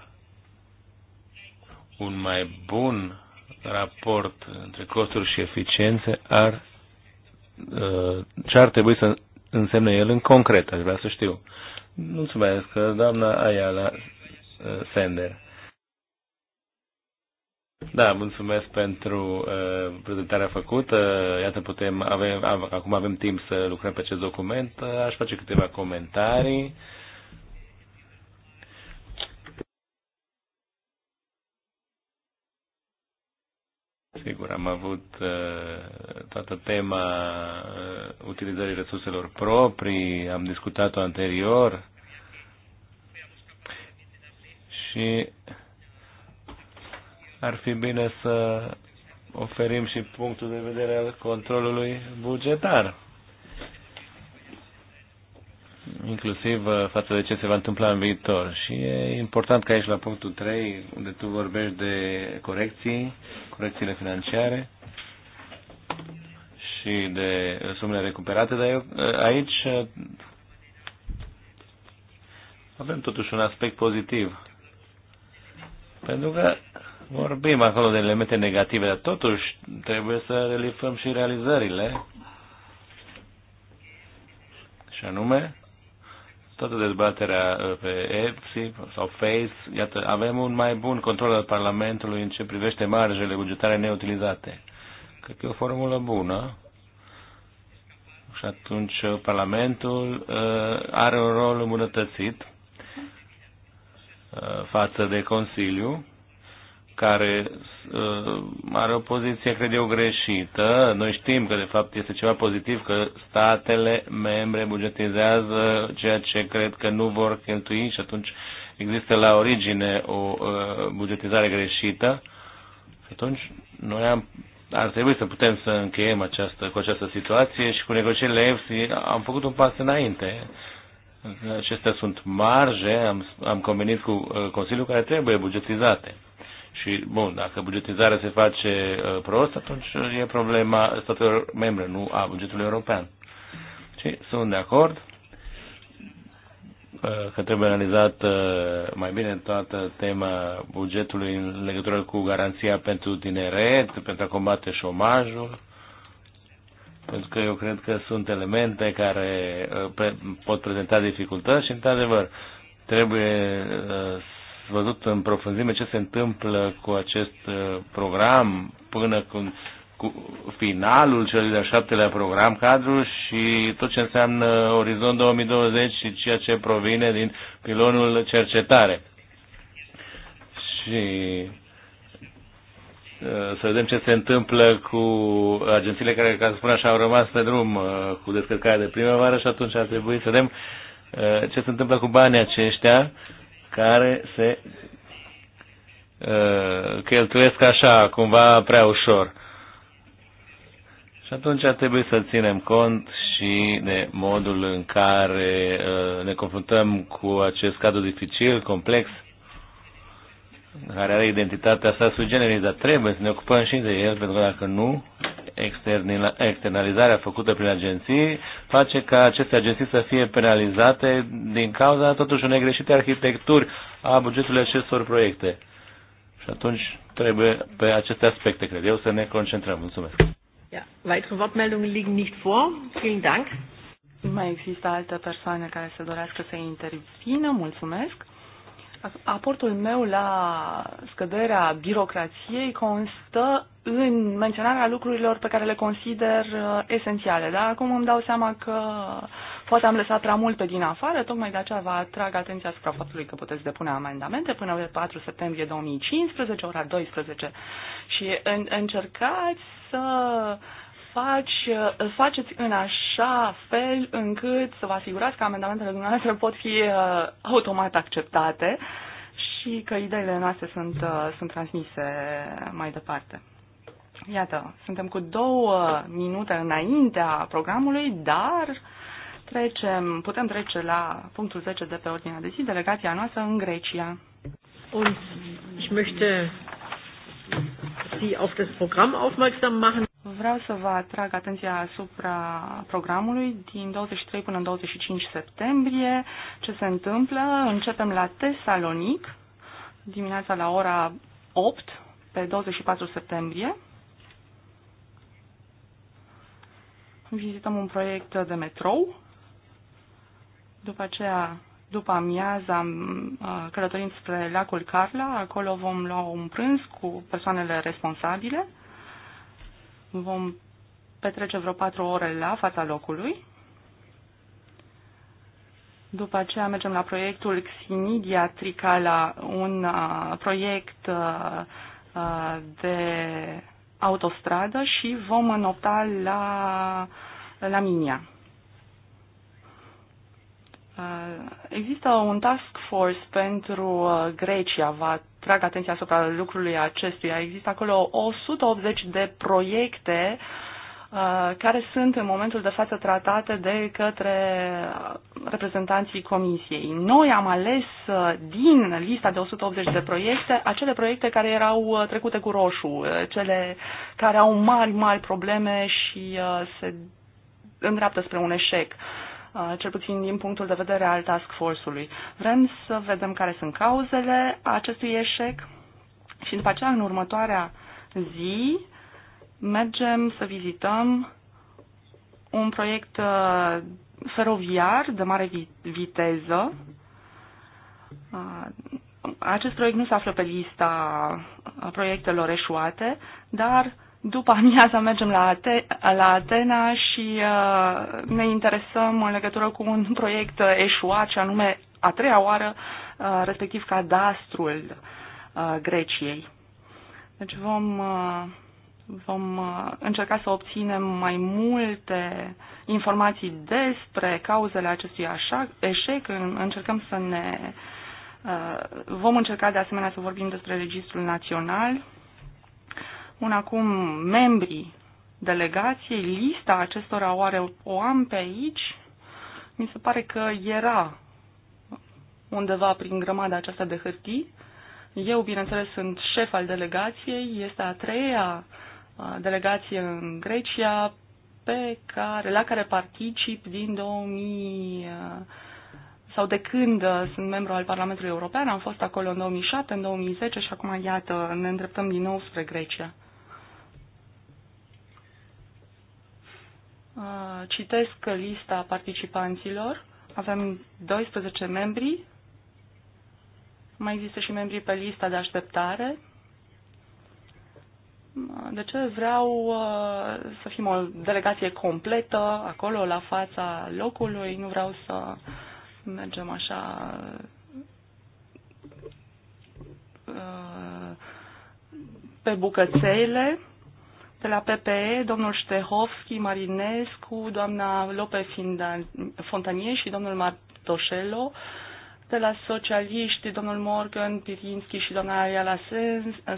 un mai bun raport între costuri și eficiențe ar ce uh, ar trebui să însemne el în concret, aș vrea să știu. Mulțumesc, doamna Ayala uh, Sender. Da, mulțumesc pentru uh, prezentarea făcută. Iată, putem, avem, acum avem timp să lucrăm pe acest document. Uh, aș face câteva comentarii. Uh, Sigur, am avut uh, toată tema uh, utilizării resurselor proprii, am discutat-o anterior și ar fi bine să oferim și punctul de vedere al controlului bugetar inclusiv uh, față de ce se va întâmpla în viitor. Și e important că aici la punctul 3, unde tu vorbești de corecții, corecțiile financiare și de uh, sumele recuperate, dar eu uh, aici avem totuși un aspect pozitiv. Pentru că vorbim acolo de elemente negative, dar totuși trebuie să relifăm și realizările. Și anume, toată dezbaterea uh, pe EPSI sau FACE, iată, avem un mai bun control al Parlamentului în ce privește marjele bugetare neutilizate. Cred că e o formulă bună și atunci uh, Parlamentul uh, are un rol îmbunătățit față de Consiliu care uh, are o poziție, cred eu, greșită. Noi știm că, de fapt, este ceva pozitiv că statele membre bugetizează ceea ce cred că nu vor cheltui și atunci există la origine o uh, bugetizare greșită. Și atunci noi am, ar trebui să putem să încheiem această, cu această situație și cu negocierile EFSI am făcut un pas înainte. Acestea sunt marje, am, am convenit cu uh, Consiliul care trebuie bugetizate. Și, bun, dacă bugetizarea se face uh, prost, atunci uh, e problema statelor membre, nu a bugetului european. Și sunt de acord uh, că trebuie analizat mai bine toată tema bugetului în legătură cu garanția pentru tineret, pentru a combate șomajul, pentru că eu cred că sunt elemente care pot prezenta dificultăți și, într-adevăr, trebuie văzut în profunzime ce se întâmplă cu acest uh, program până când cu finalul celui de-al șaptelea program cadru și tot ce înseamnă Orizont 2020 și ceea ce provine din pilonul cercetare. Și uh, să vedem ce se întâmplă cu agențiile care, ca să spun așa, au rămas pe drum uh, cu descărcarea de primăvară și atunci ar trebui să vedem ce se întâmplă cu banii aceștia care se uh, cheltuiesc așa, cumva prea ușor. Și atunci trebuie să ținem cont și de modul în care uh, ne confruntăm cu acest cadru dificil, complex, care are identitatea sa sui generis, dar trebuie să ne ocupăm și de el, pentru că dacă nu, externalizarea făcută prin agenții face ca aceste agenții să fie penalizate din cauza totuși unei greșite arhitecturi a bugetului acestor proiecte. Și atunci trebuie pe aceste aspecte, cred eu, să ne concentrăm. Mulțumesc. Ja, weitere Wortmeldungen liegen nicht vor. Vielen Dank. Mai există alte persoane care se dorească să intervină. Mulțumesc. Aportul meu la scăderea birocrației constă în menționarea lucrurilor pe care le consider uh, esențiale, dar acum îmi dau seama că poate am lăsat prea multe din afară, tocmai de aceea vă atrag atenția asupra faptului că puteți depune amendamente până pe 4 septembrie 2015, ora 12 și încercați să faci, faceți în așa fel încât să vă asigurați că amendamentele dumneavoastră pot fi uh, automat acceptate și că ideile noastre sunt, uh, sunt transmise mai departe. Iată, suntem cu două minute înaintea programului, dar trecem, putem trece la punctul 10 de pe ordinea de zi, delegația noastră în Grecia. Und ich möchte Sie auf das Programm aufmerksam machen. Vreau să vă atrag atenția asupra programului din 23 până în 25 septembrie. Ce se întâmplă? Începem la Tesalonic dimineața la ora 8 pe 24 septembrie. Vizităm un proiect de metrou. După aceea, după amiaza, uh, călătorim spre lacul Carla. Acolo vom lua un prânz cu persoanele responsabile. Vom petrece vreo patru ore la fața locului. După aceea mergem la proiectul Xinidia Tricala, un uh, proiect uh, uh, de autostradă și vom înopta la, la Minia. Uh, există un task force pentru uh, Grecia, va trag atenția asupra lucrului acestuia. Există acolo 180 de proiecte uh, care sunt în momentul de față tratate de către reprezentanții Comisiei. Noi am ales uh, din lista de 180 de proiecte acele proiecte care erau uh, trecute cu roșu, cele care au mari, mari probleme și se îndreaptă spre un eșec. Uh, Uh, cel puțin din punctul de vedere al task force-ului. Vrem să vedem care sunt cauzele acestui eșec și după aceea, în următoarea zi, mergem să vizităm un proiect uh, feroviar de mare viteză. Uh, acest proiect nu se află pe lista proiectelor eșuate, dar după amiaza mergem la, Ate- la Atena și uh, ne interesăm în legătură cu un proiect eșuat, și anume a treia oară, uh, respectiv cadastrul uh, Greciei. Deci vom, uh, vom uh, încerca să obținem mai multe informații despre cauzele acestui așa, eșec. Încercăm să ne. Uh, vom încerca de asemenea să vorbim despre Registrul Național un acum membrii delegației, lista acestora oare o am pe aici? Mi se pare că era undeva prin grămada aceasta de hârtii. Eu, bineînțeles, sunt șef al delegației, este a treia delegație în Grecia pe care, la care particip din 2000 sau de când sunt membru al Parlamentului European, am fost acolo în 2007, în 2010 și acum, iată, ne îndreptăm din nou spre Grecia. Uh, citesc lista participanților. Avem 12 membri. Mai există și membri pe lista de așteptare. Uh, de ce vreau uh, să fim o delegație completă acolo, la fața locului? Nu vreau să mergem așa pe bucățele de la PPE, domnul Ștehovski, Marinescu, doamna Lope Fontanie și domnul Martoșelo, de la socialiști, domnul Morgan, Pirinski și doamna Ayala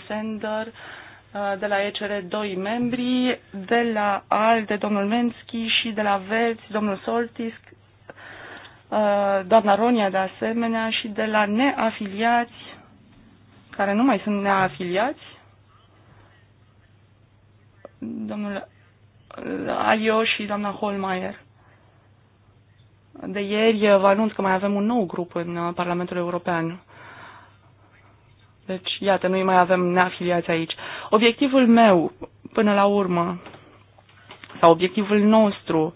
Sender, de la ECR doi membri, de la ALDE, domnul Menski și de la Verzi, domnul Soltis, uh, doamna Ronia de asemenea și de la neafiliați, care nu mai sunt neafiliați, domnul uh, Alio și doamna Holmeier. De ieri vă anunț că mai avem un nou grup în uh, Parlamentul European. Deci, iată, noi mai avem neafiliați aici. Obiectivul meu, până la urmă, sau obiectivul nostru,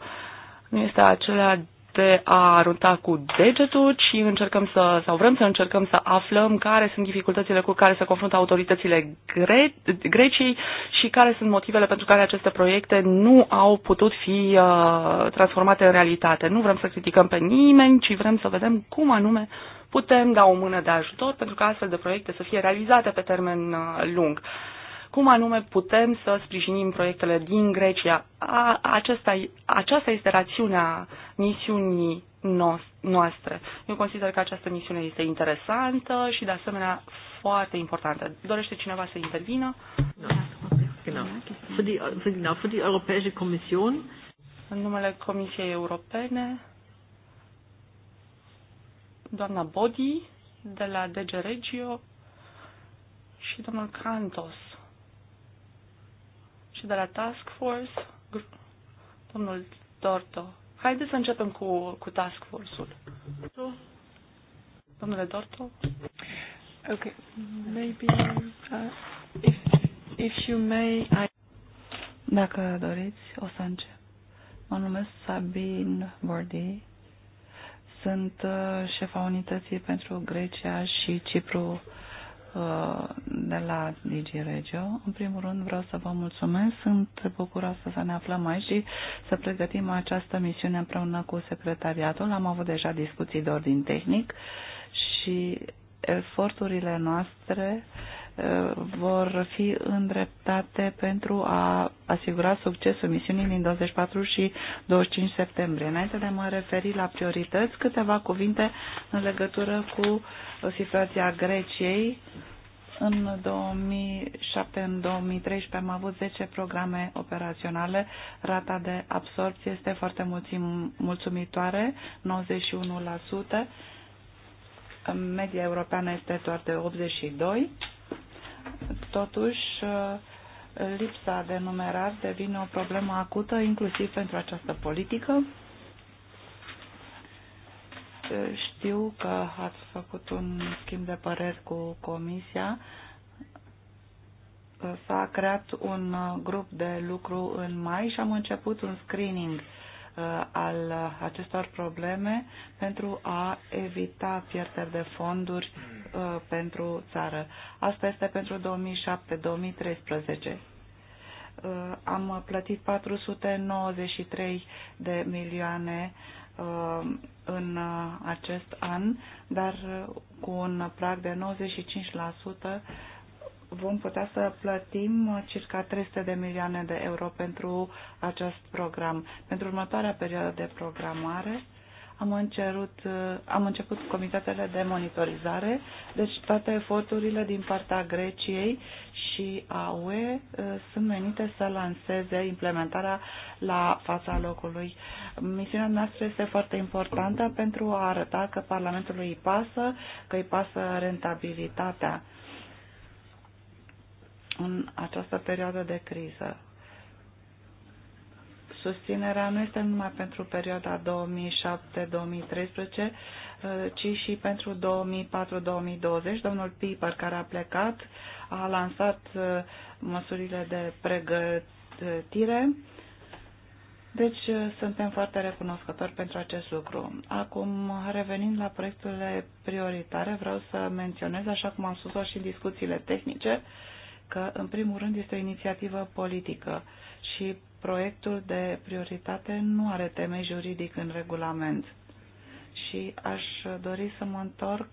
nu este acela de a arunta cu degetul, ci încercăm să, sau vrem să încercăm să aflăm care sunt dificultățile cu care se confruntă autoritățile Gre- Greciei și care sunt motivele pentru care aceste proiecte nu au putut fi uh, transformate în realitate. Nu vrem să criticăm pe nimeni, ci vrem să vedem cum anume putem da o mână de ajutor pentru ca astfel de proiecte să fie realizate pe termen uh, lung. Uh, cum anume putem să sprijinim proiectele din Grecia. A, acesta, aceasta este rațiunea misiunii noastre. Eu consider că această misiune este interesantă și, de asemenea, foarte importantă. Dorește cineva să intervină? În numele Comisiei Europene, doamna Bodi de la DG Regio și domnul Cantos și de la Task Force, domnul Torto. Haideți să începem cu, cu Task Force-ul. Domnule Torto? Ok, maybe uh, if, if you may, I... Dacă doriți, o să încep. Mă numesc Sabine Bordi. Sunt uh, șefa unității pentru Grecia și Cipru Uh, de la Digi Regio. În primul rând vreau să vă mulțumesc, sunt bucuroasă să ne aflăm aici și să pregătim această misiune împreună cu secretariatul. Am avut deja discuții de ordin tehnic și eforturile noastre uh, vor fi îndreptate pentru a asigura succesul misiunii din 24 și 25 septembrie. Înainte de a mă referi la priorități, câteva cuvinte în legătură cu uh, situația Greciei. În 2007, în 2013 am avut 10 programe operaționale. Rata de absorpție este foarte mulțumitoare, 91%. Media europeană este doar de 82. Totuși, lipsa de numerar devine o problemă acută, inclusiv pentru această politică. Eh, știu că ați făcut un schimb de păreri cu Comisia. Eh, s-a creat un eh, grup de lucru în mai și am început un screening al acestor probleme pentru a evita pierderi de fonduri pentru țară. Asta este pentru 2007-2013 am plătit 493 de milioane Uh, în uh, acest an, dar uh, cu un prag de 95% vom putea să plătim circa 300 de milioane de euro pentru acest program. Pentru următoarea perioadă de programare am, încerut, uh, am început comitetele de monitorizare, deci toate eforturile din partea Greciei și a UE uh, sunt menite să lanseze implementarea la fața locului. Misiunea noastră este foarte importantă pentru a arăta că Parlamentului îi pasă, că îi pasă rentabilitatea în această perioadă de criză. Susținerea nu este numai pentru perioada 2007-2013, eh, ci și pentru 2004-2020. Domnul Piper, care a plecat, a lansat eh, măsurile de pregătire. Deci eh, suntem foarte recunoscători pentru acest lucru. Acum, revenind la proiectele prioritare, vreau să menționez, așa cum am spus-o și în discuțiile tehnice, că, în primul rând, este o inițiativă politică și proiectul de prioritate nu are temei juridic în regulament și aș dori să mă întorc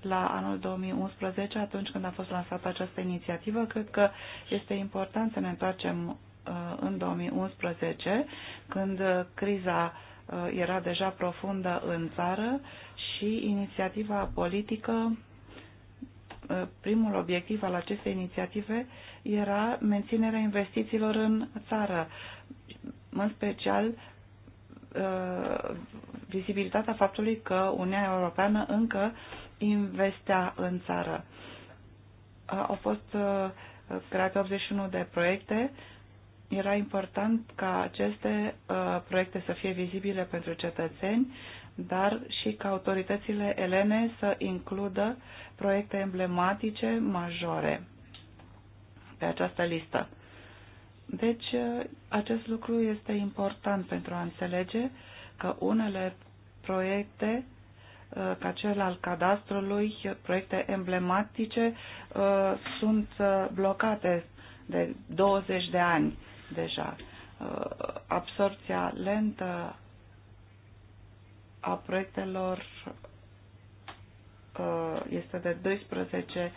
la anul 2011, atunci când a fost lansată această inițiativă. Cred că este important să ne întoarcem uh, în 2011, când uh, criza uh, era deja profundă în țară și inițiativa politică, primul obiectiv al acestei inițiative era menținerea investițiilor în țară, în special uh, vizibilitatea faptului că Uniunea Europeană încă investea în țară. Au fost uh, create 81 de proiecte. Era important ca aceste uh, proiecte să fie vizibile pentru cetățeni, dar și ca autoritățile elene să includă proiecte emblematice majore pe această listă. Deci, uh, acest lucru este important pentru a înțelege că unele proiecte, uh, ca cel al cadastrului, proiecte emblematice, uh, sunt blocate de 20 de ani deja. Absorpția lentă a proiectelor este de 12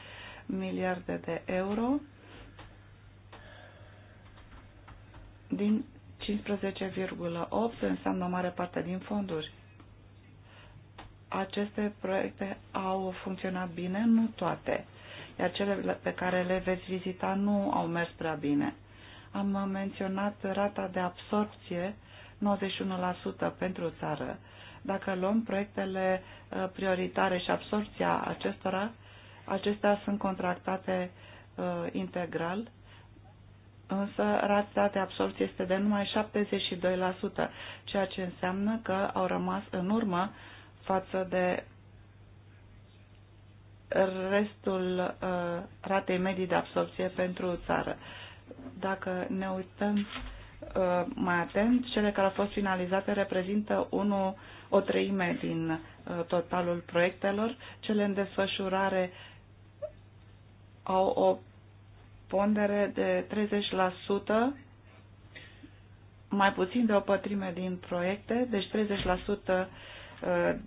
miliarde de euro din 15,8 înseamnă o mare parte din fonduri. Aceste proiecte au funcționat bine, nu toate, iar cele pe care le veți vizita nu au mers prea bine. Am menționat rata de absorpție 91% pentru țară. Dacă luăm proiectele uh, prioritare și absorpția acestora, acestea sunt contractate uh, integral însă rata de absorție este de numai 72%, ceea ce înseamnă că au rămas în urmă față de restul uh, ratei medii de absorție pentru țară. Dacă ne uităm uh, mai atent, cele care au fost finalizate reprezintă unu o treime din uh, totalul proiectelor, cele în desfășurare au o pondere de 30%, mai puțin de o pătrime din proiecte, deci 30% uh,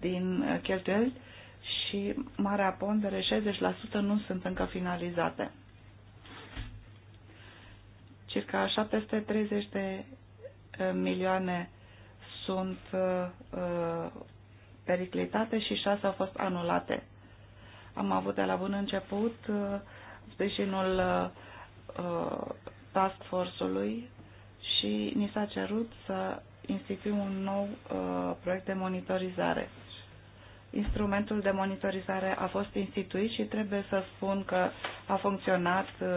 din cheltuieli și marea pondere 60% nu sunt încă finalizate. Circa 730 de uh, milioane sunt uh, periclitate și 6 au fost anulate. Am avut de la bun început sprijinul uh, Uh, task force-ului și ni s-a cerut să instituim un nou uh, proiect de monitorizare. Instrumentul de monitorizare a fost instituit și trebuie să spun că a funcționat uh,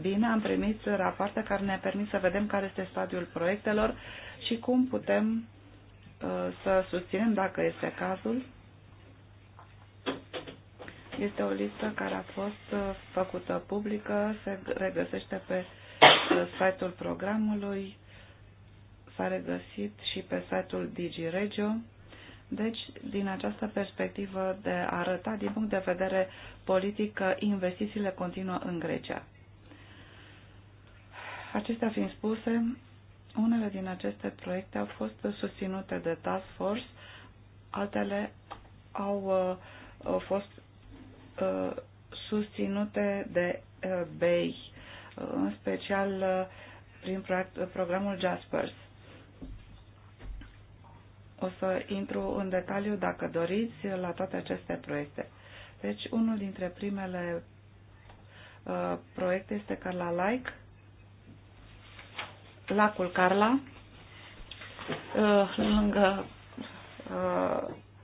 bine. Am primit rapoarte care ne-a permis să vedem care este stadiul proiectelor și cum putem uh, să susținem, dacă este cazul, este o listă care a fost uh, făcută publică, se regăsește pe uh, site-ul programului, s-a regăsit și pe site-ul DigiRegio. Deci, din această perspectivă de a arăta, din punct de vedere politic, că investițiile continuă în Grecia. Acestea fiind spuse, unele din aceste proiecte au fost susținute de Task Force, altele au uh, fost Uh, susținute de uh, BEI, uh, în special prin programul Jaspers. O să intru în detaliu, dacă doriți, la toate aceste proiecte. Deci, unul dintre primele proiecte este Carla Like, lacul Carla, lângă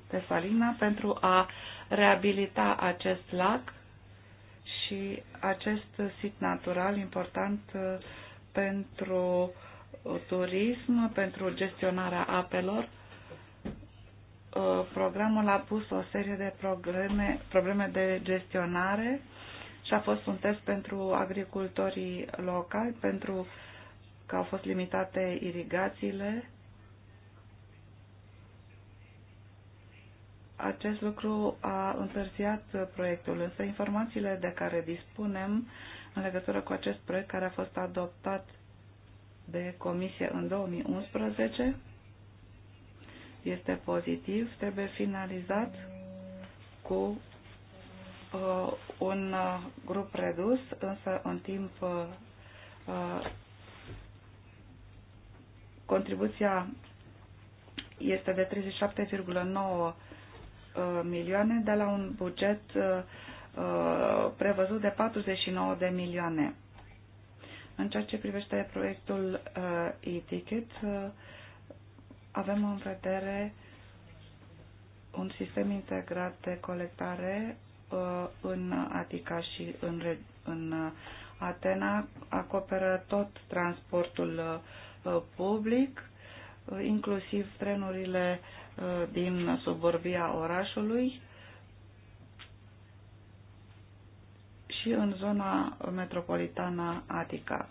Tesalina, pentru a reabilita acest lac și acest sit natural important uh, pentru turism, pentru gestionarea apelor. Uh, programul a pus o serie de probleme, probleme de gestionare și a fost un test pentru agricultorii locali, pentru că au fost limitate irigațiile Acest lucru a întârziat proiectul, însă informațiile de care dispunem în legătură cu acest proiect care a fost adoptat de comisie în 2011 este pozitiv, trebuie finalizat cu uh, un uh, grup redus, însă în timp uh, uh, contribuția este de 37,9 Uh, milioane de la un buget uh, uh, prevăzut de 49 de milioane. În ceea ce privește proiectul e-ticket, avem în vedere un sistem integrat de colectare în Atica și în, în Atena acoperă tot transportul public, inclusiv trenurile din suburbia orașului și în zona metropolitană Atica.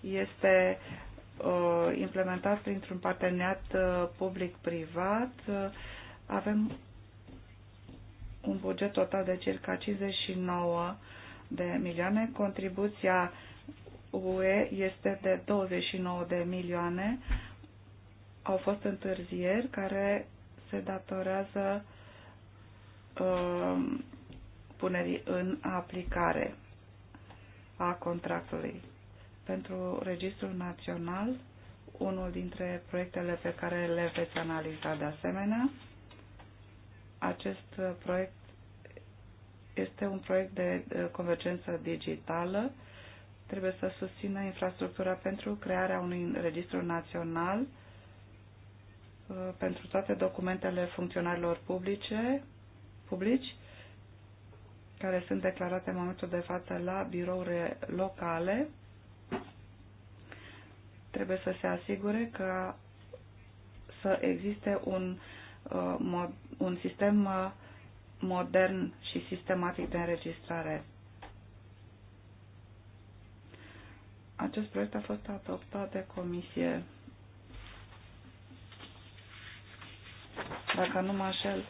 Este uh, implementat printr-un parteneriat uh, public-privat. Avem un buget total de circa 59 de milioane. Contribuția UE este de 29 de milioane au fost întârzieri care se datorează uh, punerii în aplicare a contractului. Pentru Registrul Național, unul dintre proiectele pe care le veți analiza de asemenea, acest proiect este un proiect de convergență digitală. Trebuie să susțină infrastructura pentru crearea unui registru național Uh, pentru toate documentele funcționarilor publice, publici care sunt declarate în momentul de față la birourile locale. Trebuie să se asigure că să existe un, uh, un sistem uh, modern și sistematic de înregistrare. Acest proiect a fost adoptat de comisie dacă nu mă așel,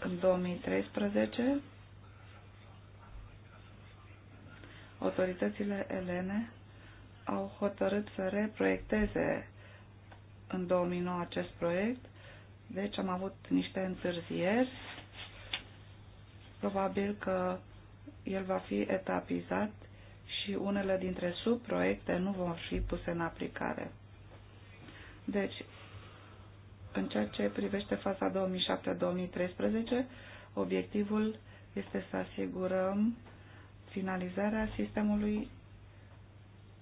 în 2013, autoritățile elene au hotărât să reproiecteze în 2009 acest proiect, deci am avut niște întârzieri. Probabil că el va fi etapizat și unele dintre subproiecte nu vor fi puse în aplicare. Deci, în ceea ce privește faza 2007-2013, obiectivul este să asigurăm finalizarea sistemului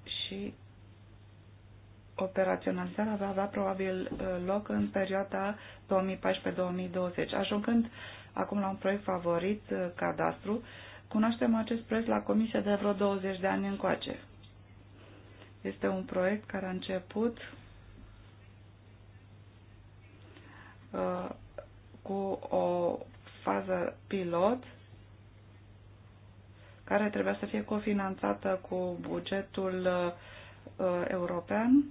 și operaționalizarea va avea probabil uh, loc în perioada 2014-2020. Ajungând acum la un proiect favorit, uh, cadastru, cunoaștem acest proiect la comisie de vreo 20 de ani încoace. Este un proiect care a început Uh, cu o fază pilot care trebuia să fie cofinanțată cu bugetul uh, european,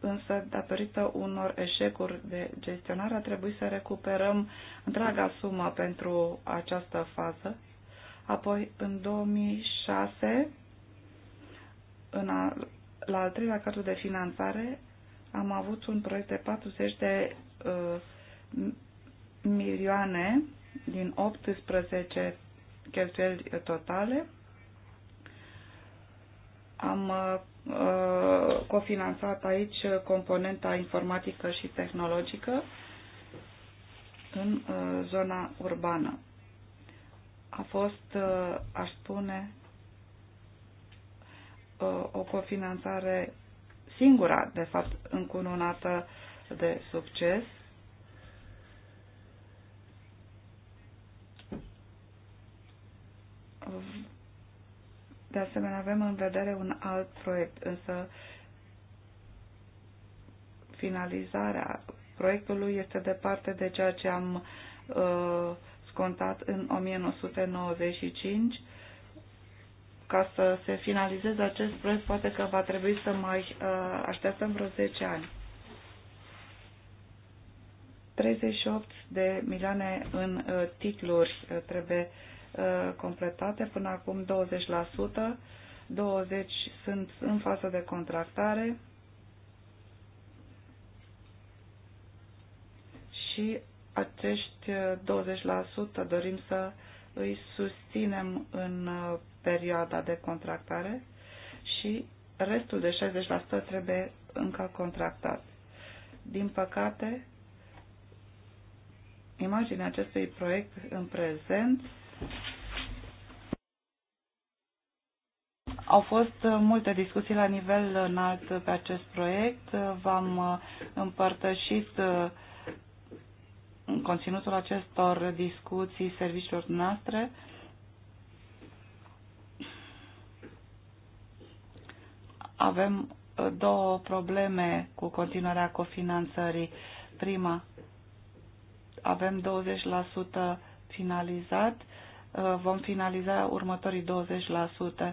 însă datorită unor eșecuri de gestionare a trebuit să recuperăm întreaga sumă pentru această fază. Apoi, în 2006, în a, la al treilea cadru de finanțare, am avut un proiect de 40 de uh, milioane din 18 cheltuieli totale. Am uh, uh, cofinanțat aici componenta informatică și tehnologică în uh, zona urbană. A fost, uh, aș spune, uh, o cofinanțare singura, de fapt, încununată de succes De asemenea, avem în vedere un alt proiect, însă finalizarea proiectului este departe de ceea ce am uh, scontat în 1995. Ca să se finalizeze acest proiect, poate că va trebui să mai uh, așteptăm vreo 10 ani. 38 de milioane în uh, titluri uh, trebuie Uh, completate, până acum 20%, 20% sunt în fază de contractare și acești 20% uh, dorim să îi susținem în uh, perioada de contractare și restul de 60% trebuie încă contractat. Din păcate, imaginea acestui proiect în prezent au fost uh, multe discuții la nivel înalt pe acest proiect. Uh, v-am uh, împărtășit conținutul acestor discuții serviciilor noastre. Avem două probleme cu continuarea cofinanțării. Prima, avem 20% finalizat Uh, vom finaliza următorii 20%.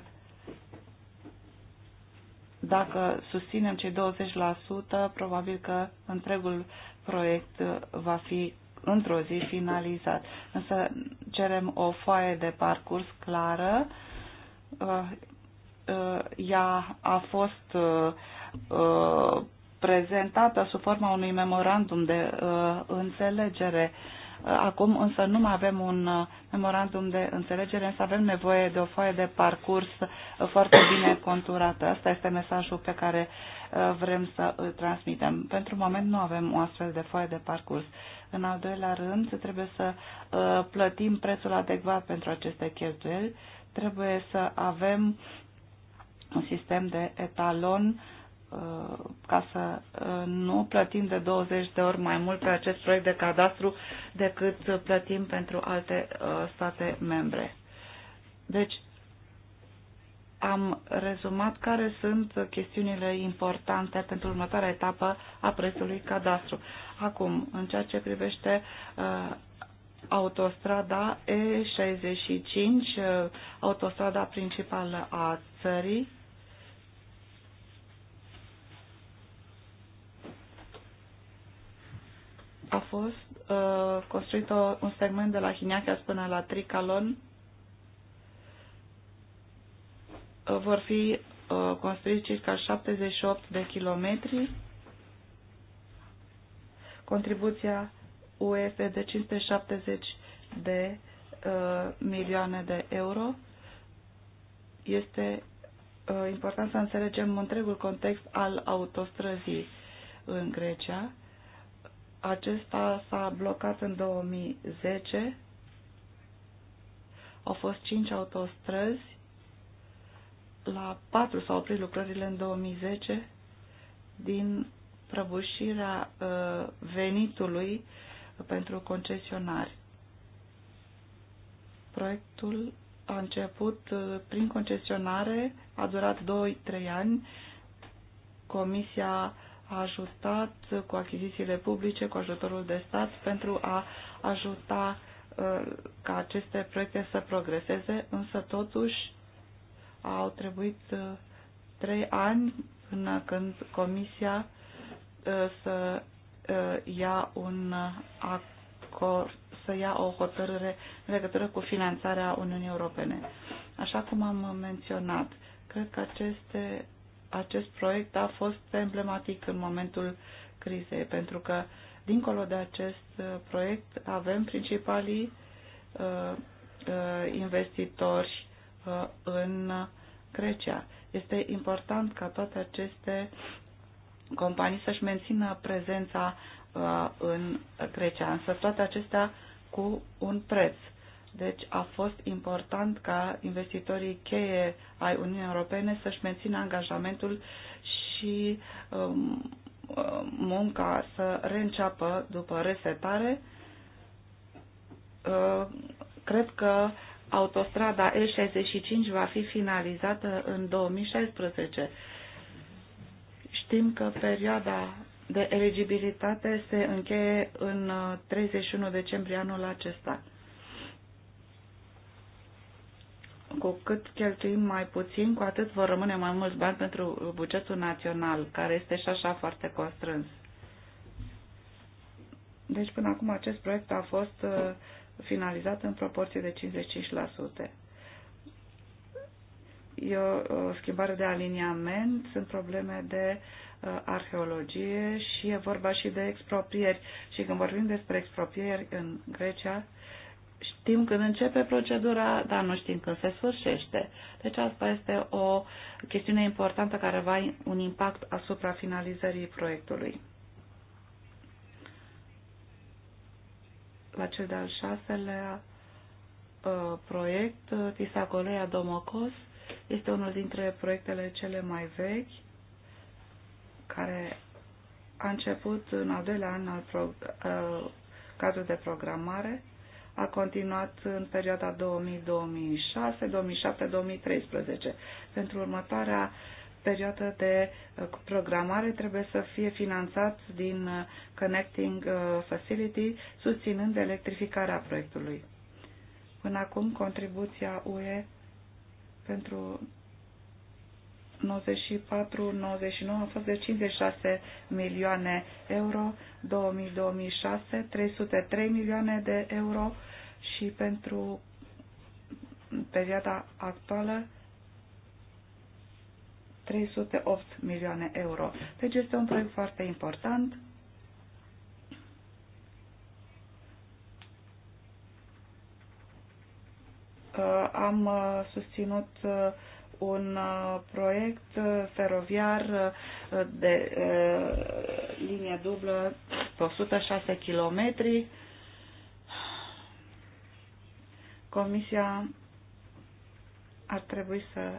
Dacă susținem cei 20%, probabil că întregul proiect uh, va fi într-o zi finalizat. Însă cerem o foaie de parcurs clară. Uh, ea a fost prezentată sub forma unui memorandum de înțelegere Acum însă nu mai avem un uh, memorandum de înțelegere, însă avem nevoie de o foaie de parcurs uh, foarte bine conturată. Asta este mesajul pe care uh, vrem să îl transmitem. Pentru moment nu avem o astfel de foaie de parcurs. În al doilea rând, trebuie să plătim prețul adecvat pentru aceste cheltuieli. Trebuie să avem un sistem de etalon uh, Uh, ca să uh, nu plătim de 20 de ori mai mult pe acest proiect de cadastru decât plătim pentru alte uh, state membre. Deci, am rezumat care sunt chestiunile importante pentru următoarea etapă a proiectului cadastru. Acum, în ceea ce privește uh, autostrada E65, uh, autostrada principală a țării, a fost uh, construit o, un segment de la Hiniacas până la Tricalon. Uh, vor fi uh, construiți circa 78 de kilometri. Contribuția UE este de 570 de uh, milioane de euro. Este uh, important să înțelegem întregul context al autostrăzii în Grecia acesta s-a blocat în 2010. Au fost 5 autostrăzi. La 4 s-au oprit lucrările în 2010 din prăbușirea uh, venitului pentru concesionari. Proiectul a început uh, prin concesionare, a durat 2-3 ani. Comisia ajutat cu achizițiile publice, cu ajutorul de stat, pentru a ajuta uh, ca aceste proiecte să progreseze, însă totuși au trebuit uh, trei ani până când Comisia uh, să ia un acord, să ia o hotărâre în legătură cu finanțarea Uniunii Europene. Așa cum am menționat, cred că aceste acest proiect a fost emblematic în momentul crizei, pentru că, dincolo de acest uh, proiect, avem principalii uh, uh, investitori în Grecia. Este important ca toate aceste companii să-și mențină prezența în Grecia, însă toate acestea cu un preț. Deci a fost important ca investitorii cheie ai Uniunii Europene să-și mențină angajamentul și um, um munca să reînceapă după resetare. Uh, cred că autostrada E65 va fi finalizată în 2016. Știm că perioada de eligibilitate se încheie în 31 uh, decembrie anul acesta. cu cât cheltuim mai puțin, cu atât vor rămâne mai mulți bani pentru bugetul național, care este și așa foarte constrâns. Deci până acum acest proiect a fost uh, finalizat în proporție de 55%. E o schimbare de aliniament, sunt probleme de uh, arheologie și e vorba și de exproprieri. Și când vorbim despre exproprieri în Grecia, știm când începe procedura, dar nu știm când se sfârșește. Deci asta este o chestiune importantă care va un impact asupra finalizării proiectului. La cel de-al șaselea uh, proiect, Tisacolea uh, Domocos, este unul dintre proiectele cele mai vechi care a început în al doilea an al pro, uh, cadrul de programare a continuat în perioada 2006 2007 2013 Pentru următoarea perioadă de uh, programare trebuie să fie finanțat din uh, Connecting uh, Facility, susținând electrificarea proiectului. Până acum, contribuția UE pentru 94-99 a fost de 56 milioane euro, 2000-2006 303 milioane de euro și pentru perioada actuală 308 milioane euro. Deci este un proiect foarte important. Uh, am uh, susținut uh, un uh, proiect uh, feroviar uh, de linie dublă pe 106 km. Comisia ar trebui să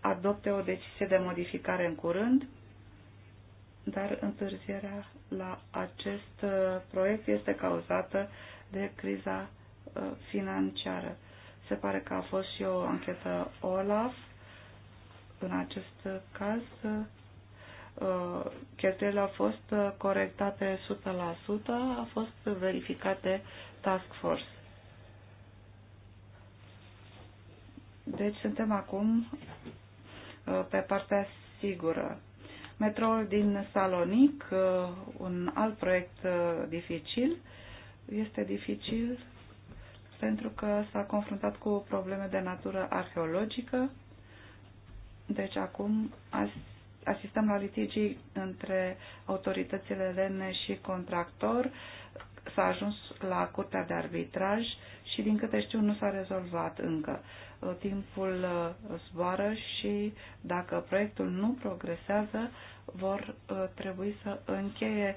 adopte o decizie de modificare în curând, dar întârzierea la acest proiect este cauzată de criza financiară. Se pare că a fost și o anchetă OLAF în acest caz. Uh, cheltuielile au fost corectate 100%, a fost verificate task force. Deci suntem acum uh, pe partea sigură. Metroul din Salonic, uh, un alt proiect dificil, este dificil pentru că s-a confruntat cu probleme de natură arheologică. Deci acum asistăm la litigii între autoritățile lene și contractor. S-a ajuns la curtea de arbitraj și din câte știu nu s-a rezolvat încă. Uh, timpul uh, zboară și dacă proiectul nu progresează, vor uh, trebui să încheie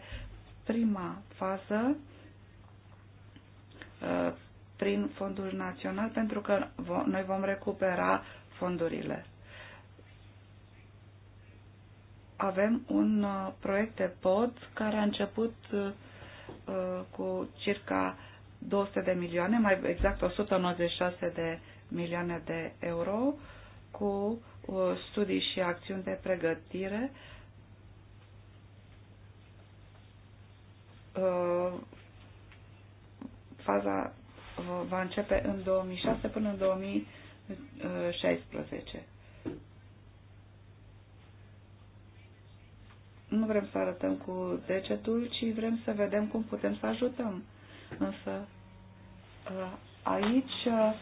prima fază prin fondul național pentru că noi vom recupera fondurile. Avem un uh, proiect de pod care a început uh, cu circa 200 de milioane, mai exact 196 de milioane de euro, cu uh, studii și acțiuni de pregătire. Faza va începe în 2006 până în 2016. Nu vrem să arătăm cu degetul, ci vrem să vedem cum putem să ajutăm. Însă ă, aici ă,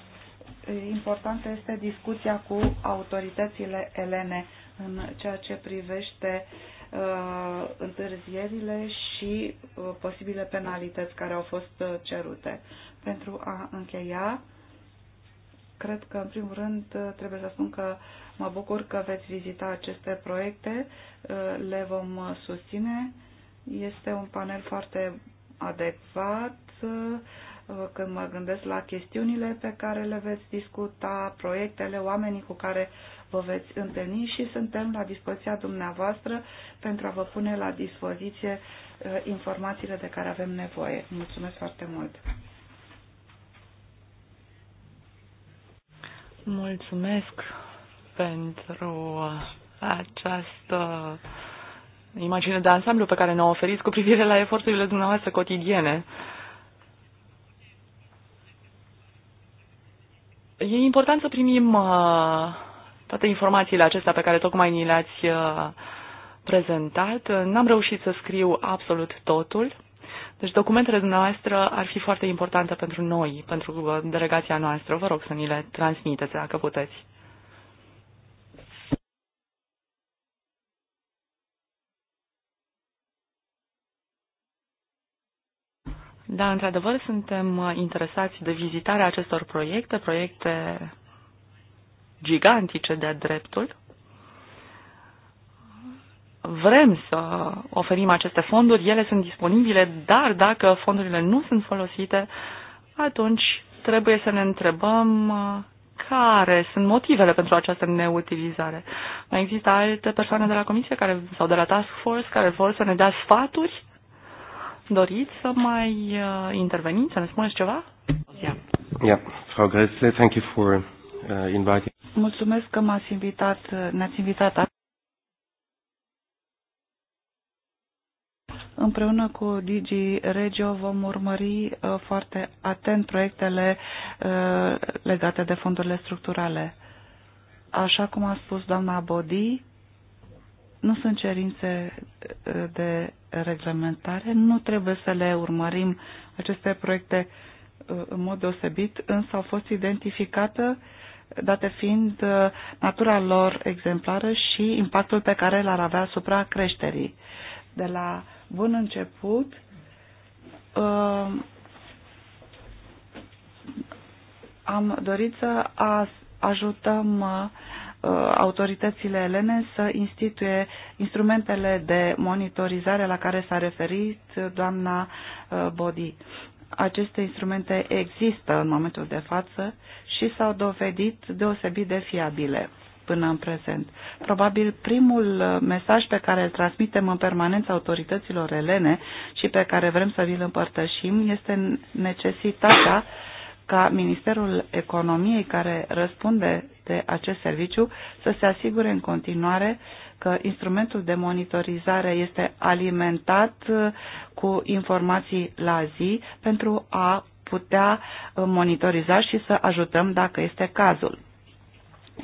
importantă este discuția cu autoritățile elene în ceea ce privește uh, uh, întârzierile și uh, posibile penalități care au fost uh, cerute. Pentru a încheia, cred că, în primul rând, uh, trebuie să spun că mă bucur că veți vizita aceste proiecte, uh, le vom uh, susține. Este un panel foarte adecvat. Uh, când mă gândesc la chestiunile pe care le veți discuta, proiectele, oamenii cu care vă veți întâlni și suntem la dispoziția dumneavoastră pentru a vă pune la dispoziție uh, informațiile de care avem nevoie. Mulțumesc foarte mult! Mulțumesc pentru uh, această imagine de ansamblu pe care ne-o oferiți cu privire la eforturile dumneavoastră cotidiene. E important să primim uh, toate informațiile acestea pe care tocmai ni le-ați uh, prezentat. N-am reușit să scriu absolut totul, deci documentele dumneavoastră ar fi foarte importante pentru noi, pentru uh, delegația noastră. Vă rog să ni le transmiteți dacă puteți. Da, într-adevăr, suntem uh, interesați de vizitarea acestor proiecte, proiecte gigantice de-a dreptul. Vrem să oferim aceste fonduri, ele sunt disponibile, dar dacă fondurile nu sunt folosite, atunci trebuie să ne întrebăm uh, care sunt motivele pentru această neutilizare. Mai există alte persoane de la comisie care, sau de la task force care vor să ne dea sfaturi? Doriți să mai uh, interveniți, să ne spuneți ceva? Yeah. Yeah. Frau Gressle, thank you for Uh, inviting. Mulțumesc că m-ați invitat, ne-ați invitat Împreună cu Digi Regio vom urmări uh, foarte atent proiectele uh, legate de fondurile structurale. Așa cum a spus doamna Bodi, nu sunt cerințe de reglementare, nu trebuie să le urmărim aceste proiecte în mod deosebit, însă au fost identificate date fiind uh, natura lor exemplară și impactul pe care l-ar avea asupra creșterii. De la bun început, uh, am dorit să ajutăm uh, autoritățile elene să instituie instrumentele de monitorizare la care s-a referit doamna Bodi aceste instrumente există în momentul de față și s-au dovedit deosebit de fiabile până în prezent. Probabil primul uh, mesaj pe care îl transmitem în permanență autorităților elene și pe care vrem să vi-l împărtășim este necesitatea ca Ministerul Economiei care răspunde de acest serviciu să se asigure în continuare uh, că instrumentul de monitorizare este alimentat uh, cu informații la zi pentru a putea uh, monitoriza și să ajutăm dacă este cazul.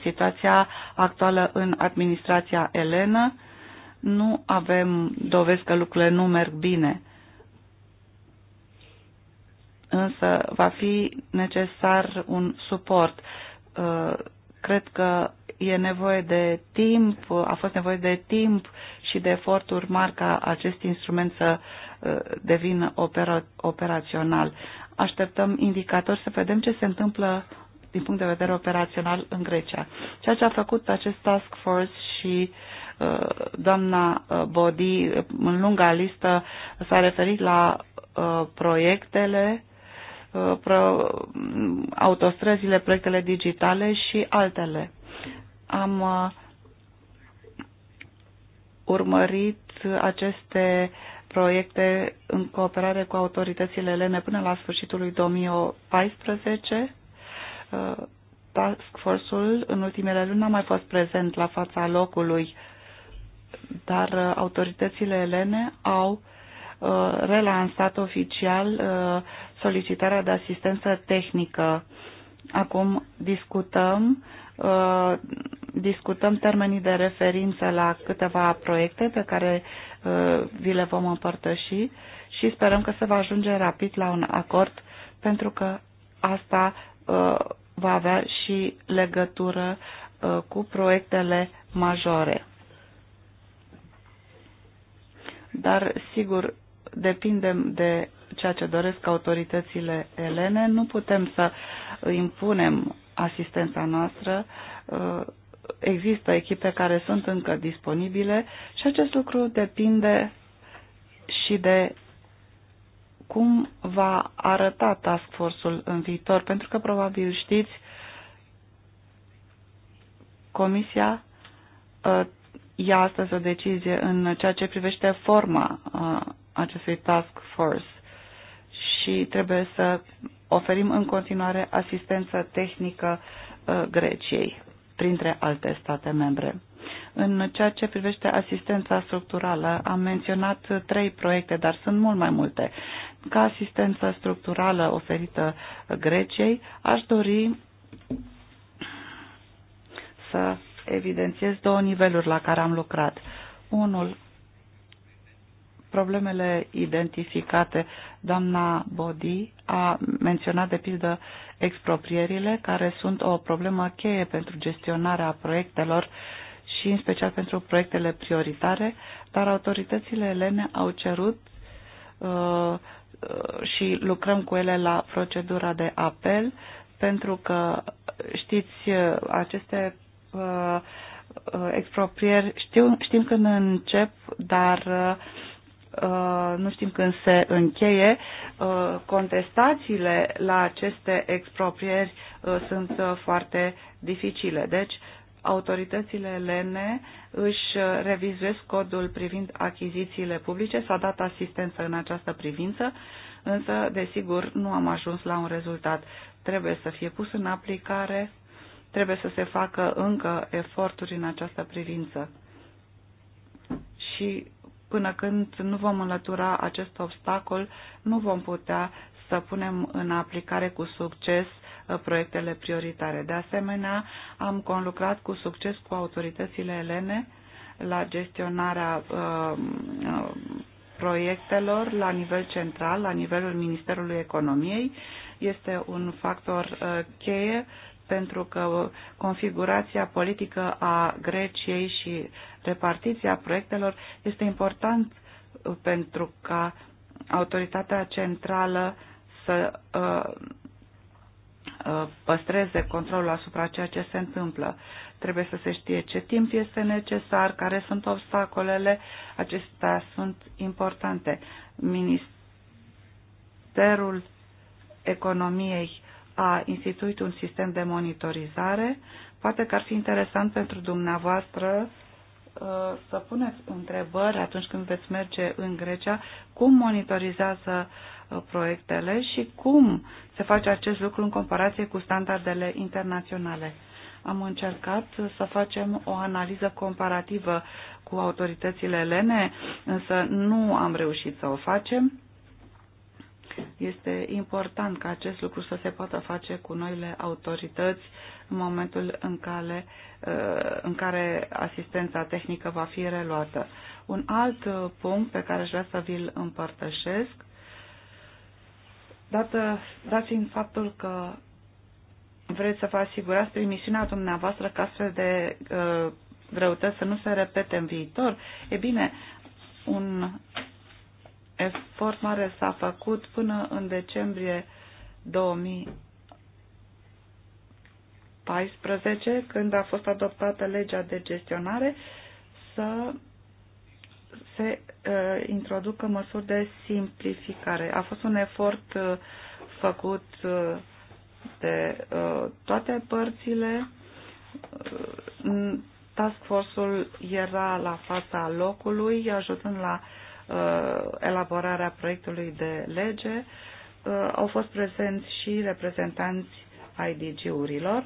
Situația actuală în administrația elenă, nu avem dovezi că lucrurile nu merg bine însă va fi necesar un suport. Uh, cred că e nevoie de timp, a fost nevoie de timp și de eforturi mari ca acest instrument să uh, devină opera, operațional. Așteptăm indicatori să vedem ce se întâmplă din punct de vedere operațional în Grecia. Ceea ce a făcut acest task force și uh, doamna uh, Bodi în lunga listă s-a referit la proiectele autostrăzile, proiectele digitale și altele am uh, urmărit aceste proiecte în cooperare cu autoritățile elene până la sfârșitul lui 2014. Uh, task Force-ul în ultimele luni n-a mai fost prezent la fața locului, dar uh, autoritățile elene au relansat oficial solicitarea de asistență tehnică. Acum discutăm Uh, discutăm termenii de referință la câteva proiecte pe care uh, vi le vom împărtăși și sperăm că se va ajunge rapid la un acord pentru că asta uh, va avea și legătură cu proiectele majore. Dar, sigur, depindem de ceea ce doresc autoritățile elene. Nu putem să impunem asistența noastră. Uh, există echipe care sunt încă disponibile și acest lucru depinde și de cum va arăta task force-ul în viitor, pentru că probabil știți, Comisia uh, ia astăzi o decizie în ceea ce privește forma uh, acestui task force și trebuie să oferim în continuare asistență tehnică uh, Greciei, printre alte state membre. În ceea ce privește asistența structurală, am menționat trei proiecte, dar sunt mult mai multe. Ca asistență structurală oferită Greciei, aș dori să evidențiez două niveluri la care am lucrat. Unul problemele identificate. Doamna Bodi a menționat de pildă exproprierile, care sunt o problemă cheie pentru gestionarea proiectelor și în special pentru proiectele prioritare, dar autoritățile elene au cerut uh, și lucrăm cu ele la procedura de apel, pentru că, știți, aceste uh, uh exproprieri știu, știm când încep, dar uh, Uh, nu știm când se încheie. Uh, contestațiile la aceste exproprieri uh, sunt foarte dificile. Deci, autoritățile lene își revizuiesc codul privind achizițiile publice. S-a dat asistență în această privință, însă, desigur, nu am ajuns la un rezultat. Trebuie să fie pus în aplicare, trebuie să se facă încă eforturi în această privință. Și până când nu vom înlătura acest obstacol, nu vom putea să punem în aplicare cu succes uh, proiectele prioritare. De asemenea, am conlucrat cu succes cu autoritățile elene la gestionarea uh, proiectelor la nivel central, la nivelul Ministerului Economiei. Este un factor uh, cheie pentru că configurația politică a Greciei și repartiția proiectelor este important pentru ca autoritatea centrală să uh, uh, păstreze controlul asupra ceea ce se întâmplă. Trebuie să se știe ce timp este necesar, care sunt obstacolele, acestea sunt importante. Ministerul Economiei a instituit un sistem de monitorizare. Poate că ar fi interesant pentru dumneavoastră uh, să puneți întrebări atunci când veți merge în Grecia, cum monitorizează uh, proiectele și cum se face acest lucru în comparație cu standardele internaționale. Am încercat să facem o analiză comparativă cu autoritățile elene, însă nu am reușit să o facem este important ca acest lucru să se poată face cu noile autorități în momentul în care, uh, în care asistența tehnică va fi reluată. Un alt uh, punct pe care aș vrea să vi-l împărtășesc, dată, dat fiind faptul că vreți să vă asigurați prin misiunea dumneavoastră că astfel de uh, greutăți să nu se repete în viitor, e bine, un efort mare s-a făcut până în decembrie 2014, când a fost adoptată legea de gestionare, să se uh, introducă măsuri de simplificare. A fost un efort uh, făcut uh, de uh, toate părțile. Uh, task force-ul era la fața locului, ajutând la Uh, elaborarea proiectului de lege uh, au fost prezenți și reprezentanți ai DG-urilor.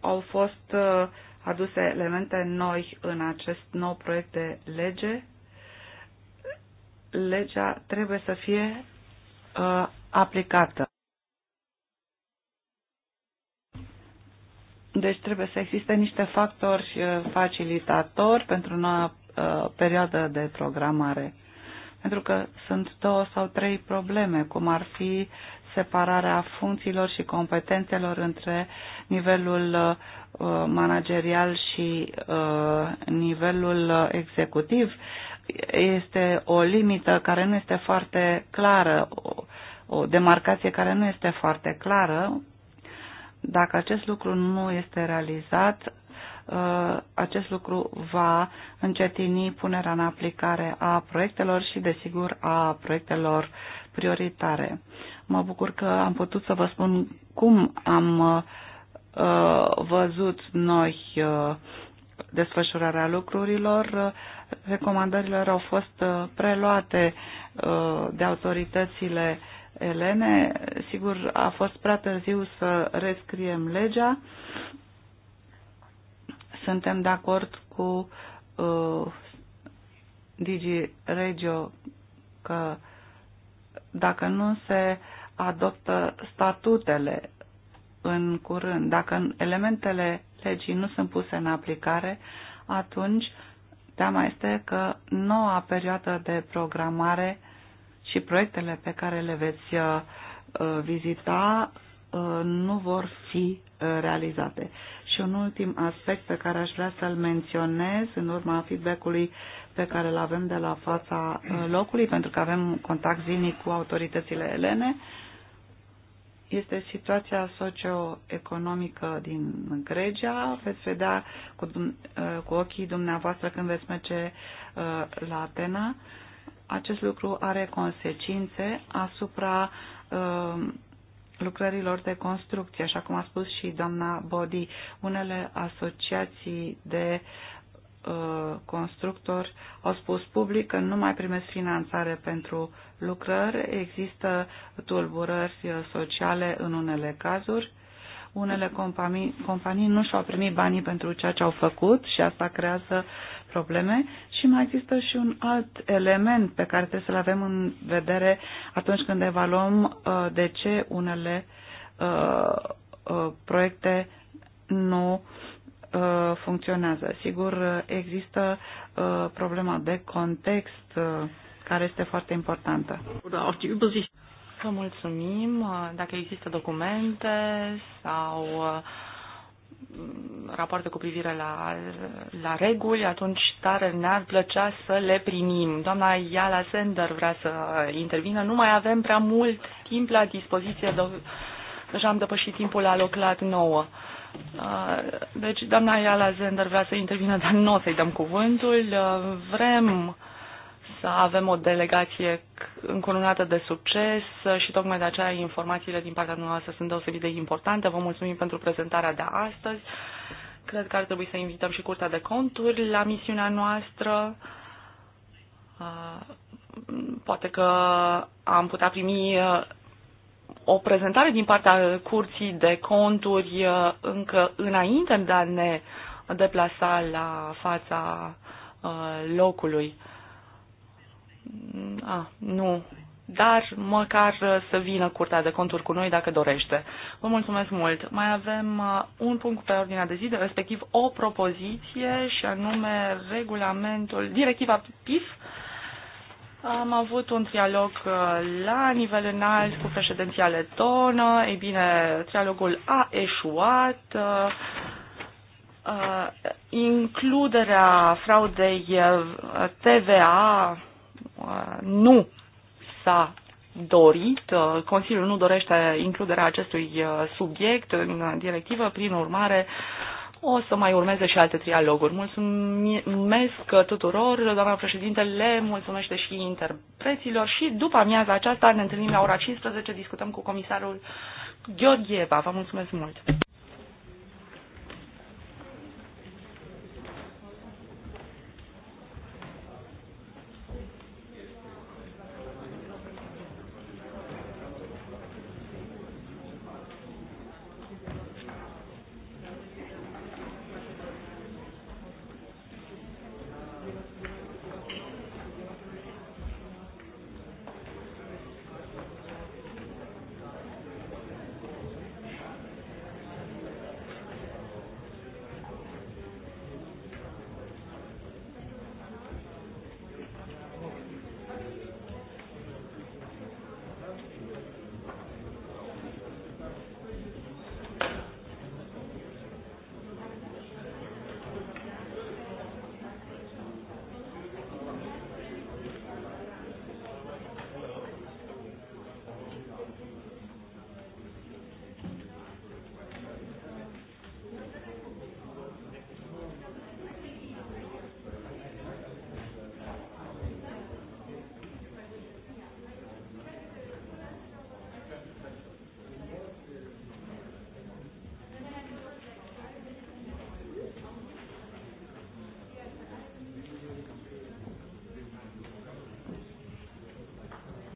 Au fost uh, aduse elemente noi în acest nou proiect de lege. Legea trebuie să fie aplicată. Deci trebuie să existe niște factori facilitatori pentru noua Uh, perioadă de programare. Pentru că sunt două sau trei probleme, cum ar fi separarea funcțiilor și competențelor între nivelul uh, managerial și uh, nivelul executiv. Este o limită care nu este foarte clară, o demarcație care nu este foarte clară. Dacă acest lucru nu este realizat, Uh, acest lucru va încetini punerea în aplicare a proiectelor și, desigur, a proiectelor prioritare. Mă bucur că am putut să vă spun cum am uh, văzut noi uh, desfășurarea lucrurilor. Recomandările au fost preluate de autoritățile elene. Sigur, a fost prea târziu să rescriem legea, suntem de acord cu uh, Digi Regio că dacă nu se adoptă statutele în curând, dacă elementele legii nu sunt puse în aplicare, atunci teama este că noua perioadă de programare și proiectele pe care le veți uh, vizita Uh, nu vor fi uh, realizate. Și un ultim aspect pe care aș vrea să-l menționez în urma feedback-ului pe care îl avem de la fața uh, locului, pentru că avem contact zilnic cu autoritățile elene, este situația socioeconomică din Grecia. Veți vedea cu, cu ochii dumneavoastră când veți merge la Atena. Acest lucru are consecințe asupra lucrărilor de construcție, așa cum a spus și doamna Bodi. Unele asociații de uh, constructori au spus public că nu mai primesc finanțare pentru lucrări, există tulburări uh, sociale în unele cazuri, unele companii, companii nu și-au primit banii pentru ceea ce au făcut și asta creează probleme și mai există și un alt element pe care trebuie să-l avem în vedere atunci când evaluăm uh, de ce unele uh, uh, proiecte nu funcționează. Sigur, există problema de context care este foarte importantă. Vă mulțumim. Dacă există documente sau uh, rapoarte cu privire la, la reguli, atunci tare ne-ar plăcea să le primim. Doamna Iala Sender vrea să intervină. Nu mai avem prea mult timp la dispoziție. Deja am depășit timpul alocat nouă. Uh, deci, doamna Iala Zender vrea să intervină, dar nu o să-i dăm cuvântul. Uh, vrem să avem o delegație încununată de succes și tocmai de aceea informațiile din partea noastră sunt deosebit de importante. Vă mulțumim pentru prezentarea de astăzi. Cred că ar trebui să invităm și Curtea de Conturi la misiunea noastră. Poate că am putea primi o prezentare din partea Curții de Conturi încă înainte de a ne deplasa la fața locului. A, nu. Dar măcar uh, să vină curtea de conturi cu noi dacă dorește. Vă mulțumesc mult. Mai avem uh, un punct pe ordinea de zi, de respectiv o propoziție și anume regulamentul, directiva PIF. Am avut un trialog uh, la nivel înalt cu președinția letonă. Ei bine, trialogul a eșuat includerea fraudei TVA Uh, nu s-a dorit. Uh, Consiliul nu dorește includerea acestui uh, subiect în directivă, prin urmare o să mai urmeze și alte trialoguri. Mulțumesc tuturor, doamna președinte, le mulțumesc și interpreților și după amiaza aceasta ne întâlnim la ora 15, discutăm cu comisarul Gheorgheva. Vă mulțumesc mult!